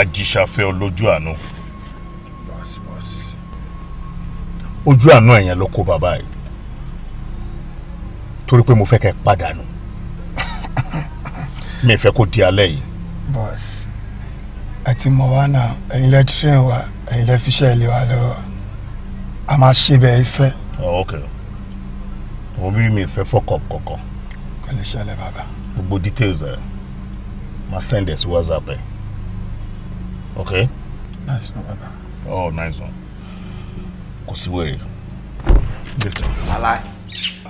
ajíṣafẹ́ olójú àánú ojú àánú ẹ̀yẹn ló kó bàbá yìí torí pé mo fẹ́ kẹ́ padà nù mi fẹ́ kó di alẹ́ yìí. bọ́s àti mọ̀wánà ẹ̀yin lẹ́ tírẹ̀n wa ẹ̀yin lẹ́ fiṣẹ́ ilé wa lọ́wọ́ a máa ṣe bẹ́ẹ̀ fẹ́. Oh, ok mo bí mi fẹ́ fọkọ̀ kọ̀ọ̀kan. kò lè ṣẹlẹ̀ bàbá. gbogbo details ẹ̀ máa send ẹ̀ sí whatsapp ẹ̀ ok. nice one bàbá. oh nice one kò sí wẹ̀rẹ̀ later. Malai,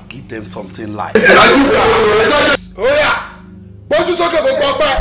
give them something like. Oya! gbójú sókè gbogbo ọpẹ́.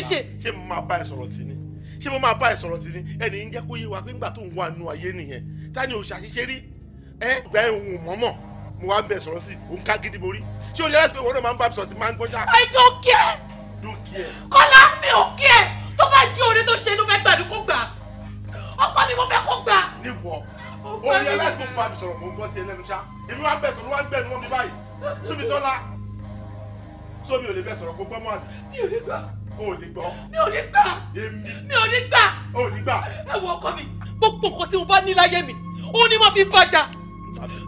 ṣe ṣé mo máa bá ẹ sọ̀rọ̀ tì ní ṣé mo máa bá ẹ sọ̀rọ̀ tì ní ẹnì ń jẹ́ kó yé wa pé ńgbà tó ń wá nu ayé nìyẹn ta ni òòṣà ṣiṣẹ́ rí ẹ gba ohun mọ́mọ́ mo wá ń bẹ sọ̀rọ̀ sí òun ká gidi borí ṣé o lè rẹ́sì pé wọn náà máa ń bá mi sọ̀rọ̀ tí máa ń gbọ́jà. I don't care. don't care. kọ́lá mi ò kí ẹ tó bá jí orí tó ṣe inú fẹ́ gbà ní kó gbà ọkọ mi mo fẹ́ kó gbà. níwọ̀ o ní ẹlẹ́sìn fún bá mi sọ̀rọ̀ mo ń gbọ́ sí ẹlẹ́nu ṣá èmi wá bẹ̀ sọ̀rọ̀ wá ń o lè mi ò mi ò lè gbà. o lè gbà. ẹ wo ọkọ mi gbogbo nǹkan tí mo bá ní láyé mi ó ní mo fi bàjá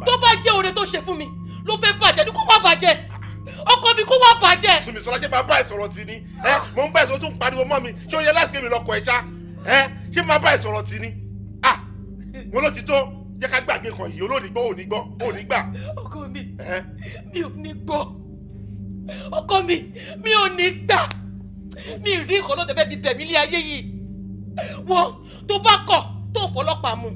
tó bá jẹ́ oore tó ṣe fún mi ló fẹ́ bàjẹ́ ní kó wá bàjẹ́ ọkọ mi kó wá bàjẹ́. sùnmi sọlá jẹ́ bá bá ìsọ̀rọ̀ tì ní ẹ mò ń bá ìsọ̀rọ̀ tó ń pariwo mọ́ mi ṣé o yẹ láti pé mi lọkọ̀ ẹ̀ ṣá ẹ ṣé máa bá ìsọ̀rọ̀ tì ní à wọn ló ti tó jẹ́ ká gbàgbé kan yìí olóòní gbọ́ òní gbọ́ òní gbà. ọkọ mi mi ò ní gbọ́ ọkọ mi mi ò ní gbà mi rí nǹkan náà tẹ́fẹ́ fi bẹ̀ mí ní ayé yìí wọ́n tó bá kọ̀ tó fọlọ́pàá mu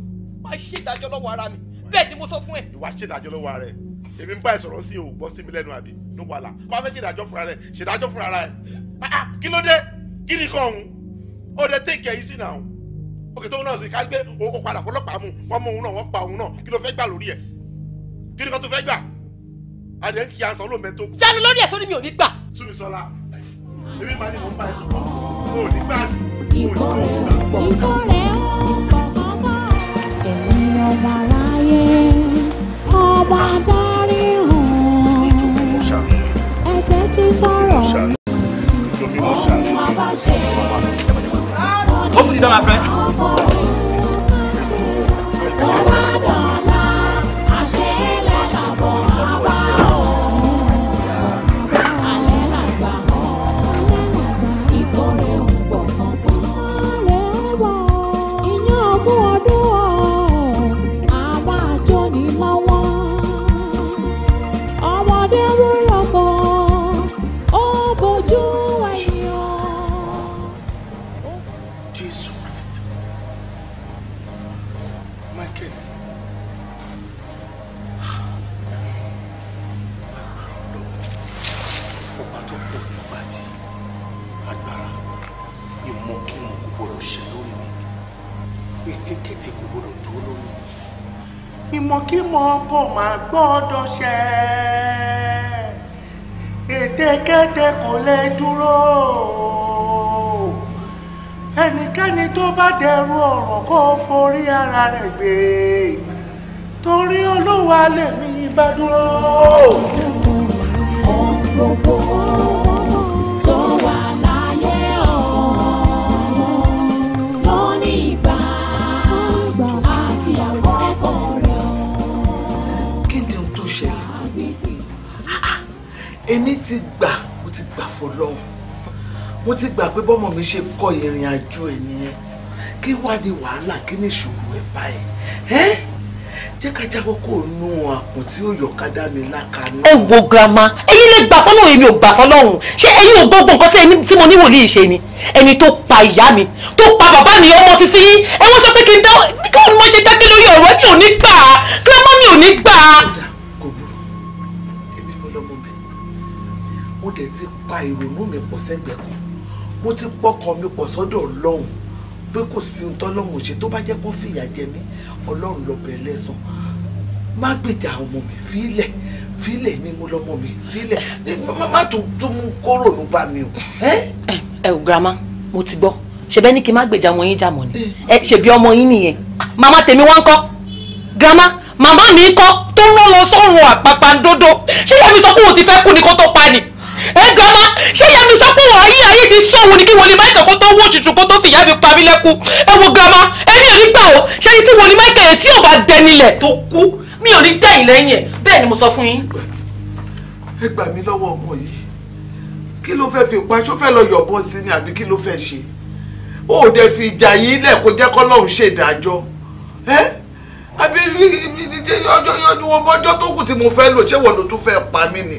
má ṣe ìdájọ́ lọ́wọ́ ara mi bẹ́ẹ̀ ni mo sọ fún ẹ. ìwà ṣe ìdájọ́ lọ́wọ́ ara ẹ èmi ń bá ẹ sọ̀rọ̀ sí o gbọ́ sí mi lẹ́nu àbí ní wàhálà má fẹ́ ṣe ìdájọ́ fúnra rẹ ṣe ìdájọ́ fúnra rẹ ah, ah, kí ló dé kí ni kàn òun ó dé take it easy now òkè tóun náà sì ká gbé òkò padà fọlọ́pàá mu wọ́n mú òun náà wọ́n pa òun náà kí ló fẹ́ gbà lórí ẹ̀ kí Oh, oh, èmi máa ní mò ń bá ẹ sọ̀rọ̀ mo ò ní gbà kí mo kò máa gbọ́dọ̀ ṣẹ ète kété kò lè dúró ẹnikẹ́ni tó bá dẹrù ọ̀rọ̀ kó forí ara rẹ̀ gbé torí olúwa lèmi bá dúró. ọ̀pọ̀lọpọ̀ èmi ti gbà mo ti gbà fọlọ́hún mo ti gbà pé bọ́mọ mi ṣe kọ ìrìn àjò ẹ̀ nìyẹn kí wá ní wàhálà kí ní ìṣòro ẹ̀ báyìí ẹ́ jẹ́ ká jábọ́ kó nu àpọ̀n tí ó yọ ká mi lákàánú. ẹ wo girama ẹ̀yin lè gbà fọlọ́hún èmi ò gbà fọlọ́hún ṣé ẹ̀yin ò gbogbo nǹkan tí mo ní wòlíì ṣe ni ẹni tó pa ìyá mi tó pa bàbá mi ọmọ títí ẹ wọ́n sọ pé kí n dá kí wọ́n mọ̀ ṣe dákẹ́ lórí ọ̀rọ̀ mi ò ní gbà girama mi ò ní gbà. mo dẹ̀ ti pa ìrònú mi pọ̀ sẹ́gbẹ̀ẹ́ kan mo ti pọkàn mi pọ̀ sọ́dọ̀ ọlọ́run pé kò sí ohun tọ́lọ́run ṣe tó bá jẹ́ kó fìyà jẹ mí ọlọ́run lọ́bẹ̀ ẹlẹ́sàn má gbèjà ọmọ mi fílẹ̀ fílẹ̀ mi mo lọ́mọ mi fílẹ̀ má tó mú kóró ló bá mi o. ẹ ẹ grandma mo ti gbọ́ ṣebẹ́ ní kí n má gbèjà ọmọ yín jàmọ̀ ni ẹ ṣebí ọmọ yín nìyẹn màmá tèmi wá ń kọ́ grandma màmá mi ń kọ́ tó ń lọ lọ sọ́run àpàpàǹdodo ṣé yẹ́n mi sọ pé òun ti fẹ́ kú ni kó tó pa ni ẹ gọ́mà ṣé ìyá mi sọ pé wọ́n ayé ayé ti sọ òun ni kí wọ́n lè máìkà kó tó wó òṣùṣù kó tó fìyà mi parí lẹ́kùn ẹ wo gọ́mà ẹni ò ní gbà o ṣé tí wọ́n ní máìkà yẹn tí ò bá dẹnilẹ̀ tó kú mi ò ní dẹ̀yìn lẹ́yìn ẹ̀ bẹ́ẹ̀ ni mo sọ fún yín. ẹ gbà mí lọ́wọ́ ọmọ yìí kí ló fẹ́ fi pa ṣó fẹ́ lọ yọ̀bọ sí ni àbí kí ló fẹ́ ṣe ó dẹ fi ìjà yìí lẹ̀ kó jẹ́ kọ́lọ́hún ṣèdájọ́ ẹ́ àbí ọjọ́ tó kù tí mo fẹ́ lò ṣé wọ́n ló tún fẹ́ pa mí ni.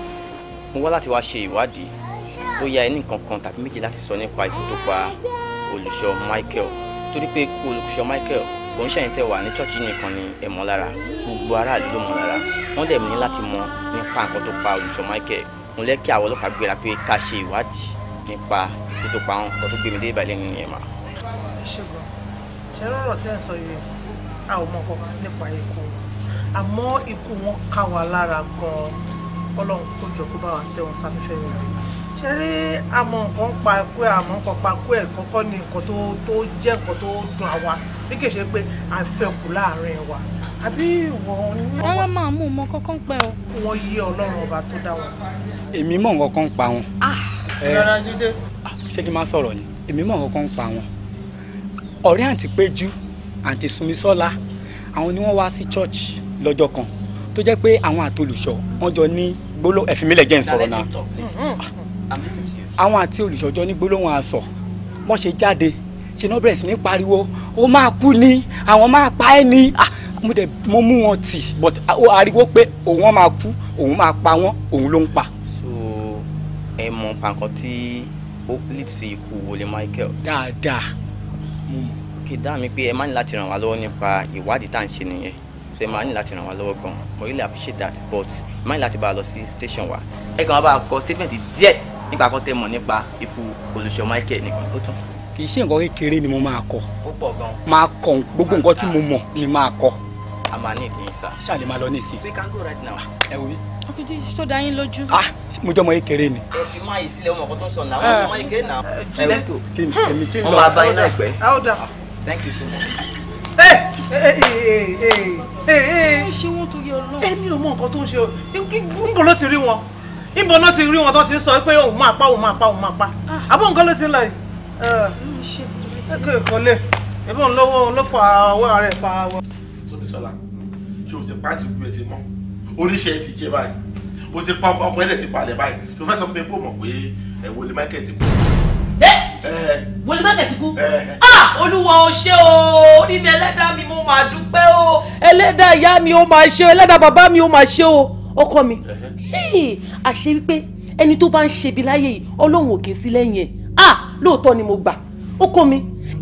mo wá láti wá ṣe ìwádìí bóyá ẹni kankan tàbí méjì láti sọ nípa ikú tó pa olùṣọ́ Michael torí pé olùṣọ́ Michael kò ń ṣàyẹ̀tẹ̀ wà ní ṣọ́ọ̀ṣì nìkan ni ẹ mọ̀ lára gbogbo aráàlú ló mọ̀ lára wọ́n dẹ̀ ní láti mọ nípa nǹkan tó pa olùṣọ́ Michael mo lẹ́kí àwọn ọlọ́pàá gbéra pé ká ṣe ìwádìí nípa ikú tó pa wọn tó gbé mi dé ìbàlẹ̀ nínú ẹ̀ mà. ṣùgbọ́n ṣe rọrọ tẹ́ ẹ sọ yìí a ò mọ kankan nípa ikú Ọlọ́run kó jọ kó bá wa tẹ́ wọn sáfẹ́fẹ́ rẹ̀ ṣe rí àmọ́ nǹkan pa ẹkú ẹ àmọ́ nǹkan pa ẹkú ẹ kọ́kọ́ ni nǹkan tó tó jẹ́ nǹkan tó dùn àwa bí kì í ṣe pé à ń fẹ́ kù láàárín wa àbí ìwọ ni. rárá máa mú un mọ pẹ́ o. wọ́n yí Ọlọ́run ọba tó dá wọn. èmi mọ̀ nǹkan kan pa wọn. Ah! rárá jíde. Ah, ṣé kí n máa sọ̀rọ̀ ni èmi mọ̀ nǹkan kan pa wọn. ọ̀rẹ́ àǹtí péjú àǹtí Súnmisọ́lá àwọn ni wọ́n wá sí church tó jẹ́ pé àwọn àtolùṣọ́ wọ́n jọ ní gbólóhùn ẹ̀fínmílẹ̀ jẹ́ ìsọ̀rọ̀ náà mm-hmm. àwọn àti olùṣọ́ jọ ní gbólóhùn asọ wọ́n ṣe jáde ṣe náà bẹ̀rẹ̀ sí ní pariwo ó máa kú ni àwọn máa pa ẹ́ ni ah, mo dẹ̀ mo mú wọn tì but ariwo pé òun máa kú òun máa pa wọn òun ló ń pa. so ẹ mọ pàǹkan tí ó lead sí ikú Wọlé Michael. dáadáa. kì í dá mi pé ẹ má ní láti ràn wá lọ́wọ́ nípa ìwádìí tá à ń ṣe nìyẹn so máa ní láti ràn wá lọ́wọ́ gan mo really appreciate that but máa ní láti bá a lọ sí station wa ẹ kàn wá bá a kọ statement díẹ̀ nípa kan tẹ́ mọ̀ nípa ikú olùṣọ́ Michael nìkan ó tán. kì í ṣe nǹkan kékeré ni mo máa kọ máa kọ gbogbo nǹkan tí mo mọ̀ ni máa kọ. a máa ní ìdíyìn sá. ṣáàlì máa lọ ní ìsìn. we can go right now. ẹ wo mi. ọkùnrin tó dá yín lójú. ah mo jẹ́ ọmọ kékeré ni. ẹ fi máa yìí sílẹ̀ ọmọ kan tó ń sọ náà ọmọ ọmọ kékeré náà. jílẹ̀ tó kí ni èmi ti ń lọ. ọmọ abáyé náà pẹ́. Ah, thank you so much. Hey! ṣé wọ́n torí ọlọ́run. ẹni ò mọ nǹkan tó ń ṣe o níbo ló ti rí wọn níbo ló ti rí wọn tó ti ń sọ pé òun máa pa òun máa pa òun máa pa àbọ̀ nǹkan ló ti ń lọ yìí. ẹkọ ìkọlẹ ìbọn lọ́wọ́ ló fa ọwọ́ rẹ̀ fa ọwọ́. sọmísọlá ṣé o ti pa àti ìlú ẹ ti mọ oríṣẹ ti jẹ báyìí o ti pa ọkọ ẹlẹ ti palẹ̀ báyìí tó fẹ́ sọ fún mi pé o mọ̀ pé ẹ wọlé market kú. wọlé market kú olúwa o ṣé o onídẹ̀ẹ́lẹ́dá mi máa dúpẹ́ o ẹlẹ́dàá ìyá mi ó máa ṣe o ẹlẹ́dàá bàbá mi ó máa ṣe o ọkọ mi àṣẹ wípé ẹni tó bá ń ṣebi láyé yìí ọlọ́run òkè sí lẹ́yìn ẹ̀ ah lóòótọ́ ni mo gbà ọkọ mi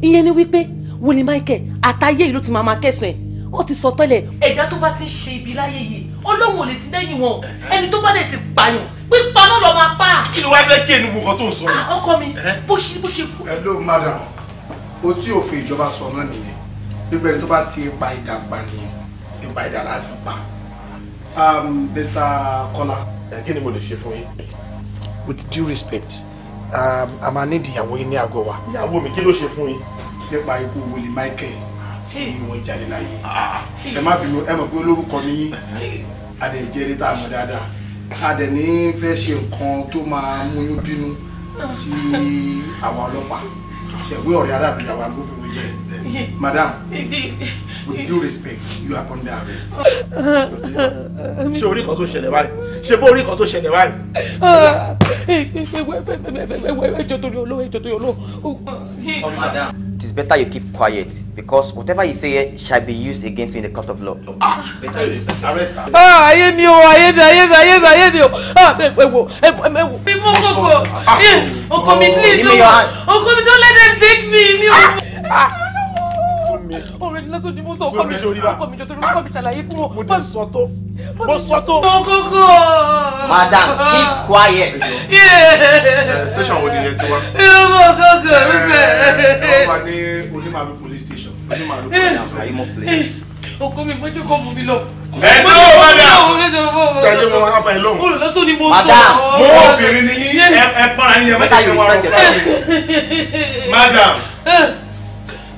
ìyẹn ni wípé Wòlíì Michael àtayé yìí ló ti máa máa kẹsàn ẹ̀ ó ti sọ tẹ́lẹ̀ ẹ̀dá tó bá ti ń ṣe ibi láyé yìí ọlọ́run ò lè sí lẹ́yìn wọn ẹni tó bá dẹ̀ ti pààyàn pípa náà lọ máa pa. kí ló wá fẹ́ kí ẹnu gbogbo tó ń sọ ọkọ mi bó ṣe bó ṣe kú. hello madam o tí òfin ìjọba sọ náà nìyẹn gbígbẹ́ni tó bá ti pa ìdá pànìyàn ìpa ìdá láti pa. Mr. Um, Kọ́lá. kí ni mo lè ṣe fún yín. with due respect um, a máa nídìí ìyàwó yín ní àgọ́ wa. ìyàwó mi kí ló ṣe fún yín. nípa ikú wòlíì Michael tí wọ́n jáde láyé ah. ẹ má bínú ẹ mọ̀ pé olórúkọ nìyí adẹ̀jẹ̀rẹ̀ tá a mọ̀ dáadáa adẹ̀ní fẹ́ ṣe nǹkan tó máa múyún bínú sí àwa ọlọ́pàá ṣẹ̀gbẹ́ ọ̀rẹ́ arábìyàwó agbófinró jẹ́ *laughs* madam with due respect you are under arrest. ṣé orí kan tó ṣẹlẹ̀ báyìí ṣé bó orí kan tó ṣẹlẹ̀ báyìí. ẹjọ́ torí olówó ẹjọ́ torí olówó. madam it is better you keep quiet because whatever you say here shall be used against you in the court of law. ah better you arrest am. ah ayé mi o ayé mi ayé mi ayé mi ayé mi o ah ẹ wo ẹ wo. mi mú kókó ah, ọkọ mi oh, please ọkọ mi don't let them take me mi o mi. ọ̀rẹ́ mi lásán ni mo sọ ọkọ mi ọkọ mi jọtọ ọkọ mi ṣàlàyé fún wọn. mo dé sọ tó mo sọ tó. kókó. madam keep ah. quiet. Eh, station wo ni yẹn ti wá. ọmọ eh, kókó mi bẹ́ẹ̀. ọba ní onímàlú police station onímàlú police eh, station. ọkọ mi mọ́jú kọ́ mú mi lọ ẹ̀dọ́ padà tẹ̀lé mo máa bá ẹ lóhùn. olùdókòwò ni mo sọ ọ́. mo obìnrin ni yín ẹ para yín ẹ má jẹ́ kí n wá rọ̀ fún mi. madam.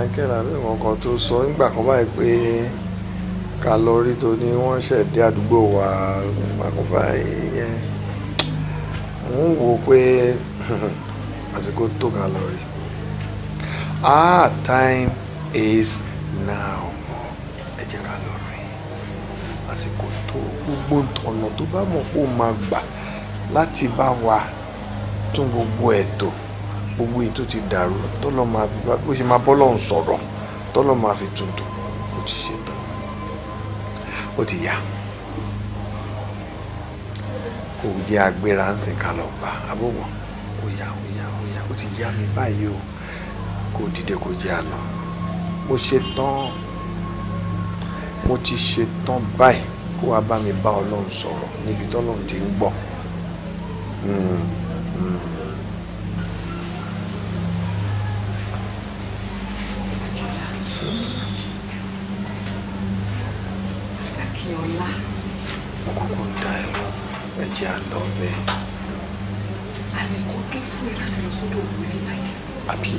Michael àbí nǹkan kan tó sọ nígbà kan báyìí pé kálọ́rì tó ní wọ́n ṣẹ̀ dé àdúgbò wa nígbà kan ń wò pé *laughs* àsìkò tó kálọ́rì ah time is now ẹ jẹ́ kálọ́rì àsìkò tó gbogbo ọ̀nà tó bá mọ̀ kó máa gbà láti bá wa tún gbogbo ẹ̀ tó owó ètò ti dàrú tọ́lọ́ máa fi bá bó ṣe máa bọ́ lọ́hùn sọ̀rọ̀ tọ́lọ́ máa fi tuntun ó ti ṣètò ó ti yá kò jẹ́ agbéra ń sìn ká lọ gbà àbọ̀wọ̀ ó yá ó yá ó yá ó ti yá mi báyìí o kò dìde kò jẹ́ àlọ́ mo ṣe tán mo ti ṣe tán báyìí kó wàá bá mi bá ọlọ́run sọ̀rọ̀ níbi tọ́lọ́run ti ń gbọ́. Mm. àsìkò tó fún ẹ láti lọ sọ́dọ̀ òun ní nàìjíríà. àbí.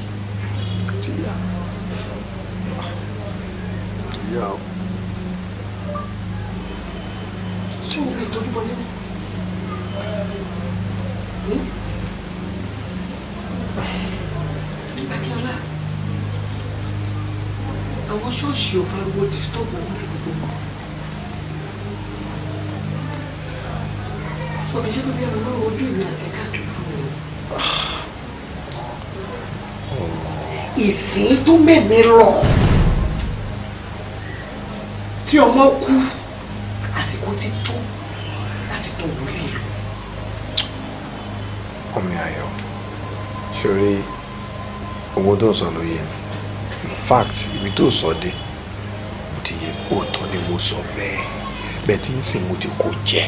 gbèmí rọ tí ọmọ kú àsìkò ti tó láti tó wọlé lọ. ọmọ ayọ̀ ṣorí owó tó ń sọ ló yẹ mi in fact ibi tó sọ dé mo ti yẹ òótọ́ ni mo sọ bẹ́ẹ̀ bẹ́ẹ̀ tí ń sìn mo ti kó jẹ́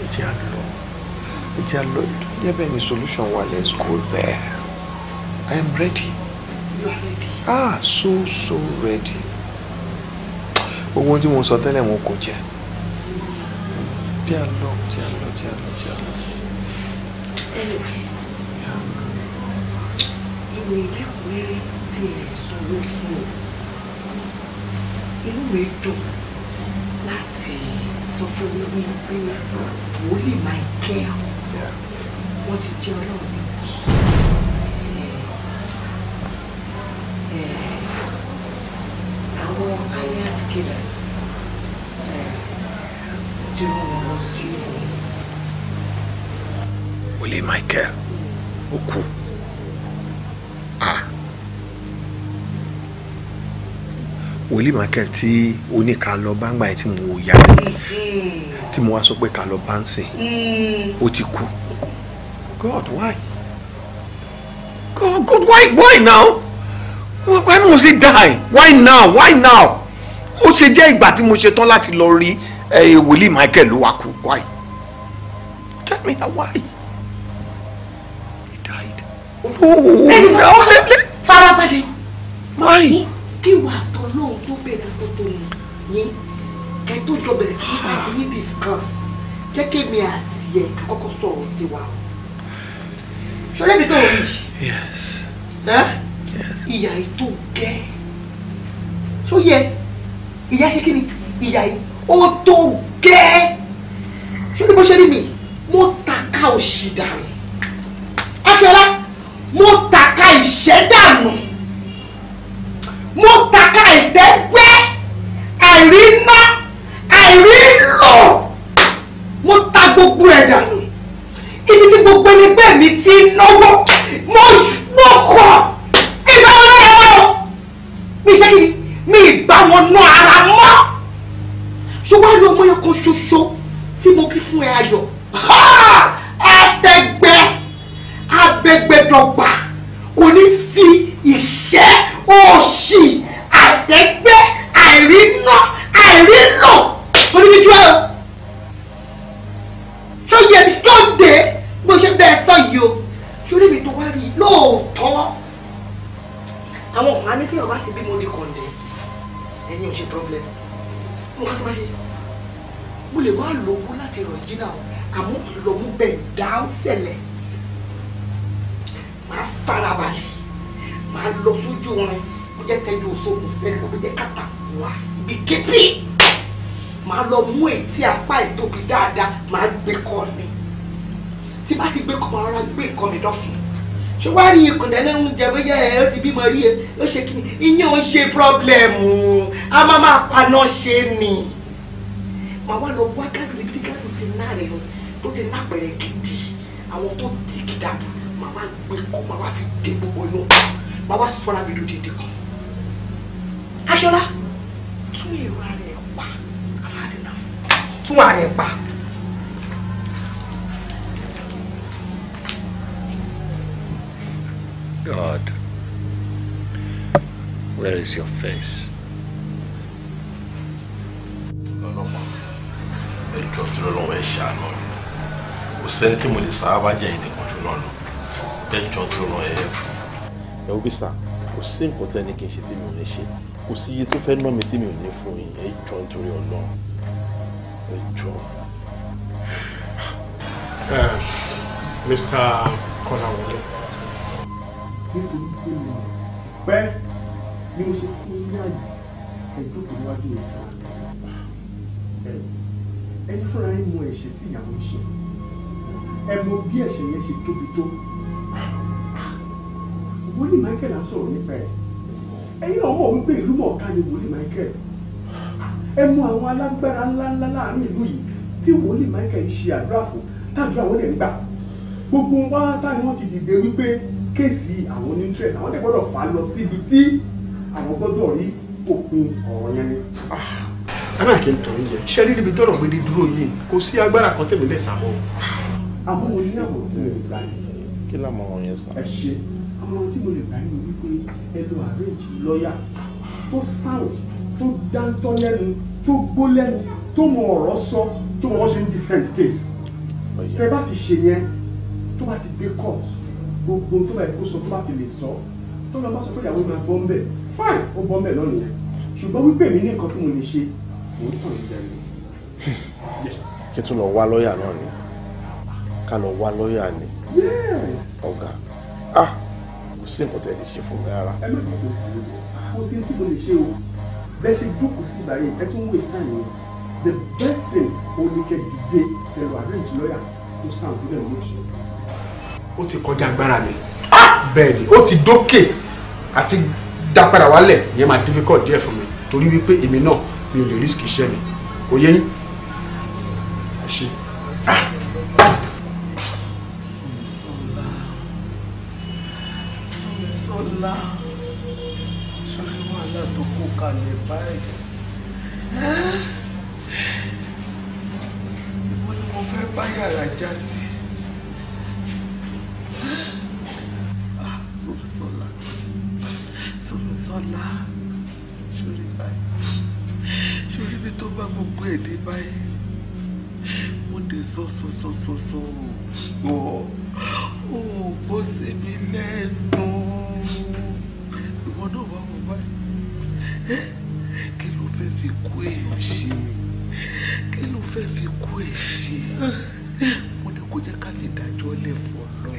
ẹ jẹ́ àlọ́ ẹ jẹ́ àlọ́ yẹ́bẹ̀ ni solution wa let's go there I am ready ah so so ready gbogbo tí mo sọ tẹ́lẹ̀ mo kò jẹ́ bí a lọ bí a lọ bí a lọ bí a lọ. ìwé ìlẹ́kùnrin tí ẹ̀ sanwó fún ọ inú mi dùn láti sọ fún mi wípé wòlíì máa kẹ́ ọ wọ́n ti jẹ́ ọlọ́run níbi. àwọn iron killers tí wọ́n wọ́n lọ sí ìlú. Wòlé Michael ó kú. Wòlé Michael tí oníka lọ bá ń gbà yẹn tí mo yá tí mo wá sọ pé ká bá ń sìn ó ti kú. God why? God, God why why now? why must he die why now why now ó ṣe jẹ́ ìgbà tí mo ṣe tán láti lọ rí wòlíì Michael ló wá kú why tell me now why he died Oh, no farabalẹ̀ why kí wàá tọ́ náà tó bẹ̀rẹ̀ tó tó yín kẹ́ tó jọ bẹ̀rẹ̀ sí nípa ní discuss jẹ́ kémi àti ẹ̀ kọ́kọ́ sọ̀rọ̀ tiwa ṣọlẹ́bi tó rí. yes. Eh? ìyà yìí tó gẹ́ ṣó yẹ ìyà ṣe kí ni ìyà yìí ó tó gẹ́ ṣó ní bó ṣe rí mi mo tàka òṣì dànù akẹ́lá mo tàka ìṣẹ́ dànù mo tàka ìtẹ́gbẹ́ àìríná àìrílò mo ta gbogbo ẹ̀ dànù ibi tí gbogbo ẹni pẹ́ mi ti náwó. ṣé wàá rí ikùn tẹ́lẹ̀ ń jẹ bóyá ẹ ó ti bímọ rí ẹ e, ó ṣe kí ni iyín ò ń ṣe pírọ́blẹ̀mù a máa máa paná ṣe ni. màá wá lọ wá káàkiri bí káàkiri ti ná rẹ̀ nù tó ti ná pẹ̀rẹ̀ gidi àwọn tó ti kì dáadáa màá wá gbé kó màá wá fi dé gbogbo inú màá wá sọ́ra mi lóde dé kan. aṣọra tún ìrora rẹ̀ pa ara rẹ̀ náà tún ara pa. God, where is your face? ẹjọ́ tó lọ́wọ́ ẹ ṣàánú kò sẹ́ni tí mo lè sáábà jẹ́ ìnìkan jù náà lọ ẹjọ́ tó lọ́wọ́ ẹ fún. ẹ wọ́n bísà kò sí nǹkan tẹ́ni kí n ṣe tí mi ò ní ṣe kò sí Mr. Um, Kọ́láwọlé nítorí pé mo pẹ́ ni mo ṣe fún yín àyè ẹ̀dókòó níwájú rẹ̀ ẹni fúnra yín mọ ẹ̀ṣẹ̀ tí ìyàwó ń ṣe ẹ mọ bí ẹ̀ṣẹ̀ yẹn ṣe tóbi tó wòlíì Michael á sọ̀rọ̀ nípa ẹ̀ ẹ̀yin náà mọ̀ wípé ìlú mọ̀ọ́ká ni wòlíì Michael ẹ mọ àwọn alágbára ńláńlá láàrin ìlú yìí tí wòlíì Michael ṣe àdúrà fún tájú àwọn ènìyàn gbà gbogbo wọn tá ni wọn ti dìde wípé kéèsì àwọn nutrients àwọn lè gbọ́dọ̀ fà á lọ síbi tí àwọn gbọ́dọ̀ rí òpin ọ̀rọ̀ yẹn ni. aláàkè ah, ń tọ́ yíyẹ ṣé rí níbi tọ́rọ̀ gbélé dúró yìí kò sí agbára kan tẹ̀mí lẹ̀ sàmọ́. àmọ́ mo ní àwọn tí mo lè gbà yín. kí làwọn ọmọ yẹn sàn. ẹ ṣe àwọn tí mo lè gbà yín wípé ẹ lọ arrange lọ́ọ̀yà tó sound tó dáńtọ́ lẹ́nu tó gbó lẹ́nu tó mọ ọ̀rọ̀ sọ tó mọ wọ́n ṣe ń defend case. tẹ bá ti ṣe yẹn tó bá ti dé court gbogbo tó bá yẹ kó sọ tó bá ti lè sọ tó lọ bá sọ pé ìyàwó máa bọ́ ń bẹ̀ fine ó bọ́ ń bẹ̀ lọ́nà yẹn ṣùgbọ́n wípé mi ní nǹkan tí mo lè ṣe mò ń tàn ìjà ni. kí tún lọ wá lọ́ọ̀yà náà ni ká lọ wá lọ́ọ̀yà ni ọ̀gá ah kò sí nǹkan tẹ̀ lè ṣe fún mi rárá. ẹ mẹ́ta kò kò sí tí mo lè ṣe o bẹ́ẹ̀ ṣe jókòó sí ìgbà yẹn ẹ tún wé sáà yẹn the best thing oníkẹ́ dìde ẹ̀rọ àrẹ́ǹtì lọ́ọ̀yà tó sáà ó ti kọjá agbára mi ah! bẹ́ẹ̀ ni ó ti dókè àti dá padà wálẹ̀ yẹn máa difficult díẹ̀ fún mi torí wípé èmi náà mi ò lè risk iṣẹ́ mi kò yẹ yín. Ah. soso wọ ó bó ṣe mí lẹ́nu ìwọ náà wà wọ báyìí kí ló fẹ́ fi kú èèyàn ṣe kí ló fẹ́ fi kú èèyàn ṣe mo ní kó jẹ́ ká fi dájọ́ lè fọ́ lọ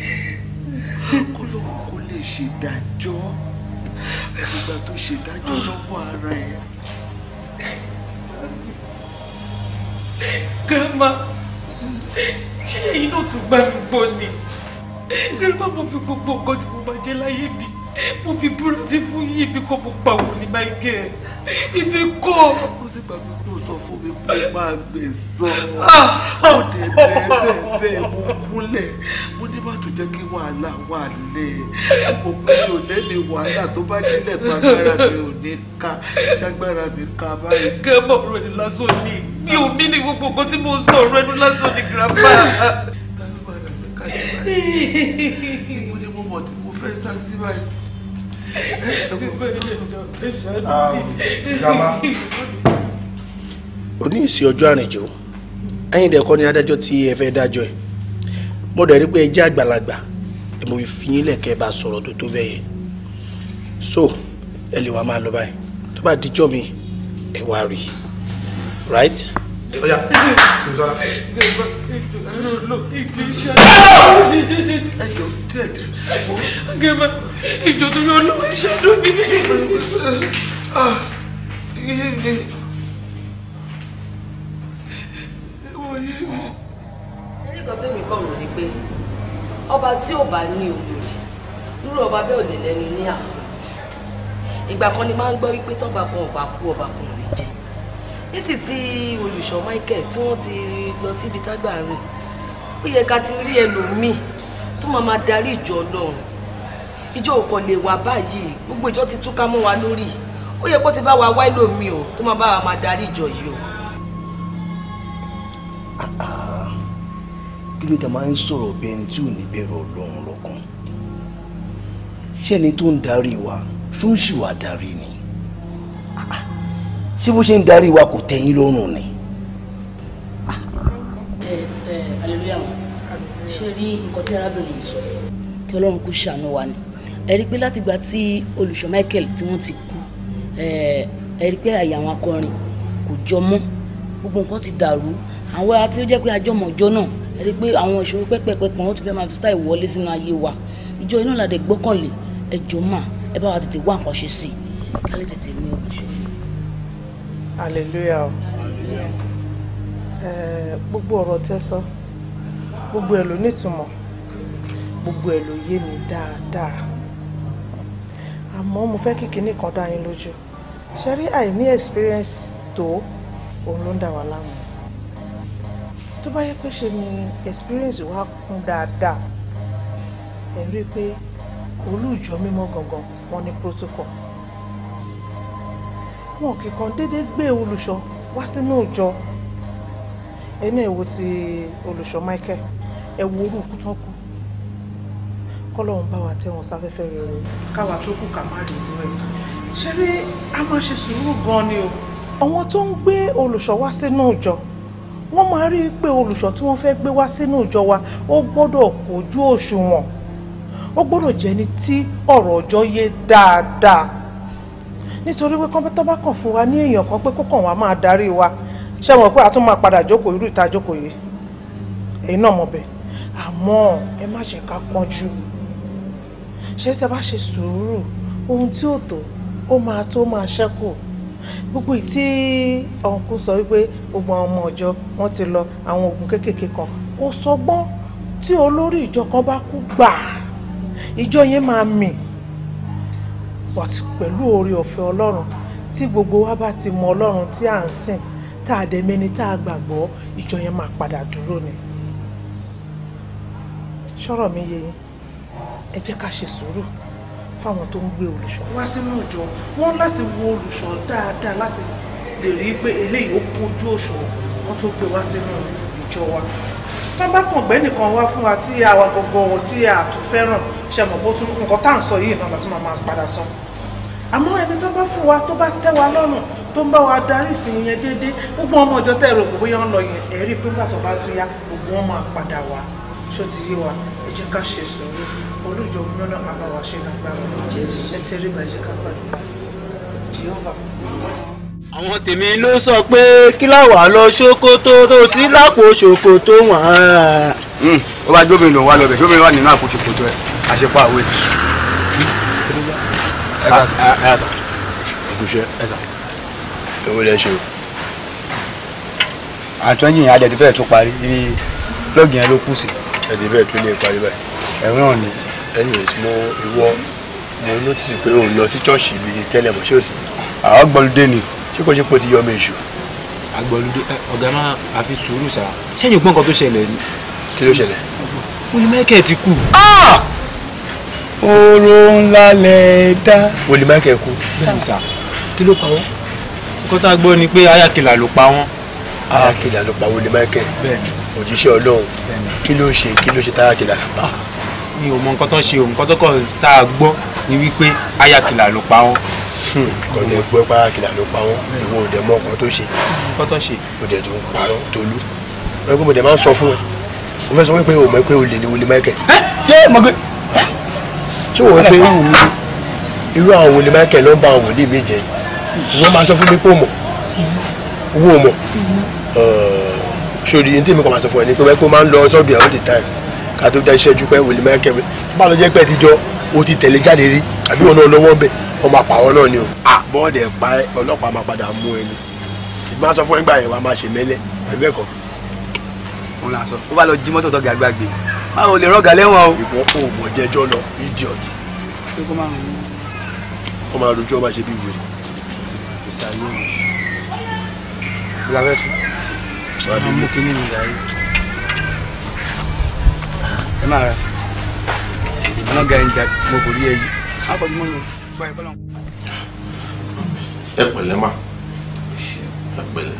kó lóun kó lè ṣe dájọ́ ìgbà tó ṣe dájọ́ lọ́wọ́ ara ẹ̀. grandma ṣé èyí náà tún gbá mi gbọ́ ni nígbà mo fi gbogbo nǹkan tí mo máa jẹ láyé mi mo fi búra sí fún yìí ibi kan mo pa wò ní máìkẹ́ ibi kọ́ mo ti gbàgbọ́ ló sọ fún mi pé máa gbẹ̀san ah. ó dé bẹ́ẹ̀ bẹ́ẹ̀ bẹ́ẹ̀ mo kúnlẹ̀ mo ní má tó jẹ́ kí wàhálà wà lẹ̀ mo pé mi ò lẹ́ni wàhálà tó bá nílẹ̀ tó agbára mi ò ní ká ṣágbára mi ká báyìí. gẹ́gbọ́n ọ̀rọ̀ ni lásán ni mi ò mí ní gbogbo nǹkan tí mo ń sọ ọ̀rọ̀ ẹnu lásán ni gírámà. tágbára mi ká ní báyìí ìwọ ni mo mọ̀ tí mo fẹ́ sá sí báyìí. Ah, grandma òní ọjọ́ àrìnjò ẹ̀yin dẹ̀ ni adájọ́ tí ẹ dájọ́ ẹ̀ mo dẹ̀ rí pé ẹ àgbàlagbà ẹ mo fi yín lẹ̀kẹ́ bá sọ̀rọ̀ tó tó bẹ́ẹ̀ yẹn so ẹ lè wá máa lọ báyìí tó bá dijọ́ mi ẹ wá rí i right. Oya, Susanna. ṣé nǹkan mi kàn rò ni pé ọba tí ò bá ní olórí irú ọba bẹ́ẹ̀ ò lè lẹ́nu ní àfọ ìgbà kan ni máa ń gbọ́ wípé tọ́gbà kan ọba kú ọba kan ò lè jẹ nísì tí olùṣọ́ Michael tí wọ́n ti lọ síbi tágbà rìn ó yẹ ká ti rí ẹlòmíì tó máa máa darí ìjọ Ọlọ́run ìjọ ò kàn lè wà báyìí gbogbo ìjọ ti túká mọ́ wa lórí ó yẹ kó ti bá wa wá ẹlòmíì o tó máa bá wa máa darí ìjọ yìí o kí ló dé máa ń sọ̀rọ̀ bí ẹni tí ò ní bẹ̀rù ọlọ́run lọ́kàn ṣé ẹni tó ń darí wa ṣó ń ṣì wá darí ni ṣé bó ṣe ń darí wa kò tẹ́yìn lọ́rùn ni. ṣe rí nǹkan tí arábìnrin yìí sọ kí ọlọ́run kò ṣàánú wa ni ẹ rí i pé látìgbà tí olùṣọ́ Michael tí wọ́n ti kú ẹ rí i pé àyà àwọn akọrin kò jọ mọ́ gbogbo nǹkan ti dàrú àwọn àti ó jẹ́ pé àjọmọ̀jọ náà ẹ rí i pé àwọn ìṣòro pẹ́pẹ́pẹ́ kan ó ti fẹ́ máa fi style wọlé sínú ayé wa ìjọ iná làdẹ gbọ́kànlé ẹ mà ẹ bá wa tètè wá nǹkan ṣe sí i ká lè tètè ní ojúṣe. hallelujah gbogbo ọ̀rọ̀ tẹ́ sọ gbogbo ẹ̀ ló nítumọ̀ gbogbo ẹ̀ ló yé mi dáadáa àmọ́ mo fẹ́ kí kinní kan dá yín lójú ṣe rí àìní experience tó òun ló ń dà wá láàmú tó bá yẹ kó ṣe ni experience wa kún dáadáa ẹ̀ rí i pé olùjọ mímọ́ gangan wọn ní protocol wọn kì kan déédéé gbé olùṣọ́ wá sínú ìjọ ẹni ẹ wo ti olùṣọ́ Michael ẹ wo orú òkú tán kú kọ́lọ́run bá wa tẹ́ wọn sáfẹ́fẹ́ rere káwa tó kù ká má rí irú ẹ̀ ṣé rí a máa ṣe sùúrù gan ni o àwọn tó ń gbé olùṣọ́ wá sínú ìjọ. No wọ́n máa rí i pé olùṣọ́ tí wọ́n fẹ́ gbé wá sínú ìjọ wa ó gbọ́dọ̀ kojú òṣùwọ̀n ó gbọ́dọ̀ jẹ́ ni tí ọ̀rọ̀ ọjọ́ yé dáadáa nítorí pé kọ́ńpútà bá kàn fún wa ní èèyàn kan pé kó kàn wá máa darí wa ṣé mo pé a tún máa padà jókòó irú ìta jókòó yìí èyí náà mọ̀ bẹ́ẹ̀ àmọ́ ẹ má ṣe ká pọ́njú ṣé tẹ bá ṣe sùúrù ohun tí ò tó ó máa tó máa ṣẹ́kù gbogbo ìtí ọ̀nkú sọ wípé gbogbo àwọn ọmọ ọ̀jọ́ wọn ti lọ àwọn oògùn kéékèèké kan kò sọgbọ́n tí olórí ìjọ kan bá kú gbà ìjọ yẹn máa mì but pẹ̀lú oore ọ̀fẹ́ ọlọ́run tí gbogbo wa bá ti mọ ọlọ́run tí à ń sìn tá a dẹ̀mí tá a gbàgbọ́ ìjọ yẹn máa padà dúró ni ṣọ́rọ̀ mi yé yín ẹ jẹ́ ká ṣe sùúrù fáwọn tó ń gbé olùṣọ́ wá sínú ìjọ wọ́n láti wo olùṣọ́ dáadáa láti lè rí i pé eléyìí ó kojú òṣùwọ̀n wọ́n tó gbé wá sínú ìjọ wa tó bá kàn gbé nìkan wá fún wa tí àwa gbogbo tí a tó fẹ́ràn ṣe mọ̀ bó tún nǹkan tá à ń sọ yìí náà látún máa padà sọ àmọ́ ẹni tó bá fún wa tó bá tẹ́ wa lọ́nà tó ń bá wa darí ìsìn yẹn déédéé gbogbo ọmọ ọjọ́ tẹ́ rò bóyá ń lọ yẹn ẹ̀rí pé nígbà tó bá tún yá gbogbo wọn máa padà ṣó ti yé wa ẹ ká ṣe sùúrù olùjọ múlọ́nà bàbá wa ṣe lágbára ẹ ti bàjẹ́ kápá Jehovah. àwọn tèmi ló sọ pé kí láwà lọ ṣòkòtò tó sí lápò ṣòkòtò wọn. Hmm, ó bá gómìnà wa lọ bẹ gómìnà wa nínú àpò ṣòkòtò ẹ àṣepọ àwọn ètò. owó lẹ ṣe o àtúnyìn adẹ tún parí ibi lọ́ọ̀gì yẹn ló kù sí. ẹ tún lè e parí báyìí ẹ̀rọ ni anyways mo ìwọ mo notice pé òun lọ sí chọ́ọ̀ṣì ibi tẹ́lẹ̀ mọ́ ṣé o sì àwọn agbọ́lódé ni ṣé kò ṣe pé o ti yọ ọmọ èṣù. agbọ́lódé ọ̀gá máa àfi sùúrù sá sẹ́yìn gbọ́n kan tó ṣẹlẹ̀ ni. kí ló ṣẹlẹ̀. wòlí michael ti kú. Ah! oró ńlá lẹ̀ dá. wòlí michael kú. bẹ́ẹ̀ sá kí ló pa wọ́n. nǹkan tá a gbọ́ ni pé ayakela ló pa wọ́n. ayakela ló pa wòlí michael. bẹ́ẹ̀ òjíṣẹ́ ọlọ́run kí ló ṣe kí ló ṣe táyakela mi ò mọ nǹkan tó ṣe nǹkan tó kọ̀ tá a gbọ́ ni wípé ayakìlà ló pa wọ́n. Hmm. nǹkan tó gbọ́ pé ayakìlà ló pa wọ́n ìwọ ò dẹ̀ mọ nǹkan tó ṣe. nǹkan tó ṣe. o dẹ̀ tó ń parọ́ tolú. wọ́n gbé máa ń sọ fún ẹ mo fẹ́ sọ pé o mọ̀ pé o lè ní wọlé Michael. ṣé mo gbé. ṣé o wọ́n pé irú àwọn wọlé Michael ló ń bá àwọn wòlíì mi jẹ wọ́n máa sọ fún mi pé o mọ̀ owó o mọ̀ ṣòdì ní tèmi kan máa sọ fún ẹ ní pé wọ́n máa ń lọ sọ́dọ̀ ẹ̀ all the time ká tó dá iṣẹ́ ju pé wòlé máa kẹwé bá lọ jẹ́ pé ti jọ o ti tẹ̀lé jáde rí àbí wọn náà lọ́wọ́ ń bẹ̀ ọmọ àpàwọ́ náà ni o. àbọ̀dé ah, pa ọlọ́pàá máa padà mú ẹ ni ìgbà sọ fún ẹgbà yẹn wàá máa ṣe mẹ́lẹ̀ ẹgbẹ́ kan. wọn là sọ ó bá lọ jí mọ́tò tó gàgbà gbé báwo lè rọ́gà lẹ́wọ̀n o. ìwọ kò mọ̀ jẹ́jọ́ lọ idiot. ó máa rojú ọmọ ṣe bí wèrè. ìsàlẹ̀ ìlànà tún. wàá mú kí nínú ìyá yìí ẹ máa ra ọlọ́gà ẹ̀ ń jà mo kò rí ẹyí akọ̀jú mọ́ mi gba ẹ bọ́lọ̀. ẹ pẹ̀lẹ́ mà ẹ pẹ̀lẹ́.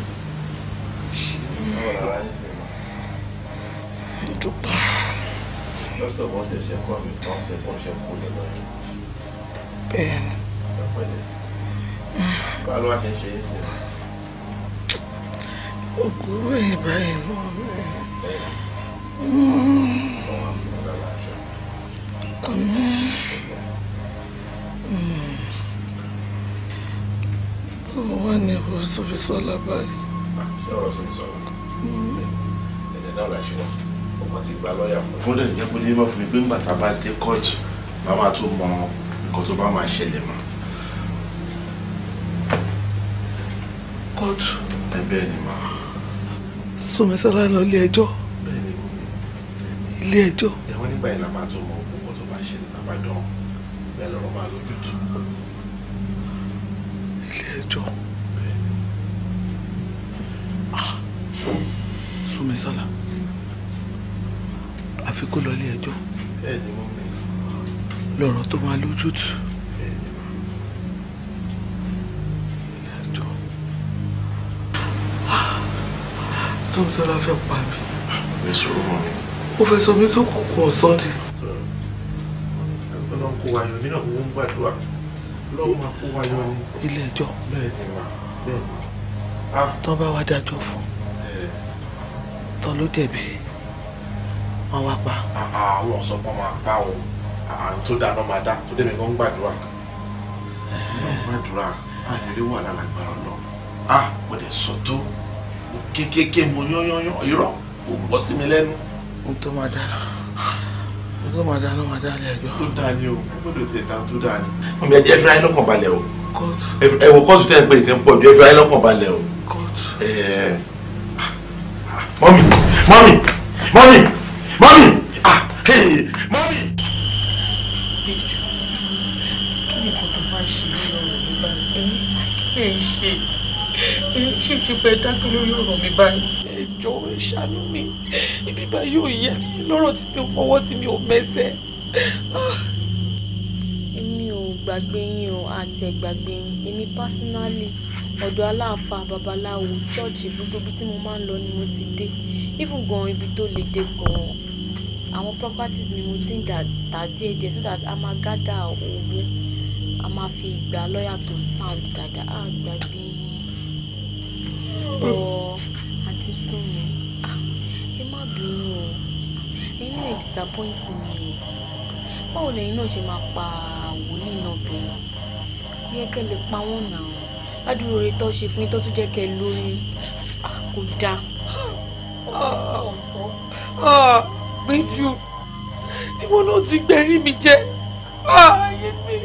dúpẹ́. lọ́sọ̀ wọn ṣẹ̀ṣẹ̀ kọ́ mi tán ṣe kọ́ ṣe kú nínú Báwo wá ní ọ̀rọ̀ Sọ́físọ́lá báyìí? Ṣé ọ̀rọ̀ Sọ́físọ́lá? Mm-hmm. Ẹ̀dẹ̀ náà la ṣe wá. Ọkọ̀ ti gba lọ́ọ̀yà fún mi. Fúndẹ̀ jẹ́ pé nígbà fún mi pé ńgbà tá a bá dé kóòtù, màá máa tún mọ nǹkan tó bá máa ṣẹlẹ̀ mọ́. Kóòtù. Ẹ bẹ́ẹ̀ ni màá. Sọ́físọ́lá lọ ilé ẹjọ́ ilé ẹjọ́. ìwọ nígbà yìí la máa tó mọ òkú kan tó bá ṣẹlẹ̀ tá a bá dán bẹ́ẹ̀ lọ́rọ̀ máa lójútùú. ilé ẹjọ́. súnmi sálà àfi kó lọ ilé ẹjọ́ lọ́rọ̀ tó máa lójútùú. Ah, Sọ́nsọ́lá fẹ́ pa mi. Ẹ sọ̀rọ̀ mọ́ mi ó fẹ́ sọ mí sókùnkùn ọ̀sán ni. ọlọ́run kó wa yọ nínú òun gbàdúrà ọlọ́run máa kó wa yọ ní. ilé ẹjọ́ bẹ́ẹ̀ ni ma bẹ́ẹ̀ ni. Ah. tán bá wá dájọ́ fún tán ló dẹ̀bi wọ́n wá pa. àwọn ọ̀sán kan máa pa o àwọn tó dáná máa dá tó dẹ́mi kan gbàdúrà gbàdúrà àyè lè wà lálàgbára ọlọ́run a ah, mo dẹ̀ sọ tó kékeré mo yán yán yán irọ́ kò bọ́ sí mi lẹ́nu n tó máa dáná n tó máa dáná máa dáná ẹjọ́. tó dáa ni o gbọ́dọ̀ tẹ dáa tó dáa ni. wọ́n bí ẹ fi ayé lọ́kàn balẹ̀ o ẹ wò kóòtù tẹ́ ẹ pé ìtẹ́ ń pọ̀ ju ẹ fi ayé lọ́kàn balẹ̀ o. mọ́mì mọ́mì mọ́mì mọ́mì mọ́mì. ṣe ṣe ṣe pé dákẹ́ lórí ọ̀rọ̀ mi báyìí ẹjọ́ ṣàánú mi ibi báyìí ò yẹ mi lọ́rọ̀ tí mi ò fọwọ́ tí mi ò mẹ́sẹ̀. Ah. èmi ò gbàgbé yín o àti ẹ̀ yín èmi pásínálì ọ̀dọ̀ aláàfáà babaláwo ṣọ́ọ̀ṣì gbogbo tí mo máa ń lọ ni mo ti dé even gan ibi tó le dé gan àwọn properties mi mo ti ń dà díẹ̀ díẹ̀ so that a máa gádà owó a máa fi gba lọ́yà tó sound dáadáa á yín fún yẹn ah, ẹ má bínú o ẹ̀yin náà disappoint mi o báwo lẹ́yìn náà ṣe máa pa wòlíì náà bẹ̀rẹ̀ kó yẹ kẹ́ lè pa wọ́n náà ládùúgbò rẹ tó ṣe fún yín tó tún jẹ́ kẹ́ lórí ah, kò dáa. ọ̀sán ah, gbẹ́jú ìwọ náà ti gbẹ̀rí mi jẹ́ ayé mi.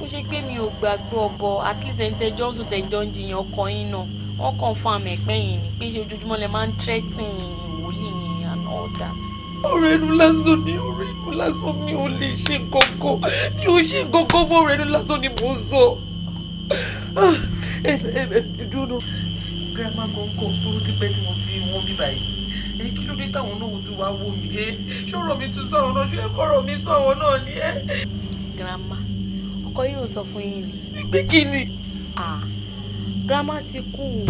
bó ṣe pé mi ò gbàgbé ọbọ at least ẹni tẹjọ́ ń sùn tẹjọ́ ń jiyàn ọkọ yín náà wọ́n confam ẹ̀pẹ́ yìí ni pé ojoojúmọ́ lẹ máa ń threaten wòlíì yìí and all that. ọ̀rọ̀ ẹnu lásán ni ọ̀rọ̀ ẹnu lásán mi ò lè ṣe gógó mi ò ṣe gógó fún ọ̀rọ̀ ẹnu lásán ni mò ń sọ. Ah, dúró grandma gọ́ngọ́ tó ti pẹ́ tí mo ti wọ́n bí báyìí ẹ kí ló dé táwọn náà tún wá wò mí ẹ ṣọ́rọ̀ mi tún sọ̀rọ̀ náà ṣé kọ́rọ̀ mi sọ̀rọ̀ náà ni ẹ. grandma ọkọ yóò sọ fún yín ni. gbé kí ni. ah grandma ti kú o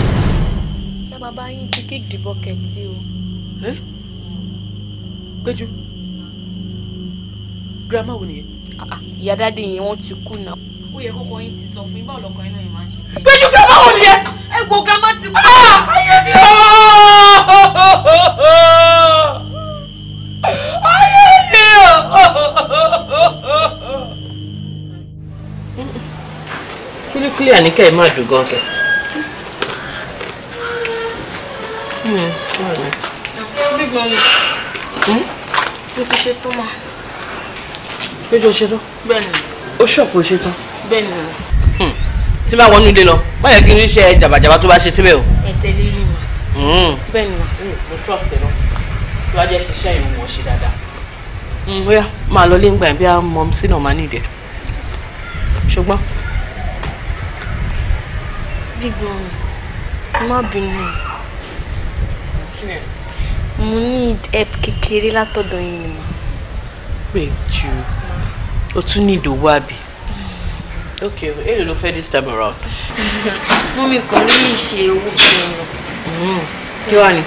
kí bàbá yín ti kick the bucket o. péjú grandma wo nìyẹn. Ah, ah, ìyá dáadé yẹn wọ́n ti kú náà. ó yẹ kókó yín ti sọ fún yín báwo lọkọ yín náà yín máa ń ṣe. péjú grandma wo nìyẹn. ẹ wo grandma ti kú. Ah! ayé mi o. ayé mi o. kílíkílí àníkẹ́ ẹ̀ máa dùn gan kẹ́. mọ́mí mo ti ṣe tán mà. péjọ ṣe tán. bẹ́ẹ̀ni. ó ṣọ̀pọ̀ ṣe tán. bẹ́ẹ̀ni. Hmm. tí máa wọnú ilé lọ má yẹ kí n ríṣẹ́ jàbàjàbà tó bá ṣe síbẹ̀ o. ẹ tẹ̀lé rí mi. Hmm. bẹ́ẹ̀ni ma. Hmm, mo trust ẹ lọ tí wàá jẹ́ ti ṣẹ́ ìrùn wọ̀ ṣe dáadáa. bóyá máa lọ léǹgbà yẹn bí a mọ sí náà máa ní ìdẹ ṣùgbọ́n. gbígbó mi má bínú. kí ni ẹ mo need help kékeré látọ̀dọ̀ yín ni mà. pé ju o tún ní ìdòwú àbí. ok èlò ló fẹ́ this time around. mú mi kàn ní ìṣe owó kan lọ. Mm-hmm. kí wàá ni.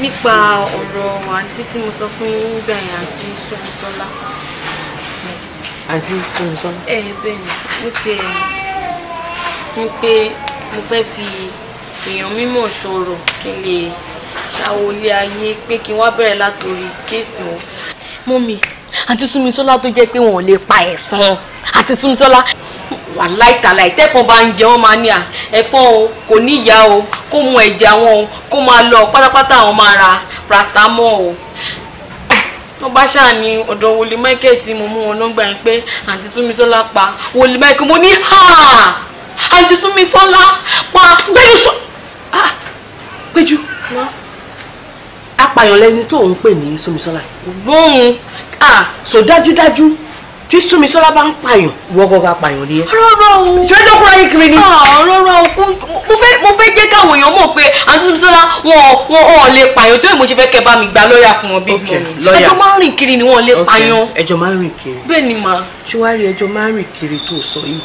nípa ọ̀rọ̀ àǹtí tí mo sọ fún nígbà yẹn àǹtí Sọ́misọ́lá. àǹtí Sọ́misọ́lá. ẹ bẹ́ẹ̀ ni mo ti ẹ̀ ń pé mo fẹ́ fi èèyàn mímọ̀ sọ̀rọ̀ kí n lè ṣàwò ilé ayé pé kí wọ́n bẹ̀rẹ̀ látòrí kéèsì wọn. mọ́mí àti súnmisọ́lá tó jẹ́ pé wọ́n lè pa ẹ̀fọn àti súnmisọ́lá wà láìtàlà ìtẹ́fọn bá ń jẹ wọ́n máa ní à ẹ̀fọn o kò ní ìyá o kó mu ẹ̀jẹ̀ àwọn o kó máa lọ pátápátá àwọn máa ra prastamol o wọ́n bá ṣáà ní ọ̀dọ̀ wòlé mẹ́kẹ́ tí mo mú wọn lọ́gbà yẹn pé àǹtí súnmisọ́lá pa wòlé mẹ́kẹ́ mo ní hà àǹtí súnmisọ́lá pa péjú sọ péjú. Ah, apààyàn lẹni tó ń pè ní Súnmisọ́lá Ah, so dájúdájú tí Súnmisọ́lá bá ń pààyàn wọ́gọ́gá pààyàn ni ẹ. rọrọ o ṣé dọ́kúra yìí kiri ni. rọrọ o mo fẹ́ jẹ́ káwọn èèyàn mọ̀ pé àǹtí Súnmisọ́lá wọn ò lè pààyàn tó yẹ mo ṣe fẹ́ kẹ́ bá mi gba lọ́ọ̀yà fún wọn bí lọ́ọ̀yà ẹjọ́ máa ń rìn kiri ni wọ́n lè pààyàn. ẹjọ́ máa ń rìn kiri. bẹ́ẹ̀ ni ma. ṣùwárí ẹjọ́ máa ń rìn kiri tó sọ yìí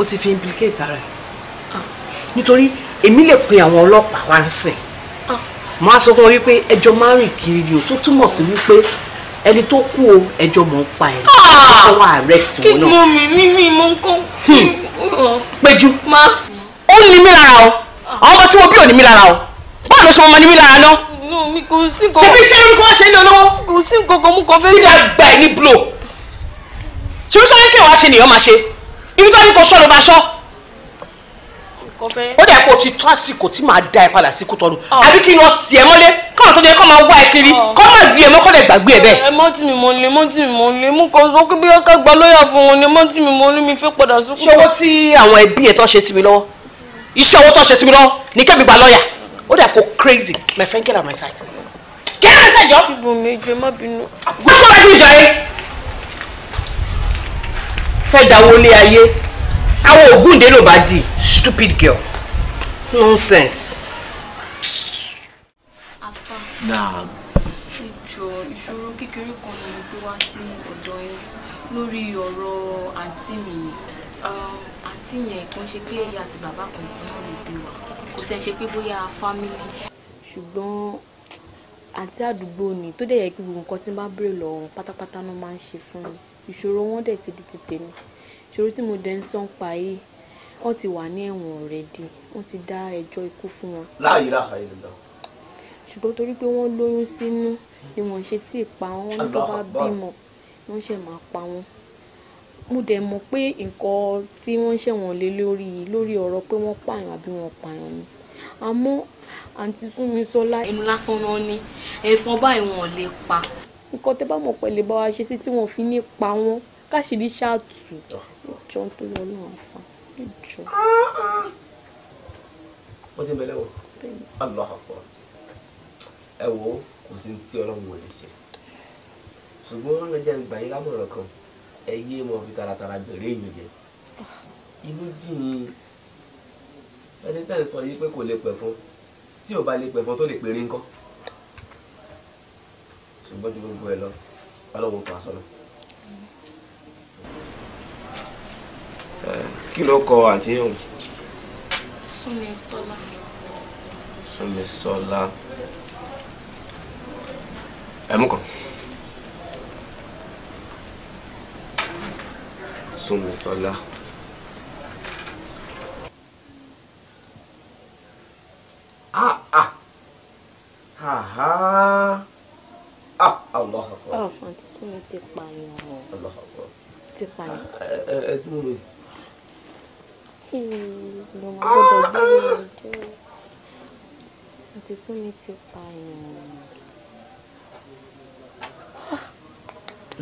ó ti fi implicate ara ẹ̀ nítorí èmi lè pe àwọn ọlọ́pàá wá ń sìn máa sọ fún ọ wípé ẹjọ́ máa ń rìn kiri ni o tó túmọ̀ sí wípé ẹni tó kú o ẹjọ́ mọ̀ ń pa ẹ̀ lọ́wọ́ ah! wà arrest wọn náà. kí mo mi mi mi mo ń kọ́. Hmm. péjú ó ń ni mí lára o àwọn ọmọ tí mo bí ò ní mí lára o báwo ló ṣe mo máa ní mí lára náà. mi kò sí nǹkan. ṣebí ṣé lórúkọ ṣe ní olówó. kò sí nǹkan kan mú kan fẹ́. dídá gbà ẹ ní blow. ṣé o sọ ní kí wàá ṣe nìyọ́ máa ṣe ibi tó ní kò sọ ló bá ṣọ́ ó dẹ̀ pé o ti tó àsìkò tí màá da ẹ padà sí kó tọdún ah. àbí kí n lọ tiẹ̀ mọ́lé káwọn tó dé kọ́ máa wá ẹ kiri ah. kọ́ máa gbé ẹ mọ́ gbàgbé ẹ bẹ́ẹ̀. ẹ eh, mọ́tì mi mo lè mọ́tì mi mo lè mú kan sọ pé bí ọkọ gba lọ́yà fún wọn ni mọ́tì mi mo lè mi fẹ́ padà sí. ṣé owó tí àwọn ẹbí ẹ tó ṣe sí mi lọ́wọ́ iṣẹ́ owó tó ṣe sí mi lọ́wọ́ ní kẹ́mi gba lọ́yà ó dẹ̀ kó crazy my friend get out my side get out my àwọn ògúndé ló bá di stupid girl nonsense. afa ìjọ ìṣòro kékeré kan ni mo gbé wá sí ọ̀dọ̀ yín lórí ọ̀rọ̀ àǹtí mi ni um, àǹtí yẹn kò ń ṣe pé ìyá àti bàbá kan náà ló gbé wá kò tẹ́ ń ṣe pé bóyá fámìlì ṣùgbọ́n àǹtí àdúgbò ni tó dẹ̀ yẹ kí gbogbo nǹkan tí n bá béèrè lọ́wọ́ pátápátá náà máa ń ṣe fún mi ìṣòro wọn dẹ̀ ti di ti tèmi ṣòro tí mo dẹ̀ ń sọ ń pa yìí wọ́n ti wà ní ẹ̀wọ̀n already wọ́n ti dá ẹjọ́ ikú fún wọn. láàyè láàyè ló dá. ṣùgbọ́n torí pé wọ́n lóyún sínú ni wọ́n ṣe tí ì pa wọ́n ní tó bá bímọ wọ́n ṣe máa pa wọ́n. mo dẹ̀ mọ̀ pé nǹkan tí wọ́n ṣẹ̀wọ̀n lé lórí lórí ọ̀rọ̀ pé wọ́n pààyàn àbí wọ́n pààyàn ni àmọ́ àǹtí Túnmisọ́lá èmi lásán náà ni ẹ̀fọn báyìí wọn lè pa. nǹkan tẹ́ bá mọ̀ pẹ̀lú bá wa ṣe sí tí wọ́n fi ní pa wọ́n káṣíìrí ṣáàtù oh jọ ń tó lọ náà àfa ìjọ. wọ́n ti ń bẹ lẹ́wọ̀n Allah akbar ẹ wo kò sí tí ọlọ́run ò lè ṣe ṣùgbọ́n lọ́jà ìgbà yín lámọ̀ràn kan ẹ yé mọ fi taratara bẹ̀rẹ̀ èèyàn jẹ inú dìnyín ẹni tá à ń sọ yìí pé kò lè pẹ̀ fún tí ò bá lè pẹ̀ fún tó lè péré ńkọ́ ṣùgbọ́n ju gbogbo ẹ lọ ọlọ́run kò aṣọ náà. kí ló kọ àǹtí òun. Súnmisọ́lá. Súnmisọ́lá. ẹ̀mú kan. Súnmisọ́lá. ah ah ha ha ah allah akbar. ọ̀rọ̀ kan tí kò ní ti pààyàn. allah akbar. ti pààyàn. ẹ ẹ dúró lóyún ló máa gbọ́dọ̀ gbé mi lójú àti súnmi ti pààyàn.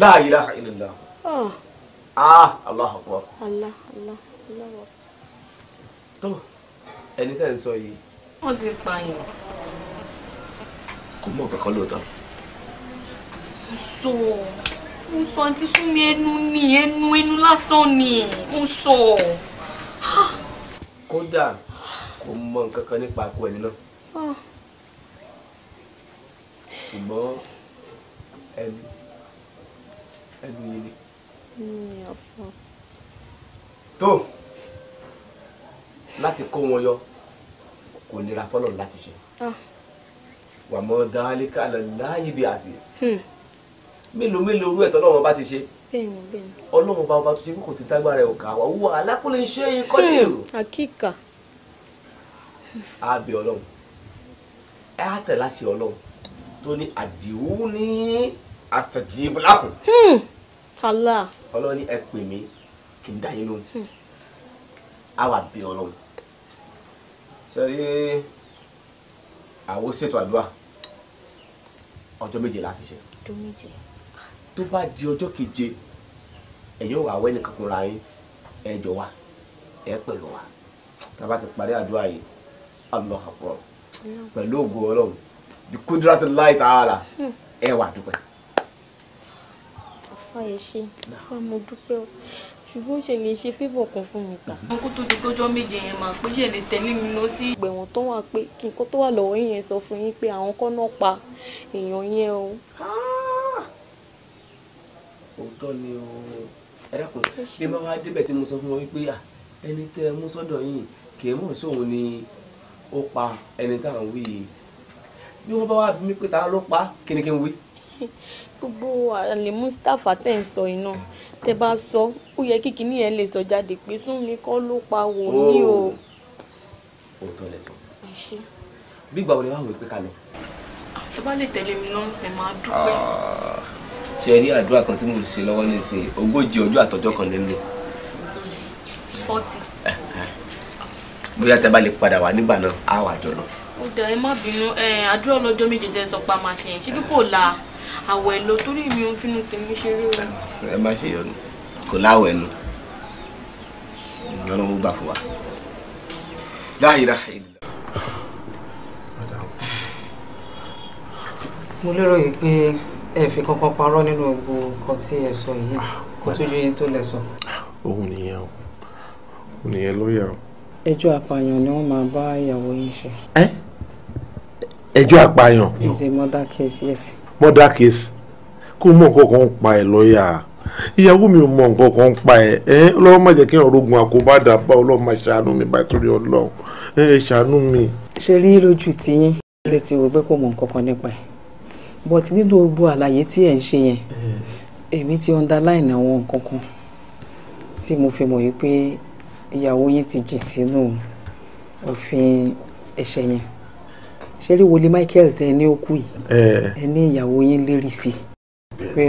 la ilaha illallah oh. ah Allahu akbar. Allah Allah Allah. tó ẹni tẹ́ ń sọ yìí. wọ́n ti pààyàn. kò mọ̀ kankan lóòótọ́. sọ ń sọ àti súnmi ẹnu ni ẹnu ẹnu lásán ni ń sọ. So kódà kò mọ nǹkan kan nípa àkó ẹ̀mí náà ah. ṣùgbọ́n ẹnu ẹnu yìí ni. tó láti kó wọn yọ kò nira fọlọ́run láti ṣe wàmọ́ dáálíkà lọ́láyé bí aziz. Hmm mélòó mélòó orú ẹ̀tọ́ lọ́wọ́ bá ti ṣe. bẹ́ẹ̀ni bẹ́ẹ̀ni. ọlọ́run bá ọba tó ṣe kókò ti dágbára ẹ̀ òkà wà wúwo alákòlè ń ṣe é kọ́ ní èrò. àkíkà. a bẹ ọlọ́run ẹ á tẹ̀ láti ọlọ́run tó ní àdìwú ní astajib lakum. Hmm, Allah. ọlọ́run ní ẹ pè mí kì í dá yín lóhùn. Hmm. a wà bẹ ọlọ́run. sẹ́rí àwọn ṣètò àdúrà ọjọ́ méje la fi ṣe. ọjọ́ méje tó bá di ọjọ́ keje ẹ̀yin ò wá wẹ́ nìkan kúnra yín ẹ jọ wa ẹ pẹ̀lú wa tá a bá ti parí àdúrà yìí Allahu Akbar pẹ̀lú ògo Ọlọ́run bí kúndúrátì láì tààlà ẹ wà dúpẹ́. àfàyè ṣe wà mo dúpẹ́ o ṣùgbọ́n ṣe lè ṣe fífọ̀ kan fún mi sà. mo tó di kójọ́ méje yẹn máa pé ṣe lè tẹ̀lé mi lọ sí. gbẹ̀wọ̀n tó wà pé kí n kó tó wà lọ́wọ́ yẹn sọ fún yín pé àwọn kọ́ náà pa èèyàn yẹn o. Ah! òótọ́ ni o ẹ dákun bí bá wá débẹ̀ tí mo sọ fún wọn wípé ẹni tẹ́ ẹ mú sọ́dọ̀ yìí kì í mọ̀ sóun ni ó pa ẹni tá à ń wí yìí bí wọ́n bá wá bí mi pé ta ló pa kí ni kí n wí. *laughs* gbogbo àlè Mustapha tẹ̀ ń sọ iná tẹ bá sọ ó yẹ kí kinní yẹn lè sọ jáde pé Súnmi kọ́ ló pa Wùnmí o. òótọ́ lẹ sọ bí ìgbà wo ni wàá wò pé ká lọ. ẹ bá lè tẹ̀lé mi náà ṣe máa dúpẹ́. Ah ṣe rí àdúrà kan tí mo ṣe lọ́wọ́ nísìnyí ogójì ọjọ́ àtọjọ́ kan nílò. forty. bóyá tẹ bá lè padà wá nígbà náà á wà jọ lọ. ó dà ẹ má bínú àdúrà ọlọ́jọ́ méje tẹ sọ pa máa ṣe yẹn ṣíbí kò la àwọ̀ ẹ̀ lọ torí mi ò fínú tèmi ṣe o. ẹ má ṣe yọnu kò láwọ̀ ẹnu ọlọ́run ó gbà fún wa. láyé mo lérò yìí pé ẹ fi kankan parọ́ nínú gbogbo nǹkan tí ẹ sọ yìí kó tó yẹ tó lẹ sọ. òun nìyẹn o òun nìyẹn lọ́ọ̀yà o. ẹjọ́ àpààyàn ni wọ́n máa bá ìyàwó yìí ṣe. ẹ ẹjọ́ àpààyàn. it's a murder case yes. murder case kó mọ̀ nǹkan kan pa ẹ lọ́ọ̀yà ìyàwó mi ò mọ̀ nǹkan kan pa ẹ ẹ ọlọ́wọ́ má jẹ́ kí ọ̀rọ̀ ogun àkóbá dàbá ọlọ́wọ́ má ṣàánú mi bá torí ọlọ́wọ́ ẹ ṣàánú mi. ṣe rí lójú tiyín lè ti wò pé kò mọ̀ nǹkan kan nípa ẹ̀ but nínú gbogbo àlàyé tí ẹ̀ ń ṣe yẹn eh. èmi ti underline àwọn nǹkan kan tí mo fi mọ̀ yìí pé ìyàwó yín ti jìn sínú òfin ẹ̀ṣẹ̀ yẹn ṣé rí wòlíì Michael tẹ ní òkú yìí eh. ẹ ní ìyàwó yín lérí sí i eh. pé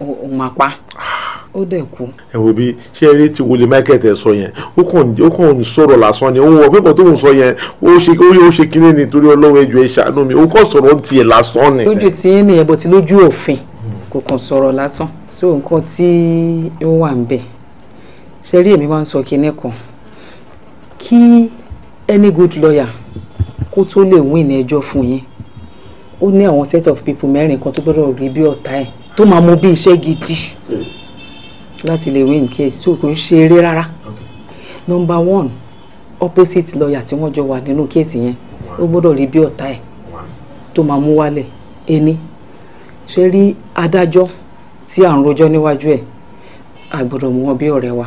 òun máa pa á. Ah ó dẹ̀ kú. ẹ wo bí ṣé eré ti wọlé mákẹ́tì ẹ̀ sọ yẹn ó kàn ń sọ̀rọ̀ lásán ni òun ọ̀gbẹ́ kan tó ń sọ yẹn ó ṣe ó ṣe kíní nítorí ọlọ́run ẹjọ́ ẹ ṣàánú mi ó kàn sọ̀rọ̀ tiẹ̀ lásán ni. lójú tí ń nìyẹn bọ̀ tí lójú òfin kò kàn sọ̀rọ̀ lásán so nǹkan tí ó wà ń bẹ̀ ṣe rí èmi máa ń sọ kíní kan kí any good lawyer kó tó lè win ẹjọ́ fún yín ó ní àwọn set of people mẹ́rin kan tó gbọ́dọ̀ rí bí ọ̀tá ẹ̀ tó máa mú bí iṣẹ́ gidi. Mm láti lè win case tó kò ń ṣe rárá number one opposite lawyer tí wọ́n jọ wà nínú kéèsì yẹn ó gbọ́dọ̀ rí bí ọ̀tá ẹ̀ tó máa mú wálẹ̀ ẹni ṣe rí adájọ́ tí à ń rojọ́ níwájú ẹ̀ a gbọ́dọ̀ mú wọn bí ọ̀rẹ́ wa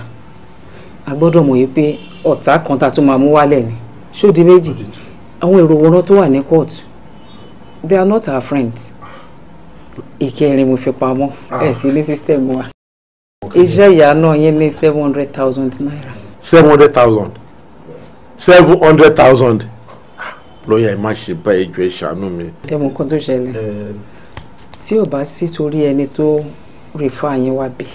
a gbọ́dọ̀ mọ̀ yìí pé ọ̀tá kan tá tó máa mú wálẹ̀ ni ṣódi méjì àwọn èrò wòran tó wà ní court they are not our friends ah. ìkẹrin mo fi pamọ́ ah. ẹ̀ sí ní system wa iṣẹ́ ìyanu yín ní seven hundred thousand naira. seven hundred thousand seven hundred thousand lọ́yà ẹ̀ má ṣe bá ẹjọ́ ẹ̀ ṣàánú mi. tẹ̀mọ̀ kan tó ṣẹlẹ̀ tí ò bá sí torí ẹni tó rìfà yín wá bí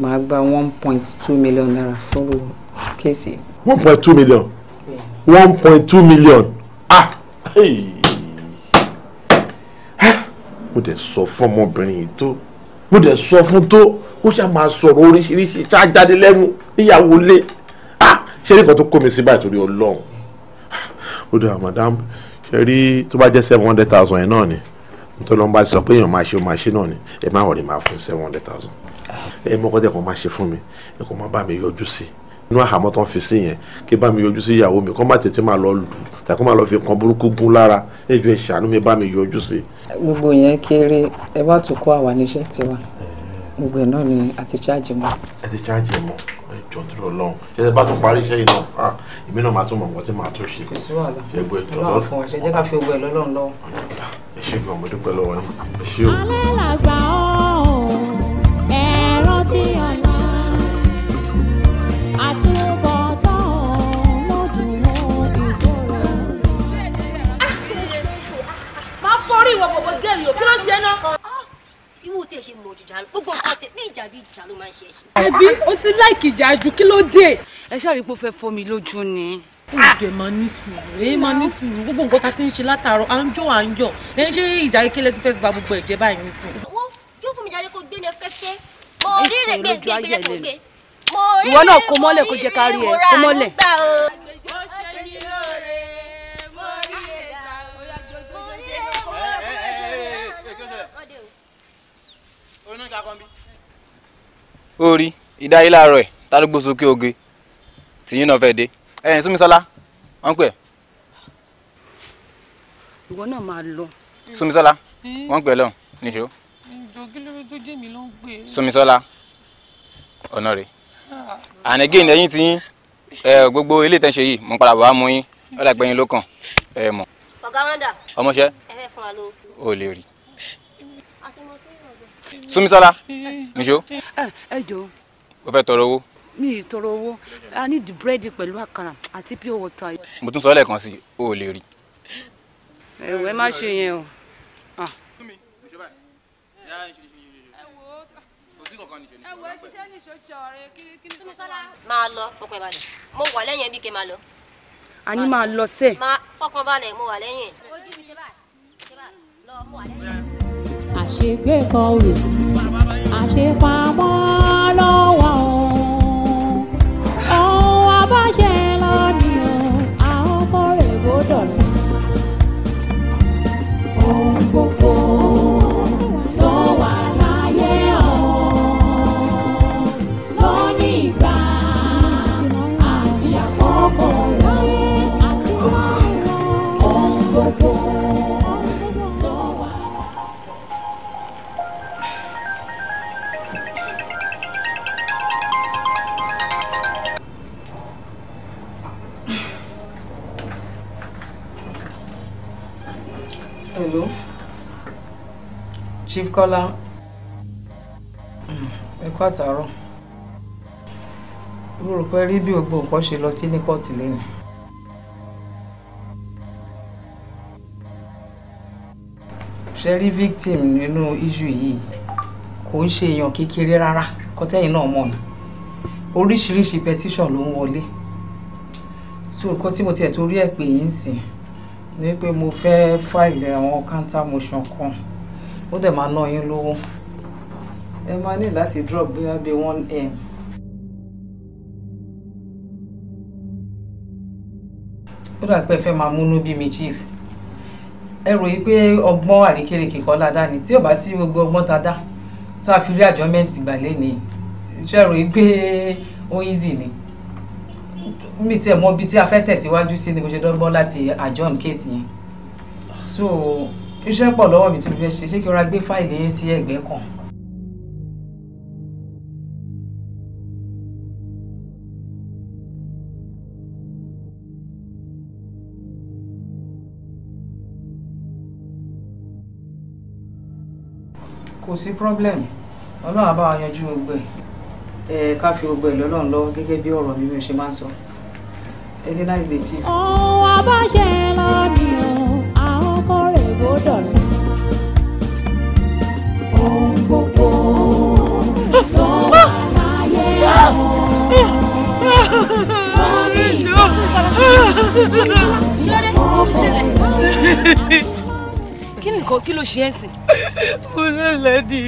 màá gba one point two million naira fọ́rọ̀ kéèsì. one point two million one point two million ah mo dẹ̀ sọ fún ọmọbìnrin yìí tó mo dẹ̀ sọ fún tó ó ṣáà máa sọ̀rọ̀ oríṣiríṣi ṣáà jáde lẹ́nu níyàwó lé ah ṣé ní kan tó kó mi sí báyìí torí ọlọ́run ah, ó dẹ̀ madam ṣe rí tó bá jẹ́ seven hundred thousand yẹn náà ni nítorí wọn bá sọ pé èèyàn máa ṣe máa ṣe náà ni ẹ má wọlé máa fún seven hundred thousand ah. ẹ mọ́kọ́dẹ́ kan máa ṣe fún mi ẹ kò má bá mi yọjú sí i inú àhámọ́ tó ń fi sí yẹn kí bá mi yọjú sí ìyàwó mi kó má tètè máa lọ lù tàbí kó má lọ fi kan burúkú gún lára ẹjọ́ ìṣàánú mi bá mi yọjú sí. gbogbo yẹn kéré ẹ bá tún kó àwa níṣẹ́ tiwa gbogbo ẹ̀ náà ni a ti ṣáàjì mọ́. ẹ ti ṣáàjì mọ́ ẹjọ́ tó lọ lọ́hùn ṣe é bá tún parí iṣẹ́ yìí náà ah, èmi náà máa tún mọ̀ nǹkan tí màá tún ṣe. kò sí wàhálà ọlọ́run fún ẹ ṣe jẹ́ ká fi owó ẹ lọ́lọ́run lọ́wọ́. ẹ ṣe gan ọmọdé pẹ̀lú ọ̀rẹ́ mi ẹ ṣe o. alẹ́ làgbà ọ̀ ẹ̀rọ tí ọ̀yọ́ ẹbí o ti láìkì ìjà ju kí ló dé. ẹ ṣáà pé ó fẹ́ fọ́ mi lójú ni. ìdè máa ní sùúrù èyí máa ní sùúrù gbogbo nǹkan tá ti ń ṣe látàárọ̀ à ń jọ à ń yọ̀ ẹ ń ṣe ìjà ìkẹlẹ̀ tó fẹ́ gba gbogbo ẹ̀jẹ̀ báyìí nìkan. wọ́n jó fún mi jáde kó gbé ní ẹfẹ́fẹ́ mọ orí rẹ̀ gbé gbé ìwọ náà kó mọ́lẹ̀ kó jẹ́ ká rí ẹ kó mọ́lẹ̀. orí ìdáyé láàárọ̀ ẹ̀ ta ló gbó sókè oge tìyín náà fẹ́ dé ẹ̀yìn Súnmisọ́lá wọ́n pè ẹ́. ìwọ náà máa lọ. Súnmisọ́lá wọ́n pè ẹ́ lọ́hùn níṣó. ǹjọ́ kí tó jẹ́ mi ló ń gbé. Súnmisọ́lá ọ̀nà rèé and again ẹ̀yin ti yín gbogbo ilé ìtẹ̀sẹ̀ yìí mo padà bá mú yín ó dà gbẹ̀yìn ló kàn ẹ mọ̀. ọ̀gá wọ́ndà. ọmọọṣẹ́. ẹ fẹ́ fún wa lówó. o lè rí. Súnmisọ́lá nìṣó. ẹ jọ̀ọ́. o fẹ́ tọrọ owó. mi ì tọrọ owó a ní di búrẹ́dì pẹ̀lú àkàrà àti pure water. mo tún sọ lẹ́ẹ̀kan sí i o lè rí. ẹ̀wẹ̀ má ṣe yẹn o. máa lọ fọkàn balẹ̀ mo wà lẹ́yìn ẹbí kẹ́ máa lọ. a ní máa lọ sẹ́ẹ̀. máa fọkàn balẹ̀ mo wà lẹ́yìn. ojú mi ṣe báyìí ṣe báyìí lọ mo wà lẹ́yìn. àṣegbè kan ò sí àṣepamọ́ lọ́wọ́ ohun abáṣe lọ́nìí o àwọn kọ́rẹ́ gbọ́dọ̀ lọ ohun gbogbo. Kọ́lá mm, ẹ kú àtàárọ̀ mo rò pé rí bí gbogbo nǹkan ṣe lọ sí ní kóòtù lẹ́nu. ṣe rí victim nínú issue yìí kò ń ṣe èèyàn kékeré rárá kọ́tẹ́yìn náà mọ̀ ni oríṣiríṣi petition ló ń wọlé tí nǹkan tí mo tiẹ̀ torí ẹ̀ pè yín sìn ni pé mo fẹ́ fáìlì àwọn counter motion kan ó dẹ̀ máa ná yín lówó ẹ máa ní láti drop bí wọ́n bí one m. ó dà pé ẹ fẹ́ máa múnú bí mi chief ẹ ròyìn pé ọgbọ́n àríkèrèkè kọ́ la dá ni tí ò bá sí gbogbo ọgbọ́n ta dá tá a fi rí àjọmẹ́ǹtì gbà lẹ́ni ṣe ròyìn pé ó easy ni mi tiẹ̀ mọ ibi tí a fẹ́ tẹ̀síwájú sí ni kò ṣe dọ́gbọ́n láti adjourn case yẹn so iṣẹ́ pọ̀ lọ́wọ́ mi tí mo fẹ́ ṣe ṣé kí n gbé fáìlì yẹn sí ẹ̀gbẹ́ kan. kò sí problem ọlọ́run àbá yanjú gbogbo ẹ̀ ẹ ká fi gbogbo ẹ̀ lọ́lọ́run lọ́wọ́ gẹ́gẹ́ bí ọ̀rọ̀ mi mi ò ṣe máa ń sọ ẹ dé nice day chief. ọ̀hún àbáṣe lọ́nìí o gbogbo ó dọ̀rẹ́. ohun gbogbo tó wà láyé wọn wọn ní ìfọ̀rọ̀ kí ni nǹkan kí ló ṣe ẹ́ sìn. mo lè lẹ́dí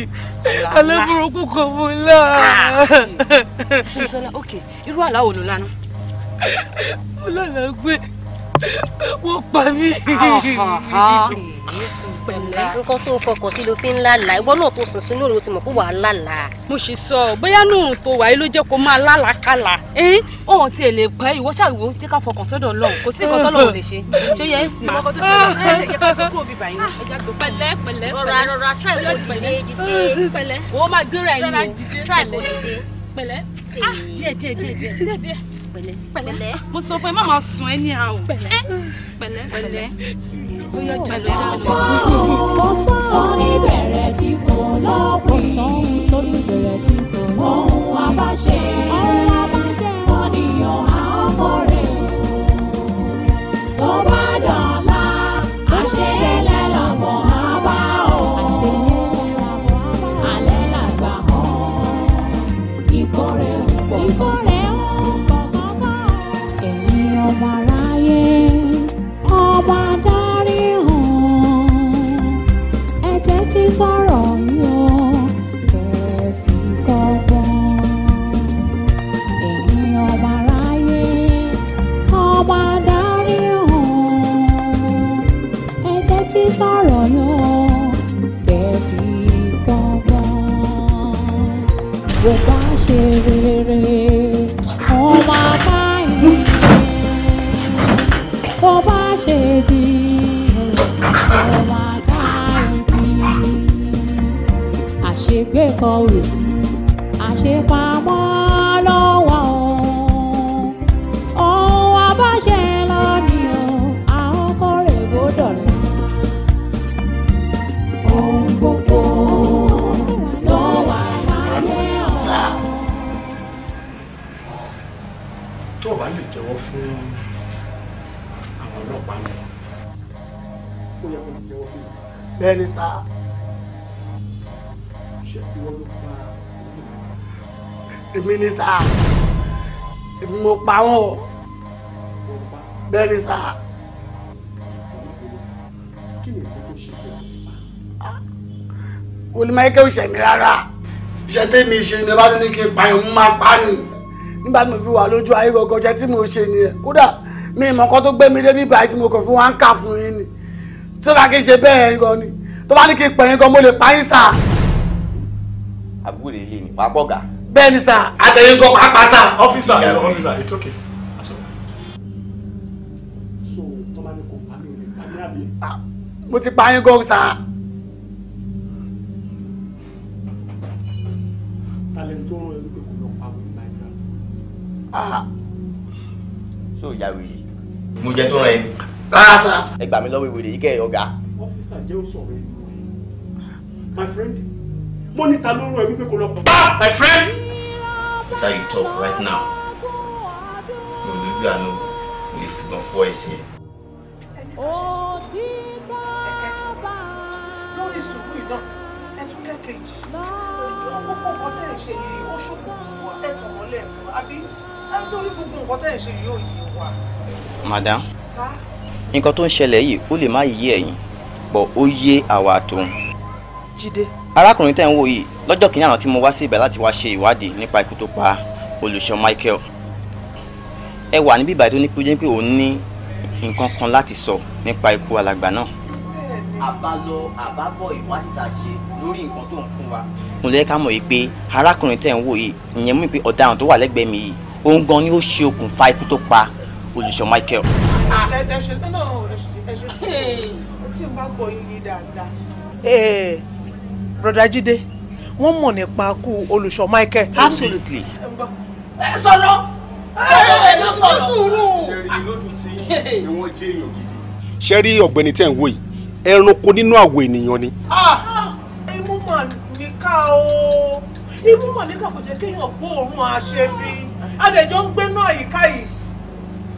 aláburúkú kan mo là. sọ́sọ́lá ok irú àlá wo ló lánàá. mo lálàá gbé wọ́n pa mí. pẹ̀lú nǹkan tó fọkàn sí ló fi ń lálàá ìwọ náà tó sùn sínú òru ti mọ̀ pé wàá lálàá. mo ṣe sọ bóyá nùhùn tó wà ló jẹ́ kó máa lálàákàlà ọ̀hún tiẹ̀ lè pẹ́ ìwọ ṣàwìwò jẹ́ ká fọkàn sọ́dọ̀ Ọlọ́run kò sí nǹkan tọ́lọ́run lè ṣe ṣó yẹ ń sìn. ọkọ tó ṣe é ah, ah. ẹ jẹ́ ká tó kúrò bíbá yín ah, ẹ jẹ́ pẹ̀lẹ́ pẹ̀lẹ́ rọra rọra try kò dìde dìde pẹ̀lẹ́ wọ́n máa gbéra ẹ̀ ní o try kò dìde pẹ̀lẹ́ díẹ̀ díẹ̀ díẹ̀ díẹ̀ díẹ̀ pẹ̀lẹ́ pẹ̀lẹ́ mo sọ fún ẹ má máa sùn ẹ ní àwọ pẹ̀lẹ́ eh? pẹ̀lẹ́ pẹ̀lẹ́ bóyá jọlẹ jọlẹ. kò tí kò lópin kò sóhun tó ní tí kò lópin ohun àbáṣe ohun àbáṣe ọ̀nìyàn àkọ́rẹ́ tó bá dán. bó bá ṣe rere ọmọ akáyìí bó bá ṣe bí ọmọ akáyìí àṣegbè kan ò sí àṣepamọ́. bẹ́ẹ̀ ni sá. ṣé ìwọ ló pa èmi ni sá èmi mo pa wọn o bẹ́ẹ̀ ni sá. kí ni ìfẹ́ tó ṣe fún ọ. olùmọ̀ẹ́kẹ́ ò ṣẹ̀mí rárá iṣẹ́ tèmi ṣe ni bá ti ní kí n pa ìhun máa pa ni. nígbà tí mo fi wà lójú ayé gbọ̀ngàn iṣẹ́ tí mo ṣe nìyẹn kódà mi ìmọ̀kan tó gbé mi débi báyìí tí mo kàn fi wá ń kà fún yín tí wàá kí n ṣe bẹ́ẹ̀ gan ni tó bá ní kí n pẹ̀yìn gan mo lè pa yín sà. àbúrò ilé ní pápọ̀gà. bẹ́ẹ̀ ni sà àtẹ̀yìn gan pàápàá sà. ọ́fíìsà ọ́fíìsà it's okay. so tó bá ní kó pa mí lè pa mí àbí. Ah, mo ti pa yín gan sà. Ah. so ìyàwó yìí mo jẹ tó rẹ rárá ah. sá. ẹ gbà mí lọ́wọ́ ìwèrè yìí kẹ́ ẹ̀ ọ̀gá. ọ́fíìsà jẹ́ ó sọ̀rọ̀ my friend mo ní ta ló rọ ẹ wípé kò lọ pa ah, my friend. that you talk right now mo lójú àánú mo lè fìbọn fọ ẹsẹ. òtítọ́ bá lórí sùkúù iná ẹ tún kẹ́kẹ́jì ọkọ̀ kọ̀ọ̀kan tẹ̀ ṣe yìí ó ṣòkòtò wa ẹ̀ tàn wọ́n lẹ́ẹ̀kan àbí ẹ̀ torí gbogbo nǹkan tẹ̀ ṣe yìí ó yí wa. madam. sir nǹkan tó ń ṣẹlẹ̀ yìí ó lè má yé ẹ̀yin bọ̀ ó yé àwa àtòun. jíde. arákùnrin tẹ́ ń wò yìí lọ́jọ́ kìíní àná tí mo wá sí ibẹ̀ láti wá ṣe ìwádìí nípa ikú tó pa olùṣọ́ Michael ẹ wà níbí ìbàdí onípe ojú pé òun ní nǹkan kan láti sọ nípa ikú alàgbà náà. àbálọ àbábọ̀ ìwádìí tá a ṣe lórí nǹkan tó ń fún wa. mo lè ká mọ̀ yìí pé arákùnrin tẹ́ ń wò yìí ìyẹn mú Olùṣọ́ Michael. Ah. broda Jídé wọ́n mọ̀ nípa kú Olùṣọ́ Michael. absolutely. sọ̀rọ̀ sọ̀rọ̀ ẹ̀ ló sọ̀rọ̀. ṣẹ́rí lójú tí ni *laughs* wọ́n jẹ́ èèyàn gidi. ṣẹ́rí ọ̀gbẹ́ni tẹ̀ ń wò yìí ẹranko nínú àwọ̀ ènìyàn ni. Ah! Ah! imú mọ̀ níkà o imú mọ̀ níkà kò jẹ́ kéèyàn gbóòórùn àṣẹbí adẹ̀jọ́ ń gbénú àyíká yìí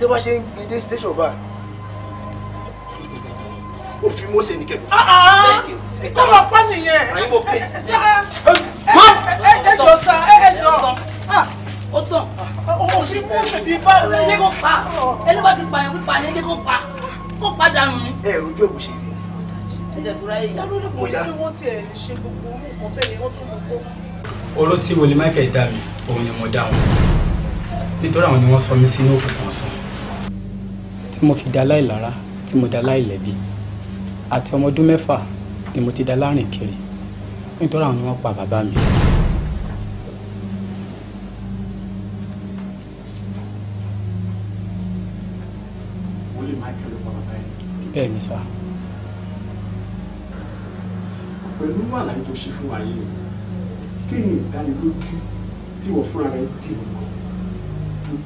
tẹ́ bá ṣe ń gbé dé station bá òfin mọ́sẹ̀ ní kẹ́kọ̀ọ́. mr mọ̀pá nìyẹn. àyè mo pè é. ẹ ẹ jọ sa ah, ah. ẹ ẹ jọ. ó tàn. o ṣì mú ìbí bá rẹ. ẹ jẹ́ kó pa ẹni bá ti pààyàn pípa ni ẹ jẹ́ kó pa kó pa dànù ni. ẹ rojú ògùn ṣe rí. ẹ jẹ́ tó ráyè. ta ló ní kò yá. wọ́n ti ẹ̀ ṣe gbogbo orú nǹkan bẹ́ẹ̀ wọ́n tún mú kó. olótìwọlé michael dami òun ni mo dá wọn nítorí àwọn ni wọ́n sọ mí sínú òkùnkùn ọ̀sán tí mo fi da láìlára tí mo da láìlẹ́bi àti ọmọ ọdún mẹ́fà ni mo ti da láàrin kiri nítorí àwọn ni wọ́n pa bàbá mi. bẹ́ẹ̀ ni sá. pẹ̀lú àlàyé tó ṣe fún wa yìí kí ni ìdánilójú tí wọ́n fúnra rẹ̀ dì mọ́ pé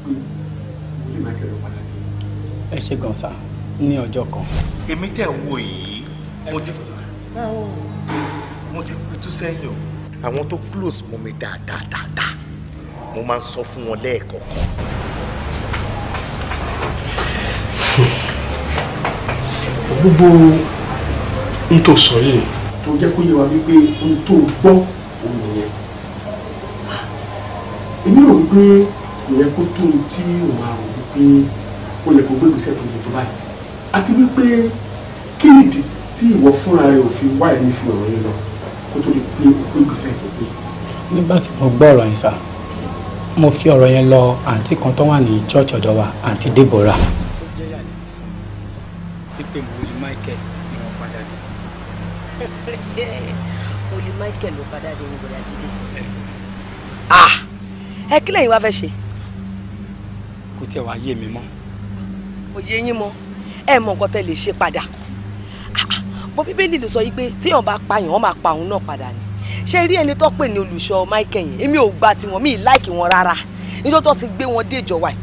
wọ́n lè má kẹ́lẹ́ padà ẹ ṣe gan sa ní ọjọ́ kan. èmi tẹ̀ wo yìí mo ti mo ti pitú sẹ́yìn o àwọn tó close mọ́ mi dáadáa dáadáa mo máa ń sọ fún wọn lẹ́ẹ̀kọ̀ọ̀kan. gbogbo n tó sọ yìí. tó jẹ́ kó yẹ wa wípé n tó gbọ́ òun yẹn. èmi rò wípé kò yẹ kó tó ohun tí òun máa rò wípé ó yẹ kó gbégbèsè tó gbogbo báyìí àti wípé kí nìdí tí ìwọ fúnra rẹ ò fi wá ẹ̀mí fi ọ̀rọ̀ yẹn lọ kó tó lè pé gbégbèsè tó nígbà tí mo gbọ́ ọ̀rọ̀ yẹn sá mo fi ọ̀rọ̀ yẹn lọ àǹtí kan tó wà ní chọ́ọ̀chì ọ̀dọ̀ wa àǹtí Deborah. ó jẹ́ yàrá fún mi pípé mo lè Michael ni wọ́n padà dé. *laughs* mo lè Michael ló padà dé ní bọ̀dá jíde. Ah! Ah! ẹ kí lẹ́yìn wá fẹ́ ṣe. kò tiẹ̀ wá yé mi mọ́ òye yín mọ ẹ mọ nǹkan tẹ lè ṣe padà bó ah, ah, bíbélì lè sọ yìí pé téèyàn bá pààyàn wọn máa pa òun náà padà ni ṣé rí ẹni tó pè ní olùṣọ́ Michael yẹn èmi ò gba tiwọn mi láìkì wọn rárá nítorí tó ti gbé wọn dé ìjọba yìí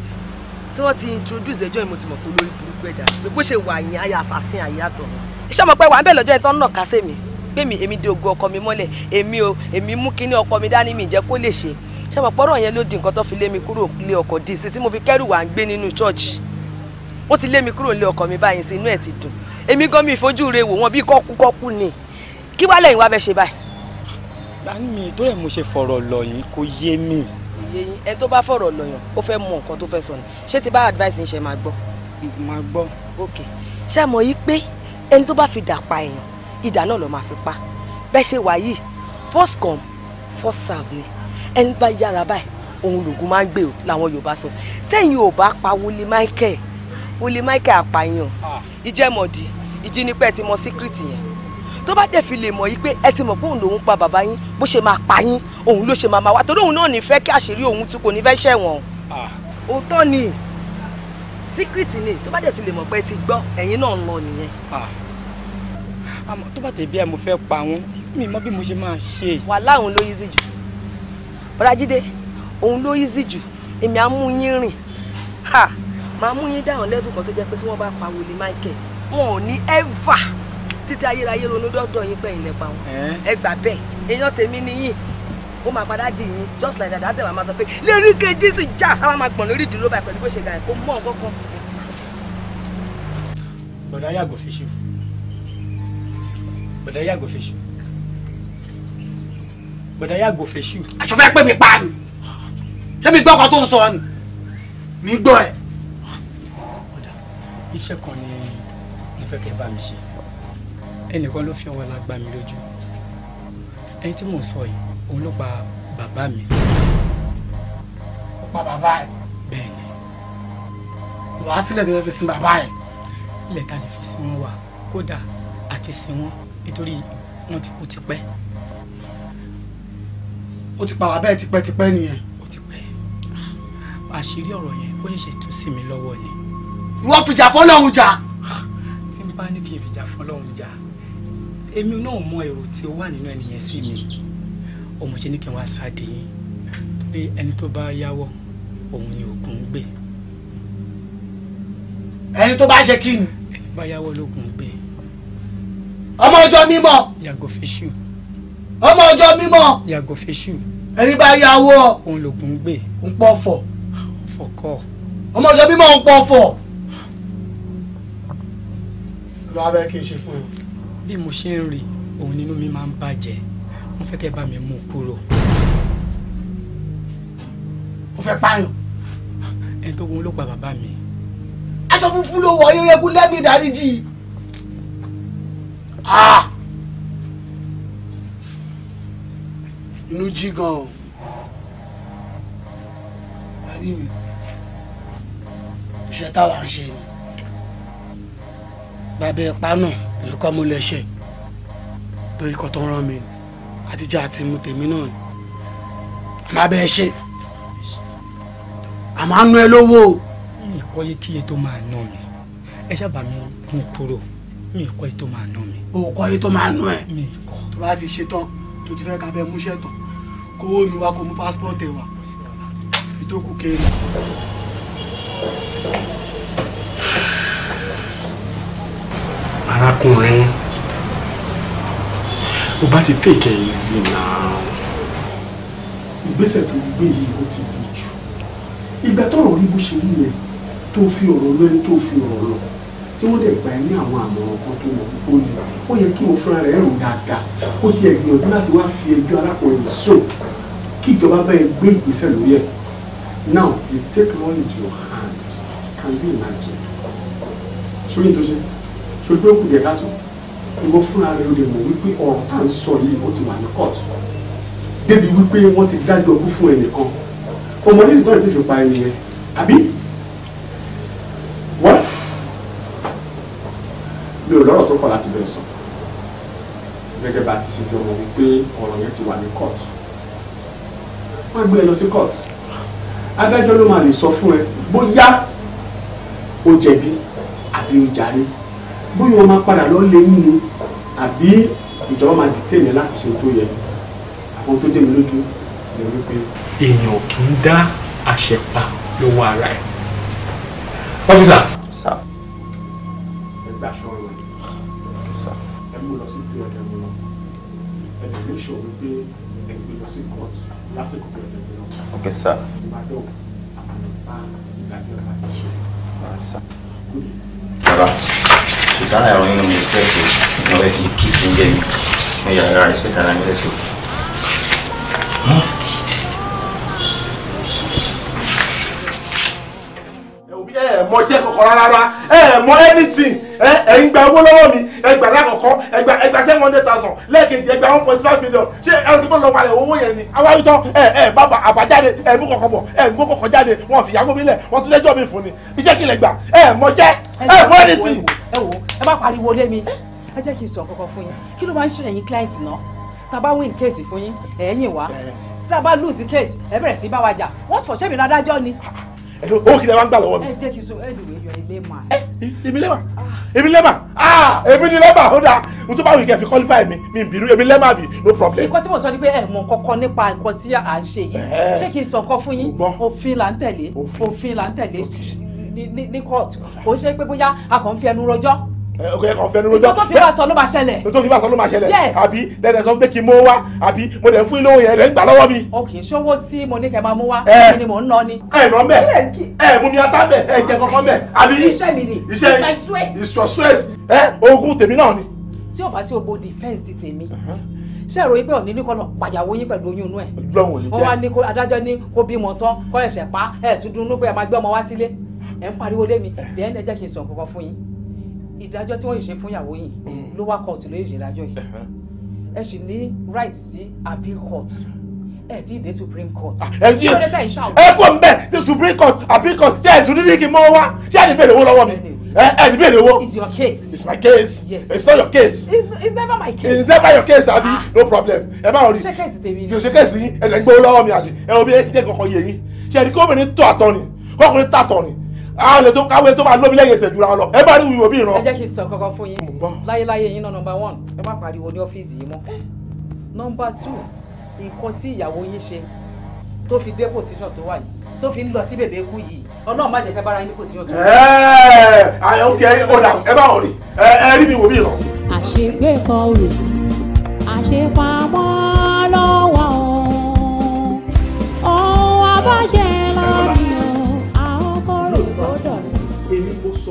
tí wọ́n ti introduce ẹjọ́ ìmọ̀ tí mo lórí burúkú ẹ̀dá pé bó ṣe wà yín ayé assassin ayé àtọ̀ iṣẹ́ ọmọ pé wà ń bẹ̀ lọ́jọ́ ìtọ́ ń nà ká sí mi pé mi èmi di ogun ọkọ mi mọ́lẹ̀ èmi o èmi mú kíní ọkọ mi dání mi ìjẹ́ kó lè ṣe iṣẹ́ ọmọ pọ́rọ̀ yẹn ló di nǹkan tó fi lé mi kúrò lé ọkọ̀ dì sí tí mo fi kẹ́rù wà ń gbé nínú chọ́ọ̀chì ó ti lé mi kúrò nílé ọkọ mi báyìí sí inú ẹ̀ ti dùn èmi gan mi ìfojú re wò wọn bí kọ́kúkọ́kú ni kí wàá lẹ́yìn wá bẹ́ ṣe báyìí. láàánú mi tó rẹ̀ mo ṣe fọ̀rọ̀ lọ yìí kò yé mi. iye yín ẹni tó bá fọ̀rọ̀ lọ yàn ó fẹ́ mọ nǹkan tó fẹ́ sọ ni ṣé ti bá advice ń ṣe máa gbọ́. máa gbọ́. ok ṣé mọ̀ yí pé ẹni tó bá fi dà pa èèyàn ìdà náà ló máa fi pa bẹ́ẹ̀ ṣe wà yìí first come first serve ni ẹni bá yára báyìí òun lògùn máa ń gbé làwọn Yorùbá sọ tẹ́yìn ò bá pawó lé Michael Wòlíì Michael àpàyàn ah. ìjẹ́mọ̀dì ìjínípẹ́ ti mọ síkírìtì yẹn tó bá dẹ̀ fi lè mọ̀ yí pé ẹ ti mọ̀ pé òun lòun pa bàbá yín bó ṣe máa pa yín òun ló ṣe máa máa wá torí òun náà ní fẹ́ kí àṣírí òun tún kò ní fẹ́ ṣẹ̀wọ̀n. Ah. òótọ́ ni síkírìtì ni tó bá dẹ̀ ti lè mọ̀ pé ẹ ti gbọ́ ẹ̀yin náà ń lọ nìyẹn. Ah. àmọ́ tó bá tẹ̀ bí ẹ mo fẹ́ pa wọn mi mọ̀ bí mo ṣe máa ṣe. wàhálà òun ló easy jù bọ́dájídé òun ló easy jù èmi á mú yín rìn máa mú yín dáhùn lẹ́dùn kan tó jẹ́ pé tí wọ́n bá pa wòlíì Michael wọn ò ní ẹ́fà títí ayérayé ronú dọ́dọ̀ yín pẹ̀yìn lẹ́pa wọn ẹ gbà bẹ́ẹ̀ èèyàn tèmi nìyí ó máa padà dì yín just like that àtẹ̀wà máa sọ pé lérí kejì sì já àwọn máa gbọ̀n lórí ìdúró báyìí pẹ̀lú bó ṣe ga ẹ̀ kó mọ̀ nǹkan kan. bọ̀dá yàgò fèṣù bọ̀dá yàgò fèṣù bọ̀dá yàgò fèṣù. aṣọ fẹ́ pè mí pa ni ṣé mi gbọ́ ọkọ tó ń sọ ni mi gbọ́ ẹ̀ iṣẹ́ kan ni mo fẹ́ kẹ́ bá mi ṣe ẹnìkan ló fi ọwọ́ la gbá mi lójú ẹni tí mò ń sọ yìí òun ló pa bàbá mi. ó pa bàbá ẹ̀. bẹ́ẹ̀ ni. kò wá sílẹ̀ tó fẹ́ fi sin bàbá ẹ̀. ilẹ̀ ta lè fi sin wọn wà kódà àti sin wọn nítorí wọn ti kú tipẹ́. ó ti pa bàbá ẹ̀ tipẹ́tipẹ́ nìyẹn. ó ti pẹ́ àṣírí ọ̀rọ̀ yẹn ó ṣẹ̀ṣẹ̀ tú sí mi lọ́wọ́ ni ìwọ fìjà fọlọ́hún jà. tí n bá ní kí n fìjà fọlọ́hún jà èmi náà mọ èrò tí ó wà nínú ẹnìyẹn sí mi ọmọ ṣe ní kí n wá sáde yín pé ẹni tó bá yáwọ òun ni ògùn ń gbé. ẹni tó bá ṣe kí ni. ẹni bá yáwọ lógùn ń gbé. ọmọ ọjọ́ mímọ́. yàgò fẹ́ṣù. ọmọ ọjọ́ mímọ́. yàgò fẹ́ṣù. ẹni bá yáwọ. òun lògùn ń gbé. ń pọ̀ fọ̀. fọ̀kọ́. ọmọ ọjọ́ mímọ́ ń pọ̀ fọ̀ lọ́wọ́ abẹ́ kí n ṣe fún ọ. bí mo ṣe ń rí òun nínú mi máa ń bàjẹ́ wọ́n fẹ́ kẹ́ bá mi mú kúrò. o fẹ́ pààyàn. ẹni tó gun ló pa bàbá mi. aṣọ funfun ló wọ yẹ́yẹ́kún lẹ́mí ìdáríjì. Ah! inú jí gan o. àríwì táwa ń ṣe ni bàbá ìpanu nǹkan mo lè ṣe torí kò tó ń rán mi àtijọ́ àti mu tèmi náà ni àmọ́ abẹ́ ṣe àmọ́ anú ẹ lówó. mi kọ́ yé kíyè tó máa ná mi ẹ sábà mi mú kúrò mi kọ́ yé tó máa ná mi. o kọ́ yé tó máa ná ẹ. mi kọ́. tó bá ti ṣe tán tó ti fẹ́ ká bẹ múṣẹ́ tán kó o mi wá kó mú pásítọ̀tì wa ìtókù kéré. arákùnrin o bá ti take it easy now ìgbésẹ̀ tó gbé yìí ó ti di jù ìgbà tọ́rọ̀ rí bó ṣe rí yẹn tó fi ọ̀rọ̀ lórí tó fi ọ̀rọ̀ lọ tí wọ́n dẹ̀ gba ẹ ní àwọn àmọ̀ràn kan tó wọ̀ ó ní ó yẹ kí wọ́n fúnra rẹ̀ rò dáadáa ó ti ẹ̀ gbìyànjú láti wá fi ẹjọ́ arákùnrin sùn kí ìjọba bá ẹ gbé ìgbésẹ̀ lórí ẹ̀ now you take law into your hand can you imagine sórí tó ṣe ṣojú òkú rẹ̀ ká tó ìwọ fúnra rẹ̀ ó lè mọ̀ wípé ọ̀rọ̀ tá à ń sọ yìí ó ti wà ní kóòtù débi wípé wọ́n ti dájọ́ ọkú fún ẹnìkan ọmọ nísìsiyìí náà ti fi pa ẹni yẹn àbí wọ́n mi ò lọ́rọ̀ tó kọ̀ láti bẹ̀rẹ̀ sọ gẹ́gẹ́ bá a ti ṣe jọ mọ̀ wípé ọ̀rọ̀ yẹn ti wà ní kóòtù wọ́n gbé ẹ lọ sí kóòtù adájọ́ ló máa lè sọ fún ẹ bóyá ó jẹ̀bi àbí ó jàre bóyá wọn máa padà lọ lé yín ni àbí ìjọba máa dìtẹ̀ yẹn láti ṣe tó yẹ àwọn tó dé mi lójú lè rí pé. èèyàn kì í dá àṣẹ pa lọ́wọ́ ara ẹ̀. ọ́fíìsà. sá. ẹ gbà aṣọ ọrùn ẹ. ẹ mú lọ sí pé ẹ lọ ẹ lè ní ìṣòro pé ẹ gbé lọ sí court lásìkò pé ẹ lọ. ok sá. ìbàdàn àwọn ìbá ìgbàgbé ọba ti ṣe. sá bàbá sultana ẹ̀rọ anything ẹ ń gba owó lọ́wọ́ mi ẹ gbà lákọ̀ọ́kọ́ ẹ gbà ẹ gbà seven hundred thousand lẹ́ẹ̀kejì ẹ gbà one point five million ṣé ẹ ti bọ́ lọ́wọ́ rẹ̀ owó yẹn ni awáwítọ́ ẹ ẹ bàbá àbájáde ẹ mú kọ̀kọ́ bọ̀ ẹ mú kọ̀kọ́ jáde wọn fi yàgò mi lẹ̀ wọn tún lẹ́jọ́ mi fún ni iṣẹ́ kìlẹ̀ gbà ẹ mọ jẹ́ ẹ mọ ẹni tì. ẹ wo ẹ má pariwo lé mi ẹ jẹ́ kí n sọ kọ́kọ́ fún yín kí ló máa ń ṣe ẹ̀yin client náà tá a bá win case fún yín ẹ̀yin wá tá a bá lose case ẹ bẹ̀rẹ̀ sí bá wa jà what for ṣé mi ládájọ́ ni ẹ̀rọ owó kìlẹ̀ wá ń gbà lọ́wọ́ mi. ẹ jẹ́ kí n so ẹ dùn ẹyọ ẹ lẹ́mà. ẹ èmi lẹ́mà èmi lẹ́mà ah èmi ni lẹ́mà ó dáa mo tó bá wù kẹ́ fi qualify mi mi bínú èmi lẹ́mà mi no problem. ìkọ́ tí mo sọ ni pé ẹ mọ kankan nípa nǹkan tí à ń ṣe yìí ṣé kí n sọ nǹkan fún yín òfin là ń tẹ̀lé òfin là ń tẹ̀lé ní court kò ṣe pé bóyá a kàn ń fi ẹnu rojọ́ ọkọ fẹnu rojọ. tó fi bá sọ ló máa ṣẹlẹ̀. tó fi bá sọ ló máa ṣẹlẹ̀. àbí lẹ́nu sọ pé kí n mú wá àbí mo lè fún ilé yẹn rẹ̀ gbà lọ́wọ́ mi. ok ṣọwọ́ tí mo ní kẹ́ máa mú wá ni mò ń ná ni. ẹ nọ mẹ ẹ mú mi ata mẹ ẹ jẹ kankan mẹ àbí. iṣẹ́ mi ni iṣẹ́ iṣọ sweat ẹ oògùn tèmi náà ni. tí o bá tí o bo defence ti tèmi uh-huh. ṣé ìròyìn pé òní ní kọ́ lọ pàyàwó yín pẹ̀lú oyún inú ẹ̀. wọ́n wá ní kó adájọ́ ní kó bímọ tán kó ẹ̀ṣẹ̀ pa ẹ̀ tún dunnú pé ẹ máa gbé ọmọ wá sílé ẹ̀ ń pariwo lé mi dẹ́n eh. ẹ jẹ́ kí n sọ nǹkan fún yín ìdájọ́ tí wọ́n yìí ṣe fún ìyàwó yìí mm. lower court ló yìí ṣe ìdájọ́ yìí ẹ sì ní right sí appeal court ẹ ti dé supreme court. Ah, ẹ jí ẹ kó n bẹ ti supreme court appeal court ṣé ẹ tún ní kí n mọ wá ṣé ẹ ní bèrè owó lọ́wọ́ mi ẹ ní bèrè owó. it's your case. it's my case. yes it's not your case. it's, never my case. it's never your case abi ah. no problem ẹ má rí. ṣé kẹ́sì tèmi ni. ṣé kẹ́sì yín ẹ lè gbowó lọ́wọ́ mi àbí ẹ wo bí ẹ kọ́kọ́ yẹ yín ṣe ẹ ní kí obìnrin a lè tó káwé tó máa lómi lẹ́yìn ẹsẹ̀ jura lọ ẹ bá rí ìwé òbí ìran. ẹ jẹ́ kí n sọ kankan fún yín láyéláyé yín náà nọmba one ẹ má pariwo ní ọ́fíìsì yìí mọ́ nọmba two nǹkan tí ìyàwó yín ṣe tó fi dé pòsíṣàn tó wà yìí tó fi ń lọ sí bèbè kú yìí ọlọ́run má jẹ́ ká bára yín ní pòsíṣàn tó wà. ẹ ẹ ok ọ̀dà ẹ bá wọn ẹ rí mi wò ràn. àṣegbè kan òrìṣì àṣepamọ́ lọ́wọ́ ọ̀hún àbáṣe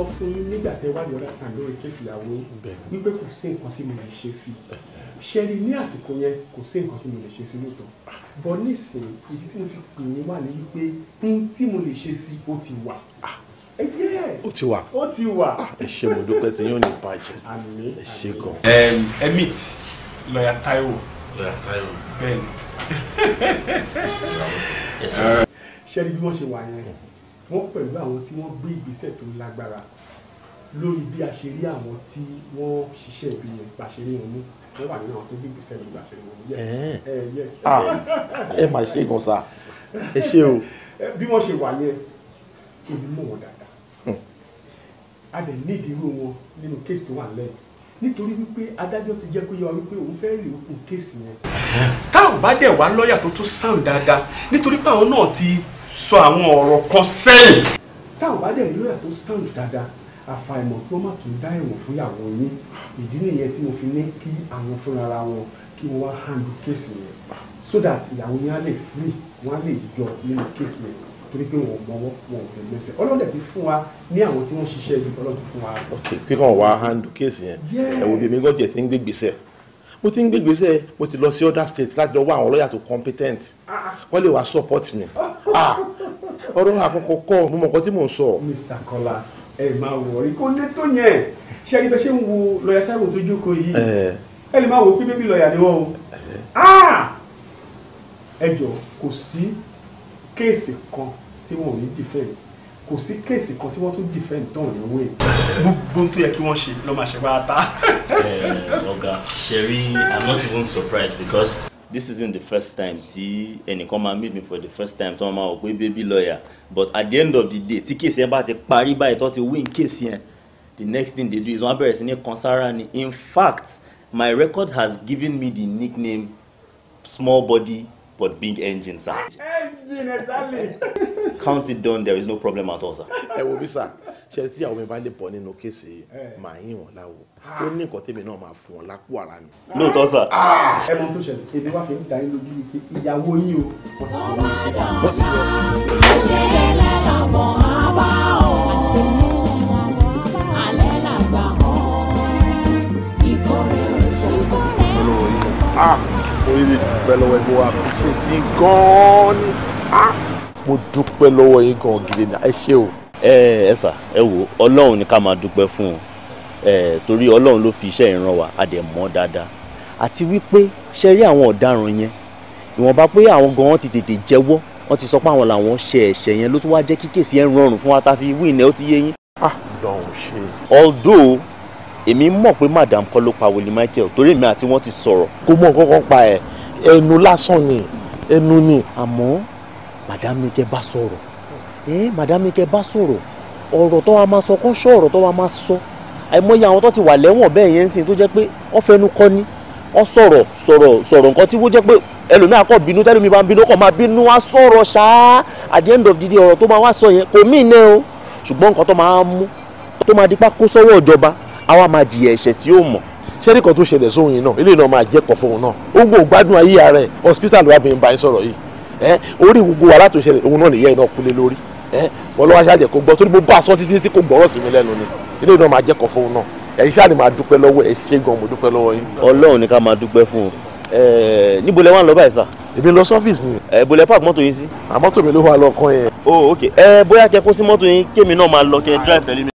sọ fún yín nígbà tẹ wá yọ̀ọ́dà tàn lórí kéèsì ìyàwó yín wípé kò sí nǹkan tí mo lè ṣe sí ṣe rí ní àsìkò yẹn kò sí nǹkan tí mo lè ṣe sí lóòótọ́ bọ́ nísìn ìdí tí mo fi pè yín wà ní wípé n tí mo lè ṣe sí ah. eh, ó ti wà ó ti wà ó ti wà ẹ ṣe mo dúpẹ́ tí yóò ní bàjẹ́ ẹ ṣe gan. emit lọ́ọ̀yà Táíwò lọ́ọ̀yà Táíwò bẹ́ẹ̀ ṣe rí bí wọ́n ṣe wà yẹn. Mm-hmm wọ́n pẹ̀lú àwọn tí wọ́n gbé ìgbésẹ̀ tó lágbára lórí bí a ṣe rí àwọn tí wọ́n ṣiṣẹ́ ibi yẹn gbàṣẹ ní ọmú wọ́n wà nínú àwọn tó gbé ìgbésẹ̀ lórí gbàṣẹ ní ọmú yes. Eh, ah, ẹ máa ṣe gan sa ẹ ṣe o. Eh, bí wọ́n ṣe wà yẹn èmi mọ̀ wọ́n dáadáa hmm. a dẹ̀ ní ìdírò wọn nínú kéèsì tó wà lẹ́yìn nítorí wípé adájọ́ ti jẹ́ kó yọ wípé òun fẹ́ rí òkú kéèsì yẹn. táwọn bá dẹ̀ wá lọ́ọ̀yà tó tún sáùn dáadáa nítorí pé àwọn náà ti sọ àwọn ọ̀rọ̀ kan sẹ́yìn. tá ò bá dẹ̀ lóyà tó sàn dáadáa àfàìmọ̀ kí wọ́n má tún dá ẹ̀wọ̀n fúnyàwó yín ìdí nìyẹn tí mo fi ní kí àwọn fúnra wọn kí wọ́n wá handle kéèsì yẹn so that ìyàwó yín á lè free wọ́n á lè yọ nínú kéèsì yẹn torí pé wọn ò mọwọ́ wọn ò lè mẹsẹ̀ ọlọ́dẹ ti fún wa ní àwọn tí wọ́n ṣiṣẹ́ ibi ọlọ́dẹ ti fún wa. ok kí wọ́n wá handle kéèsì yẹn ẹ̀wọ̀n bíi èmi gbọ́dọ̀ ti ń gbé gbèsè mo ti ń gbégbèsè mo ti lọ sí other state láti lọ wá àwọn lọ́yà tó competent wọ́n lè wá support mi ọ̀rọ̀ àkọ́kọ́ kọ́ mo mọ̀ nǹkan tí mò ń sọ. Mr. Kola ẹ máa wọ rí kó lé tó yẹn ṣé ẹni bẹ ṣe ń wo lọ́yà táwọn tó jókòó yìí ẹ lè máa wò pé bébí lọ́yà ni wọ́n o ẹ jọ kò sí kéèsì kan tí wọn ò ní dìfẹ́ǹdì kò sí kéèsì kan tí wọ́n tún dìfẹ́ǹ tán ní owó gbogbo tó yẹ kí wọ́n ṣe ló máa ṣe wá ta. Eh, ọ̀gá Sherry i'm not even surprised because this isn't the first time tí ẹnìkan máa meet me for the first time tí wọ́n máa wọ̀ pé baby lawyer but at the end of the day tí kéèsì yẹn bá ti parí báyìí tó ti win kéèsì yẹn the next thing they do is wọ́n á bẹ̀rẹ̀ sí ní kọnsára ni in fact my record has given me the nickname small body but big engine, sir. Engine, exactly. Count it done, there is no problem at all, sir. Ẹ wo bí sà, ṣe tí àwọn ìbá lè bọ̀ nínú kéèsì màá yín wọn láwo. Ó ní nǹkan tèmi náà máa fún ọ lápò ara mi. Lóòótọ́ sà. Ẹ mọ tó ṣẹlẹ̀, èdè wá fi ń darí lójú wípé ìyàwó yín o. Wọ́n ti lọ. Ṣé ilé lọ́mọ àbá ọ̀? Àlẹ́ làgbà ọ̀. Ìkọ̀rẹ́ Ah, oríire dúpẹ́ lọ́wọ́ ẹgbẹ́ wa ṣe sí gan-an ni ah, mo dúpẹ́ lọ́wọ́ yín gan-an gidi ni ẹ ṣé o. ẹ ẹ sà ẹ wo ọlọ́run ni ká máa dúpẹ́ fún o torí ọlọ́run ló fi iṣẹ́ ìran wa a dẹ̀ mọ̀ dáadáa àti wípé ṣe rí àwọn ọ̀daràn yẹn ìwọ̀nba pé àwọn gan-an ti tètè jẹ́wọ́ wọ́n ti sọ pé àwọn làwọn ṣe ẹ̀ṣẹ̀ yẹn ló tún wáá jẹ́ kí ẹ̀ rọrùn fún wa tá a fi wí ìnẹ́ ó ti yé yín. ah lọ́hùn ṣe. although èmi mọ̀ pé madam kọ́ ló pa Wòlíì Michael torí èmi àti wọ́n ti sọ̀rọ̀. kò mọ̀ kankan pa ẹ̀ ẹnu lásán ni ẹnu ni. àmọ́ madam ni kẹ́ bá sọ̀rọ̀ ẹ madam ni kẹ́ bá sọ̀rọ̀ ọ̀rọ̀ tó wa máa sọ kán ṣọ́ ọ̀rọ̀ tó wa máa sọ àìmọye àwọn tó ti wà lẹ́wọ̀n bẹ́ẹ̀ yẹn ń sìn tó jẹ́ pé wọ́n fẹnu kọ́ ni wọ́n sọ̀rọ̀ sọ̀rọ̀ sọ̀rọ̀ nǹkan tí wọ́n jẹ́ pé ẹlòmíà kọ́ bínú tẹ́lómi bá ń bínú kọ́ máa bínú wá sọ̀rọ̀ ṣáá at the end of the day ọ̀rọ̀ tó máa wá sọ yẹn kò mí ìnẹ́ o ṣùgbọ́n nǹkan tó máa mú tó máa dípá kó sọ́wọ́ ìjọba àwa máa jìyà ẹ̀ṣẹ̀ tí ó mọ̀ ṣẹ́rí kan tó ṣẹlẹ̀ sóhun yìí náà eléyìí náà máa jẹ́kọ̀ọ́ fóun náà ó gbọ́ gbádùn ayé ara ẹ̀ hospital wa bìí ń bá yín sọ̀rọ̀ yìí ẹ orí gbogbo wa látò ṣẹlẹ̀ òun náà nìyẹn náà kúlé lórí ẹ ọlọ́wà ṣáàjẹ́ kó gbọ́ torí mo bá aṣọ títí tí kò gbọ́rọ̀ sí mi lẹ́nu ni eléyìí náà máa jẹ́kọ̀ọ́ fóun náà ẹ̀yin ṣáà ni máa dúpẹ́ lọ́wọ́ ẹ ṣé gan mo dúpẹ́ lọ́wọ́ yín. Ọlọ́run ni ká máa dúpẹ́ fún un níbo lẹ wá ń lọ báyìí sà. èmi lọ sọ́fíìsì ni. ẹ bolẹ park mọ́tò yín sí. àmọ́tò mi ló wà lọ́kàn yẹn. o oh, ok ẹ bóyá kẹ kó sí mọ́tò yín kémi náà máa lọ kẹ drive tẹ̀lé mi.